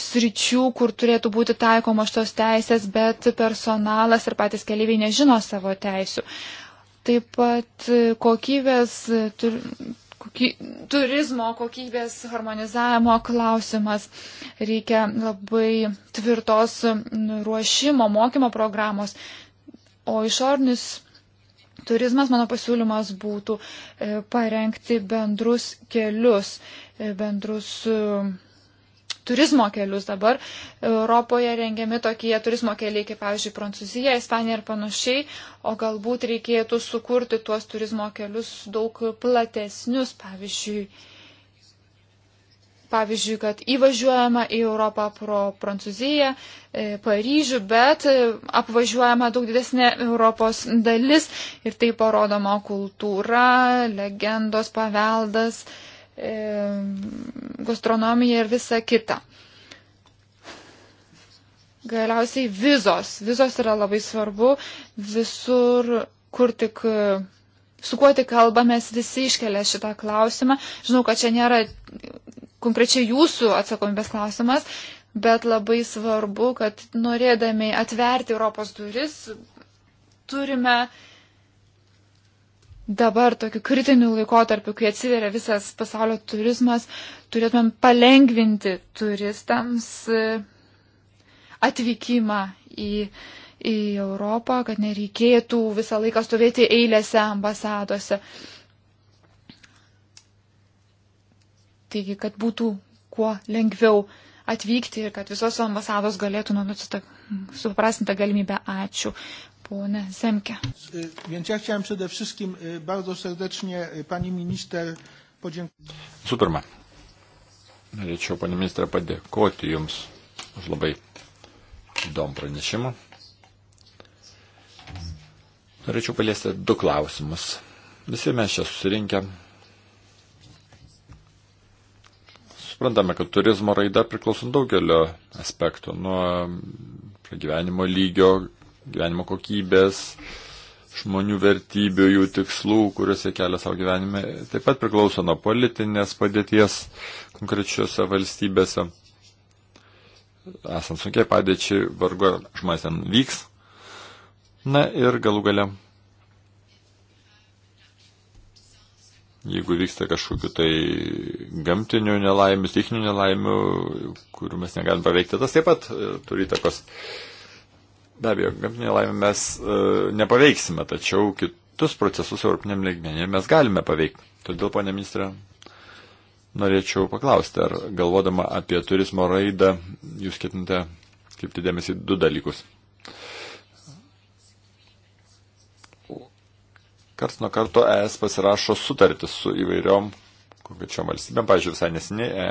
sričių, kur turėtų būti taikomos tos teisės, bet personalas ir patys keliaiviai nežino savo teisių. Taip pat e, kokybės, tur, koky, turizmo kokybės harmonizavimo klausimas. Reikia labai tvirtos ruošimo, mokymo programos. O išornis turizmas, mano pasiūlymas būtų e, parengti bendrus kelius, e, bendrus turizmo kelius. Dabar Europoje rengiami tokie turizmo keliai, kaip pavyzdžiui, Prancūzija, Ispanija ir panašiai, o galbūt reikėtų sukurti tuos turizmo kelius daug platesnius, pavyzdžiui, pavyzdžiui, kad įvažiuojama į Europą pro Prancūziją, e, Paryžių, bet e, apvažiuojama daug didesnė Europos dalis ir tai parodoma kultūra, legendos, paveldas, E, gastronomiją ir visa kita. Galiausiai vizos. Vizos yra labai svarbu. Visur, kur tik, su kuo tik kalbamės, visi iškelia šitą klausimą. Žinau, kad čia nėra konkrečiai jūsų atsakomybės klausimas, bet labai svarbu, kad norėdami atverti Europos duris, turime uh, dabar tokiu kritiniu laikotarpiu, kai atsiveria visas pasaulio turizmas, turėtumėm palengvinti turistams e, atvykimą į, į Europą, kad nereikėtų visą laiką stovėti eilėse ambasadose. Taigi, kad būtų kuo lengviau atvykti ir kad visos ambasados galėtų naudoti nu, tą suprastintą galimybę. Ačiū. Pone Zemke. Więc ja chciałem przede wszystkim bardzo serdecznie pani minister podziękować. Superma. Norėčiau, panė ministrė, padėkoti Jums už labai įdomų pranešimą. Norėčiau paliesti du klausimus. Visi mes čia susirinkę. Suprantame, kad turizmo raida priklauso daugelio aspektų, nuo pragyvenimo lygio, gyvenimo kokybės, žmonių vertybių, jų tikslų, kuriuose kelia savo gyvenime, taip pat priklauso nuo politinės padėties konkrečiose valstybėse. Esant sunkiai padėčiai, vargu ar žmonės ten vyks. Na ir galų gale, jeigu vyksta kažkokiu tai gamtiniu nelaimiu, stichiniu nelaimiu, kurių mes negalim paveikti, tas taip pat e, turi takos. Uh, Be abejo, gamtinė laimė mes e, nepaveiksime, tačiau kitus procesus europiniam lygmenį mes galime paveikti. Todėl, ponė ministrė, norėčiau paklausti, ar galvodama apie turizmo raidą, jūs ketinate kaip dėmesį du dalykus. Karts nuo karto ES pasirašo sutartis su įvairiom konkrečiom valstybėm. Pavyzdžiui, visai nesiniai e,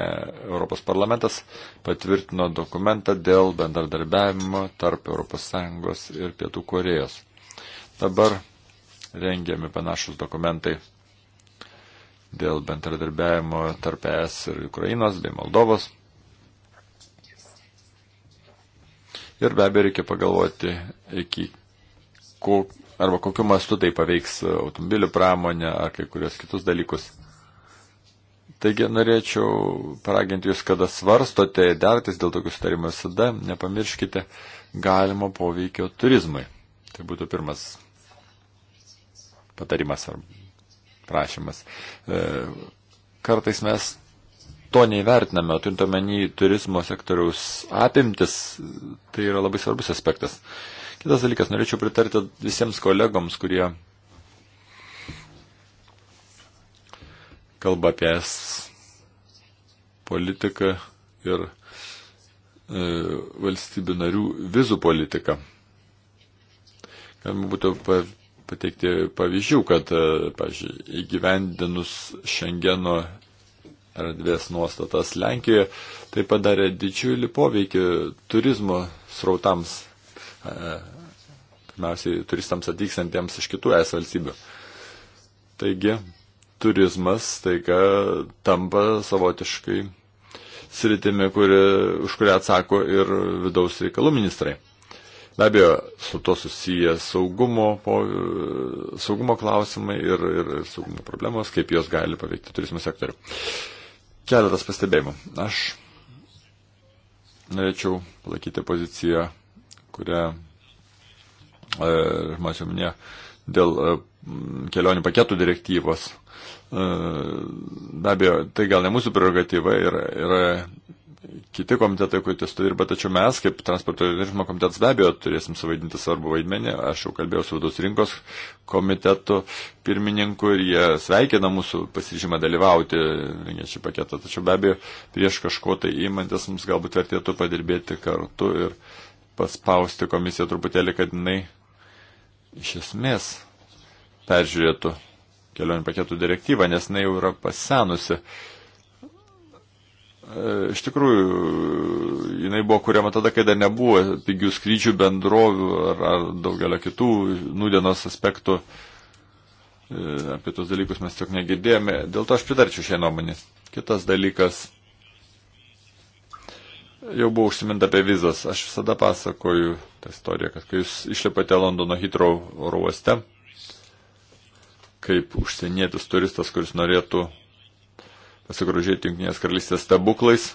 Europos parlamentas patvirtino dokumentą dėl bendradarbiavimo tarp ES ir Pietų Korejos. Dabar rengiami panašus dokumentai dėl bendradarbiavimo tarp ES ir Ukrainos bei Moldovos. Ir be abejo reikia pagalvoti, iki ko, arba kokiu mastu tai paveiks automobilių pramonę ar kai kurios kitus dalykus. Taigi norėčiau paraginti jūs, kada svarstote ir dertis dėl tokių sutarimų visada, nepamirškite galimo poveikio turizmui. Tai būtų pirmas patarimas ar prašymas. E, kartais mes to neįvertiname, turint omeny turizmo sektoriaus apimtis, tai yra labai svarbus aspektas. Kitas dalykas, norėčiau pritarti visiems kolegoms, kurie kalba apie politiką ir e, valstybių narių vizų politiką. Galima būtų pateikti pavyzdžių, kad, e, pažiūrėjau, įgyvendinus Šengeno erdvės nuostatas Lenkijoje, tai padarė didžiulį poveikį turizmo srautams, e, pirmiausiai turistams atvykstantiems iš kitų es valstybių. Taigi, turizmas taiga tampa savotiškai sritimi, kuri, už kurią atsako ir vidaus reikalų ministrai. Be abejo, su to susiję saugumo, po, saugumo klausimai ir, ir, ir saugumo problemos, kaip jos gali paveikti turizmo sektorių. Keletas pastebėjimų. Aš norėčiau palaikyti poziciją, kurią e, žmonės jau minėjo dėl e, kelionių paketų direktyvos. Be abejo, tai gal ne mūsų prerogatyva yra, yra kiti komitetai, kurie ties to dirba, tačiau mes, kaip transporto turizmo komitetas, be abejo, turėsim suvaidinti svarbu vaidmenį. Aš jau kalbėjau su vidaus rinkos komitetu pirmininku ir jie sveikina mūsų pasižymą dalyvauti rengiant šį paketą. Tačiau be abejo, prieš kažko tai įmantis mums galbūt vertėtų padirbėti kartu ir paspausti komisiją truputėlį, kad jinai iš esmės peržiūrėtų kelionių paketų direktyvą, nes jinai jau yra pasenusi. E, iš tikrųjų, jinai buvo kuriama tada, kai dar nebuvo pigių skrydžių bendrovių ar, ar daugelio kitų nūdienos aspektų. E, apie tos dalykus mes tiek negirdėjome. Dėl to aš pritarčiau šiai nuomonės. Kitas dalykas. Jau buvo užsiminta apie vizas. Aš visada pasakoju tą istoriją, kad kai jūs išlipate Londono Hitro oro uoste, kaip užsienietis turistas, kuris norėtų pasigrožėti Junktinės karalystės stebuklais,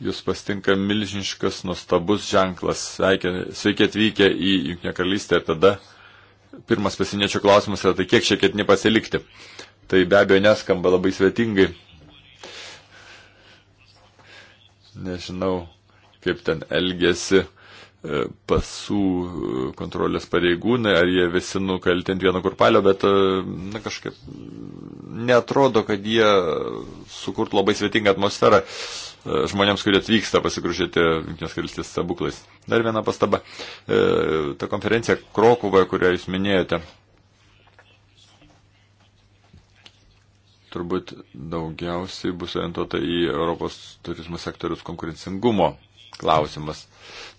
jūs pastinka milžiniškas nuostabus ženklas. Sveiki, sveiki atvykę į Junktinę karalystę ir tada pirmas pasiniečio klausimas yra, tai kiek šiek tiek nepasilikti. Tai be abejo neskamba labai svetingai. Nežinau, kaip ten elgesi E, pasų e, kontrolės pareigūnai, ar jie visi nukalti ant vieno kurpalio, bet e, na, kažkaip netrodo, kad jie sukurtų labai svetingą atmosferą žmonėms, kurie atvyksta pasikrūžėti Junktinės karalystės stebuklais. Dar viena pastaba. Ta konferencija Krokuvoje, kurią jūs minėjote, turbūt daugiausiai bus orientuota į Europos turizmo sektorius konkurencingumo klausimas.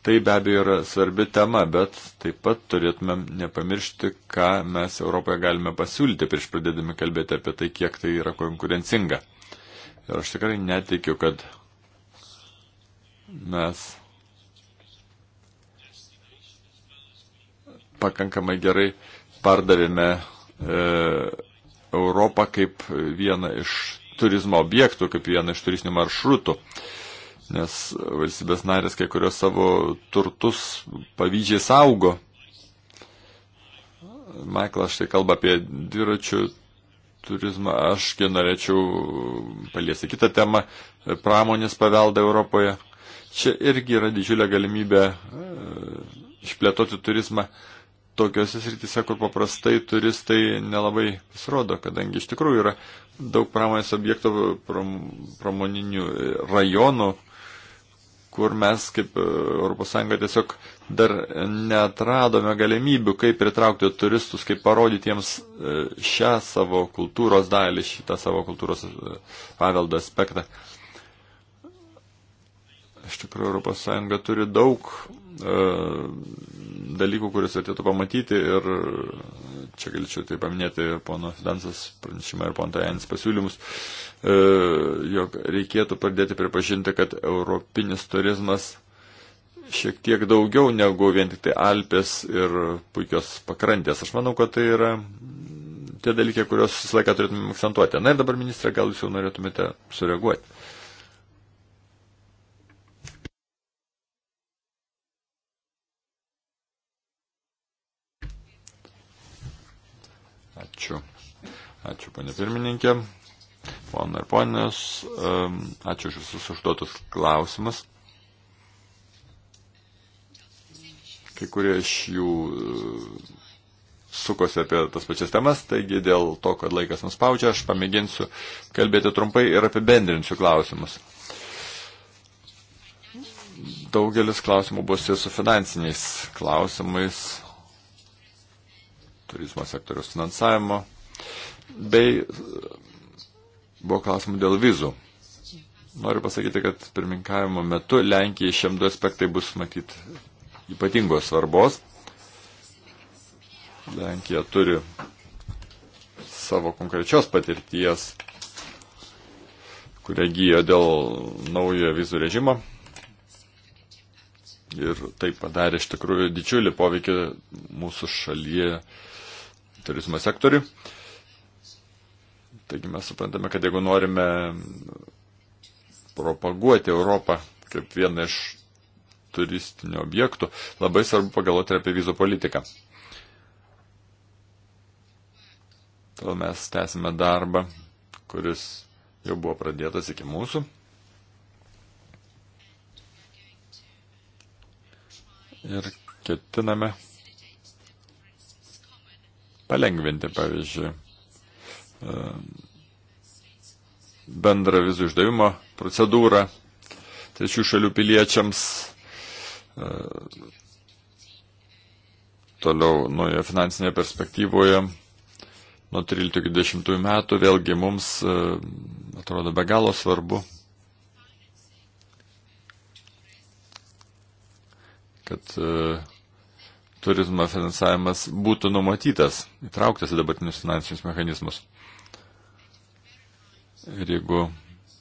Tai be abejo yra svarbi tema, bet taip pat turėtumėm nepamiršti, ką mes Europoje galime pasiūlyti prieš pradėdami kalbėti apie tai, kiek tai yra konkurencinga. Ir aš tikrai netikiu, kad mes pakankamai gerai pardavėme e, Europą kaip vieną iš turizmo objektų, kaip vieną iš turistinių maršrutų. E, nes valstybės narės kai kurios savo turtus pavyzdžiai saugo. Maiklas štai kalba apie dviračių turizmą, aš kiek norėčiau paliesti kitą temą - pramonės paveldą Europoje. Čia irgi yra didžiulė galimybė e, išplėtoti turizmą tokiuose srityse, kur paprastai turistai nelabai pasirodo, kadangi iš tikrųjų yra daug pramonės objektų, pramoninių rajonų, kur mes kaip ES tiesiog dar netradome galimybių, kaip pritraukti turistus, kaip parodyti jiems e, šią savo kultūros dalį, šitą savo kultūros e, paveldą aspektą. Iš tikrųjų, ES turi daug e, dalykų, kuriuos vertėtų pamatyti ir čia galėčiau taip paminėti pono Dansas pranešimą ir pono Tajans pasiūlymus, e, jog reikėtų pradėti pripažinti, kad europinis turizmas šiek tiek daugiau negu vien tik tai Alpės ir puikios pakrantės. Aš manau, kad tai yra tie dalykai, kuriuos visą laiką turėtume akcentuoti. Na ir dabar, ministrė, gal jūs jau norėtumėte sureaguoti. Ačiū. Ačiū, ponė pirmininkė. Pona ir ponės, ačiū už visus užduotus klausimus. Kai kurie iš jų e, sukosi apie tas pačias temas, taigi dėl to, kad laikas mus spaudžia, aš pamėginsiu kalbėti trumpai ir apibendrinsiu klausimus. Daugelis klausimų bus ir su finansiniais klausimais, turizmo sektoriaus finansavimo, bei e, buvo klausimų dėl vizų. Noriu pasakyti, kad pirmininkavimo metu Lenkijai šiam du aspektai bus matyti ypatingos svarbos. Lenkija turi savo konkrečios patirties, kurią gyjo dėl naujo vizų režimo. Ir tai padarė iš tikrųjų didžiulį poveikį mūsų šalyje turizmo sektoriui. Taigi mes suprantame, kad jeigu norime propaguoti Europą kaip vieną iš turistinių objektų, labai svarbu pagalvoti apie vizų politiką. Tol mes tęsime darbą, kuris jau buvo pradėtas iki mūsų. Ir ketiname palengvinti, pavyzdžiui, e, bendrą vizų išdavimo procedūrą trečių šalių piliečiams, e, toliau naujoje finansinėje perspektyvoje nuo 13-20 metų vėlgi mums e, atrodo be galo svarbu, kad turizmo finansavimas būtų numatytas, įtrauktas į dabartinius finansinius mechanizmus. Ir jeigu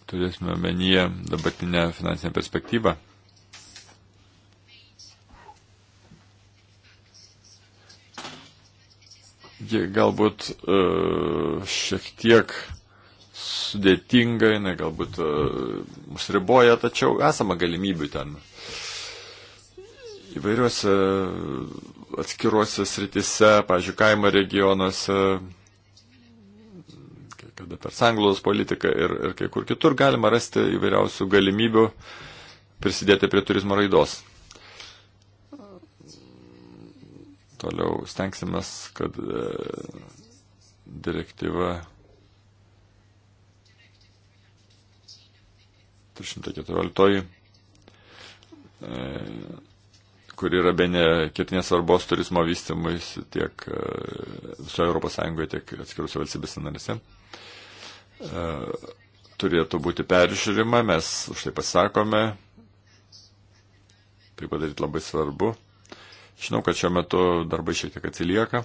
turėsime omenyje dabartinę finansinę perspektyvą, ji galbūt uh, šiek tiek sudėtinga, jinai galbūt uh, mus riboja, tačiau esama galimybių ten. Uh, įvairiuose e, atskiruose sritise, pažiūrėjau, kaimo regionuose, kada per sanglaus politiką ir, ir kai kur kitur galima rasti įvairiausių galimybių prisidėti prie turizmo raidos. Toliau stengsimės, kad e, direktyva 314 kuri yra bene ketinės svarbos turizmo vystymuis tiek e, visoje Europos Sąjungoje, tiek atskiruose valstybėse narėse. E, turėtų būti peržiūrima, mes už tai pasakome, tai padaryti labai svarbu. Žinau, kad šiuo metu darbai šiek tiek atsilieka,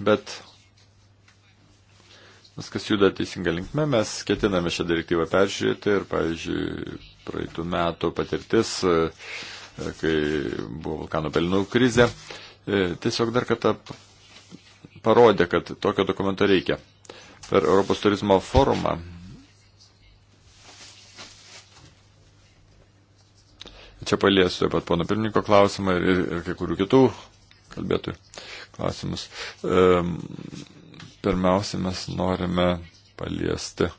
bet viskas juda teisinga linkme, mes ketiname šią direktyvą peržiūrėti ir, pavyzdžiui, praeitų metų patirtis, e, kai buvo vulkano pelinų krizė, e, tiesiog dar kartą parodė, kad tokio dokumento reikia. Per Europos turizmo forumą Čia paliesiu taip pat pono pirmininko klausimą ir, ir, ir kai kurių kitų kalbėtojų klausimus. E, pirmiausia, mes norime paliesti e,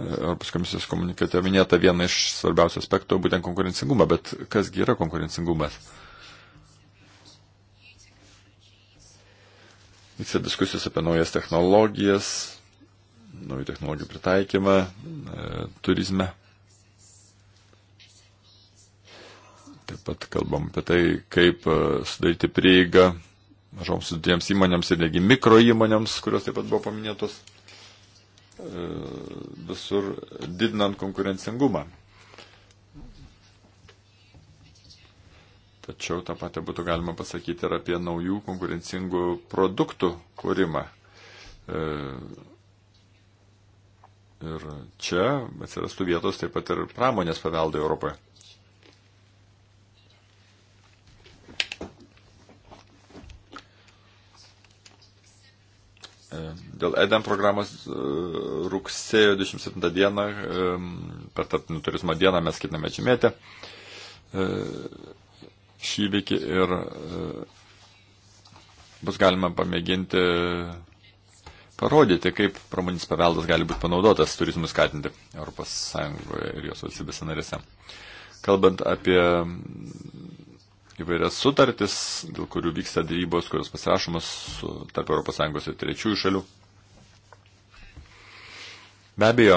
Europos komisijos komunikate minėta viena iš svarbiausių aspektų, būtent konkurencingumą. Bet kasgi yra konkurencingumas? Vyksta diskusijos apie naujas technologijas, naujų technologijų pritaikymą e, turizme. Taip pat kalbam apie tai, kaip e, sudaryti prieigą mažoms sudėtiems įmonėms ir negi mikro įmonėms, kurios taip pat buvo paminėtos. E, visur didinant konkurencingumą. Tačiau tą patį būtų galima pasakyti ir apie naujų konkurencingų produktų kūrimą. E, ir čia atsirastų vietos taip pat ir pramonės paveldo Europoje. E, dėl EDEM programos e, rugsėjo 27 dieną, e, per tarptautinį turizmo dieną mes ketiname žymėti e, šį įvykį ir bus galima pamėginti parodyti, kaip pramoninis paveldas gali būti panaudotas turizmui skatinti ES ir jos valstybėse narėse. Kalbant apie įvairias sutartis, dėl kurių vyksta dėrybos, kurios pasirašomas tarp ES ir trečiųjų šalių. Be abejo,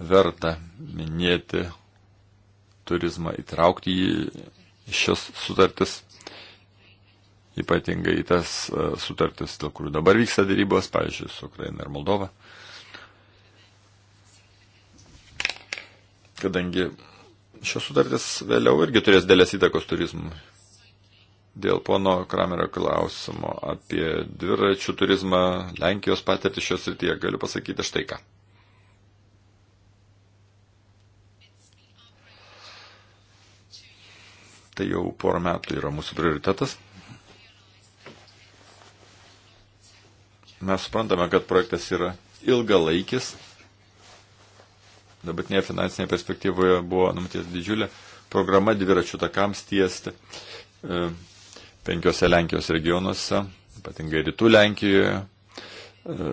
verta minėti turizmą, įtraukti jį šias sutartis, ypatingai į tas e, sutartis, dėl kurių dabar vyksta dėrybos, pavyzdžiui, su Ukraina ir Moldova. Kadangi šios sutartis vėliau irgi turės dėlės įtakos turizmui. Dėl pono Kramerio klausimo apie dviračių turizmą, Lenkijos patirtį šios rytyje galiu pasakyti štai ką. Tai jau porą metų yra mūsų prioritetas. Mes suprantame, kad projektas yra ilgalaikis. Dabartinėje finansinėje perspektyvoje buvo numatyta didžiulė programa dviračių takams tiesti e, penkiose Lenkijos regionuose, ypatingai rytų Lenkijoje, e,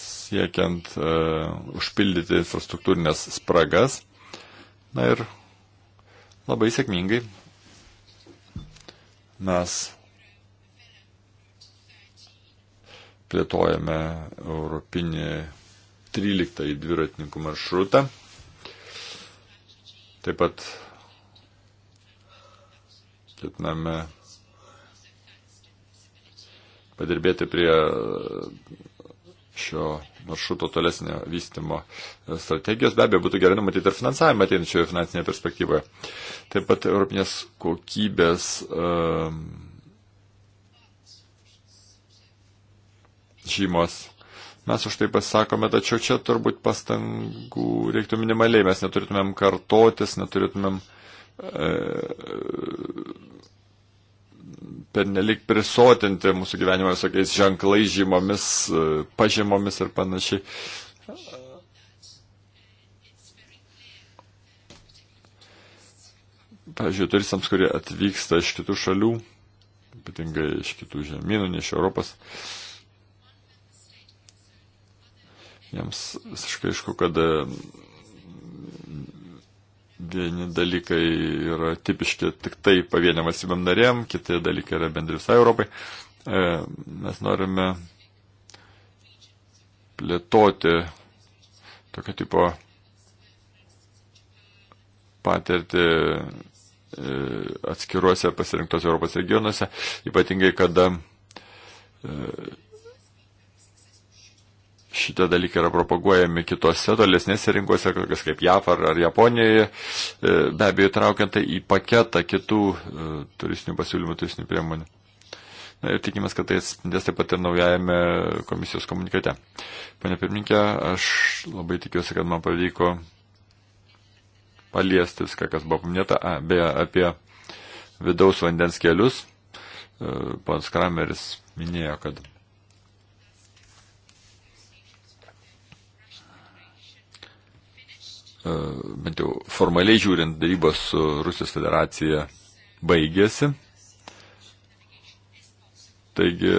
siekiant e, užpildyti infrastruktūrinės spragas. Na ir labai sėkmingai mes plėtojame europinį 13 dviratininkų maršrutą. Taip pat ketiname padirbėti prie šio maršruto tolesnio vystimo e, strategijos. Be abejo, būtų gerai numatyti ir finansavimą ateinančioje finansinėje perspektyvoje. Taip pat Europinės kokybės. Um, e, žymos. Mes už tai pasakome, tačiau čia turbūt pastangų reiktų minimaliai, mes neturėtumėm kartotis, neturėtumėm e, pernelik prisotinti mūsų gyvenimą visokiais ženklai, žymomis, e, pažymomis ir panašiai. Pavyzdžiui, turistams, kurie atvyksta iš kitų šalių, ypatingai iš kitų žemynų, ne iš Europos, jiems visiškai aišku, kad vieni dalykai yra tipiški tik tai pavieniam valstybėm narėm, kiti dalykai yra bendri visai Europai. E, mes norime plėtoti tokio tipo patirtį e, atskiruose pasirinktos Europos regionuose, ypatingai kada e, šitie dalykai yra propaguojami kitose tolesnėse rinkose, kokias kaip JAF ar, ar Japonijoje, e, be abejo, traukiant tai į paketą kitų e, turistinių pasiūlymų, turistinių priemonių. Na ir tikimės, kad tai atspindės taip pat ir naujajame komisijos komunikate. Pane pirmininkė, aš labai tikiuosi, kad man pavyko paliesti viską, kas buvo paminėta, A, beje, apie vidaus vandens kelius. E, Pons Krameris minėjo, kad E, bent jau formaliai žiūrint, darybos su Rusijos federacija baigėsi. Taigi,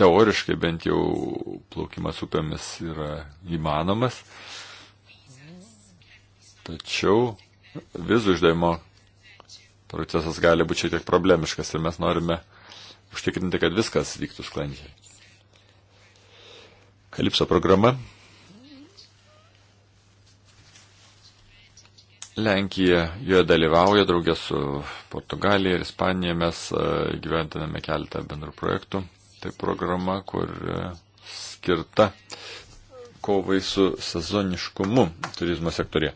teoriškai bent jau plaukimas upėmis yra įmanomas. Tačiau vizų išdavimo procesas gali būti šiek tiek problemiškas ir mes norime užtikrinti, kad viskas vyktų sklandžiai. Kalipso programa Lenkija joje dalyvauja, draugė su Portugalija ir Ispanija mes e, gyventiname keletą bendrų projektų. Tai programa, kur e, skirta kovai su sezoniškumu turizmo sektorė.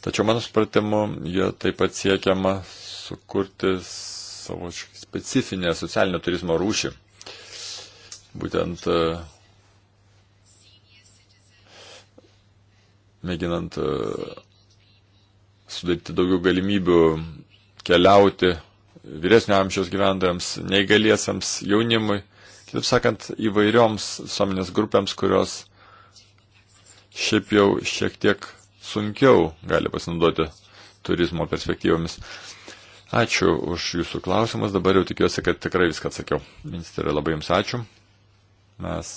Tačiau mano supratimu, jie taip pat siekiama sukurti savo specifinę socialinio turizmo rūšį. Būtent e, mėginant sudaryti daugiau galimybių keliauti vyresnio amžiaus gyventojams, neįgaliesiams, jaunimui, kitaip sakant, įvairioms visuomenės grupėms, kurios šiaip jau šiek tiek sunkiau gali pasinaudoti turizmo perspektyvomis. Ačiū už jūsų klausimus, dabar jau tikiuosi, kad tikrai viską atsakiau. Ministerė, labai jums ačiū. Mes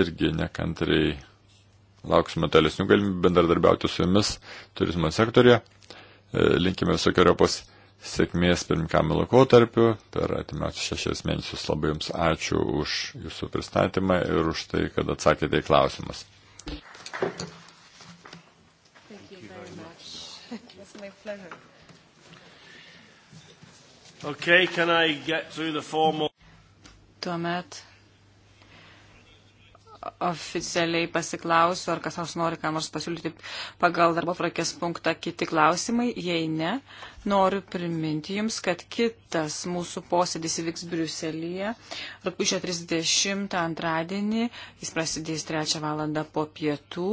irgi nekantriai Lauksime tolesnių galimybių bendradarbiauti su jumis turizmo sektorija. E, linkime visokiojopos sėkmės pirmkam laikotarpiu. Per atimiausius šešias mėnesius labai jums ačiū už jūsų pristatymą ir už tai, kad atsakėte į klausimus. Okay, formal... Tuomet oficialiai pasiklausiu, ar kas nors nori ką nors pasiūlyti pagal darbo prakės punktą kiti klausimai. Jei ne, noriu priminti Jums, kad kitas mūsų posėdis įvyks Briuselėje. Rūpiučio 30 antradienį jis prasidės 3 val. po pietų.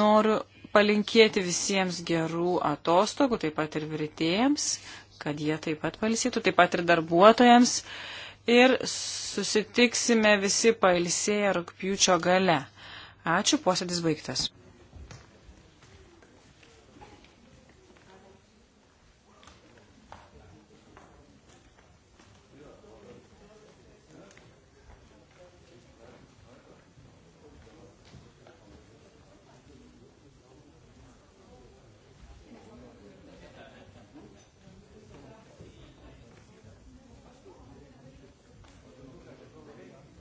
Noriu palinkėti visiems gerų atostogų, taip pat ir vertėjams, kad jie taip pat palsytų, taip pat ir darbuotojams ir susitiksime visi pailsėję rūpjūčio gale. Ačiū, posėdis baigtas.